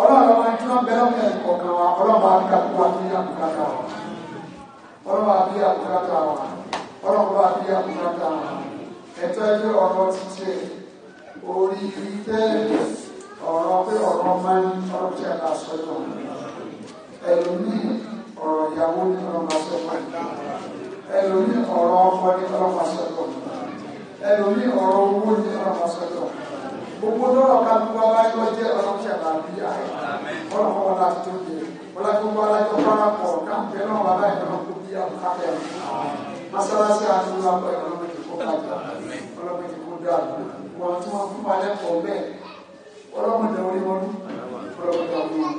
ọlọ́run ọba tí wọ́n bẹ̀rẹ̀ ọmọ ẹ̀kọ́ kan wa ọlọ́run bá ń kàkú wa bí àbùkátà wa ọlọ́run bá bí àbùkátà wa ọlọ́run bá bí àbùkátà wa ẹ̀tọ́ ẹgbẹ́ ọ̀rọ̀ títí orí tẹ́ ọ̀rọ̀ pé ọ̀rọ̀ máa ń ọ̀rọ̀ tí a bá sọ yọ ẹlòmíì ọ̀rọ̀ ìyàwó ní ọ̀rọ̀ bá sọ pọ̀ ẹlòmíì ọ̀rọ̀ ọkọ ní ọ̀rọ̀ bá sọ pọ̀ ẹlòmíì ọ̀rọ̀ owó ní ọ̀rọ̀ bá sọ pọ̀ gbogbo lọ́rọ̀ kálukú abáyé lọ́jẹ́ ọlọ́ṣẹ́ àbí ààrẹ ọlọ́kọ̀ wọn láti tó jẹ wọn láti gbogbo alájọ fara pọ̀ káàkiri náà wọn abáyé lọ́wọ́ tó bí àbúkáfẹ́ rẹ̀ masalasi àtúnwá pọ̀ ọlọ́mọdé kó kájà ọlọ́mọdé kó dáa wọn tí wọn fún wa lẹ́kọ̀ọ́ bẹ́ẹ̀ ọlọ́mọdé orí wọn ọlọ́mọdé orí wọn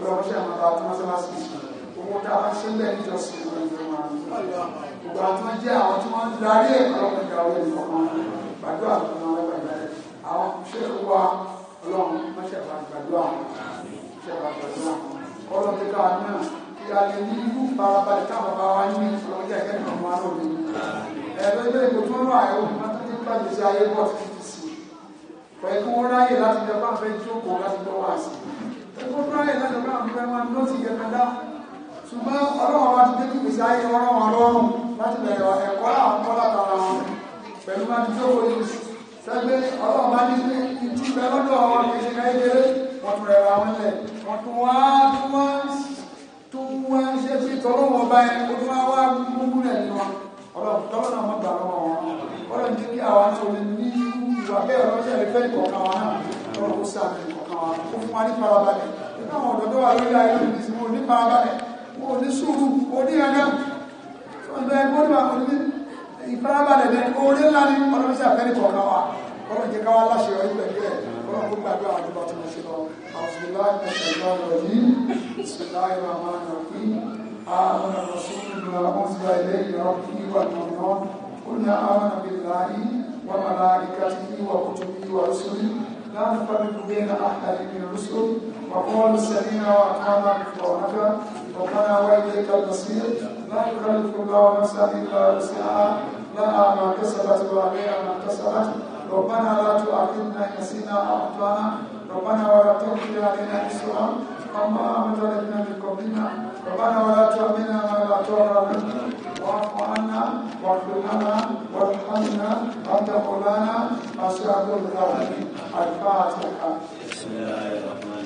ọlọ́mọdé àwọn bá tó masalasi owó tá a ṣe lẹ́ níjọsìn ọlọ́mọdé wọn gbogbo àtúnjẹ àwọn tí wọn darí ẹ̀ ọlọ́mọdé àwọn ènìyàn wọn gbàdúrà wa ọlọ́run mọ́ṣẹ́ bá gbàdúrà mọ́ṣẹ́ bá gbàdúrà ọlọ́run ti ká náà kí a lè ní irú farabalẹ̀ káwọn bá wa ní ọlọ́run jẹ́ ẹ̀kẹ́ nìkan máa lò ní. ẹ̀rọ ilé ìbò tó ń lọ àyẹ̀wò máa tó ní pàdé sí ayé bọ̀ títí sí i. pẹ̀lú kí wọ́n ráyè láti jẹ bá fẹ́ jókòó láti gbọ́ wá sí i. ó ráyè láti bá fẹ́ máa ló ti yẹ mẹ́lá. ṣùgbọ́n ọlọ́run wa ti dé kí gbèsè ayé ọlọ́run ọlọ́run láti bẹ̀rẹ̀ ẹ̀kọ́ sẹ́gbẹ́ ọlọ́run bá ní pé ìtú bẹ lọ́dọ̀ àwọn akéṣe kékeré wọ́n tún rẹ̀ra wọn lẹ̀ wọ́n tún wá tún wá tún wá ṣe pé tọ́lọ́wọ́ báyìí ó tún wá wá gbogbo rẹ̀ nínú ọlọ́run tọ́lọ́ náà mọ̀ gbà lọ́wọ́ wọn ọlọ́run ní kí àwọn tó lè ní ìwà bẹ́ẹ̀ ọlọ́sẹ̀ lè fẹ́ ìkọ̀ọ̀kan wọn náà ọlọ́run kó sáà ní ìkọ̀ọ̀kan wọn kó fún wa ní farabalẹ̀ nígbà àwọn ọ̀dọ́ tó wà lórí ìfarabalẹ̀ ní orí ńlá ní ọlọ́run sí àfẹ́ nìkan kan wa ọlọ́run jẹ́ ká wá láṣẹ ọ̀rí pẹ̀lú ẹ̀ ọlọ́run kó gbàdúrà àdúgbò tí mo ṣe lọ àwòsíláì ẹ̀ṣẹ̀gbọ́n rẹ̀ yìí ìṣẹ̀láì màmá rẹ̀ yìí àwọn ọ̀rọ̀ sókùnrin àwọn ọ̀sílá ilé ìrọ̀ kí wà lọ́nà ó ní àwọn àbíláì wà màlá ìkàtí wà kùtùbí wà rúsùlì لا نفرق بين أحد من الرسل وقول سمينا وأطعنا بطونك ربنا وإليك المصير لا يكلف الله نفسا إلا وسعها لها ما كسبت وعليها ما كسبت ربنا لا تؤاخذنا إن نسينا أو أخطأنا ربنا ولا تحمل علينا إسرا كما أمرتنا بقبلنا ربنا ولا تؤمنا ما لا تؤمن منا واعف عنا واغفر لنا وارحمنا أنت مولانا مسيح الظالمين الفاتحة بسم الله الرحمن الرحيم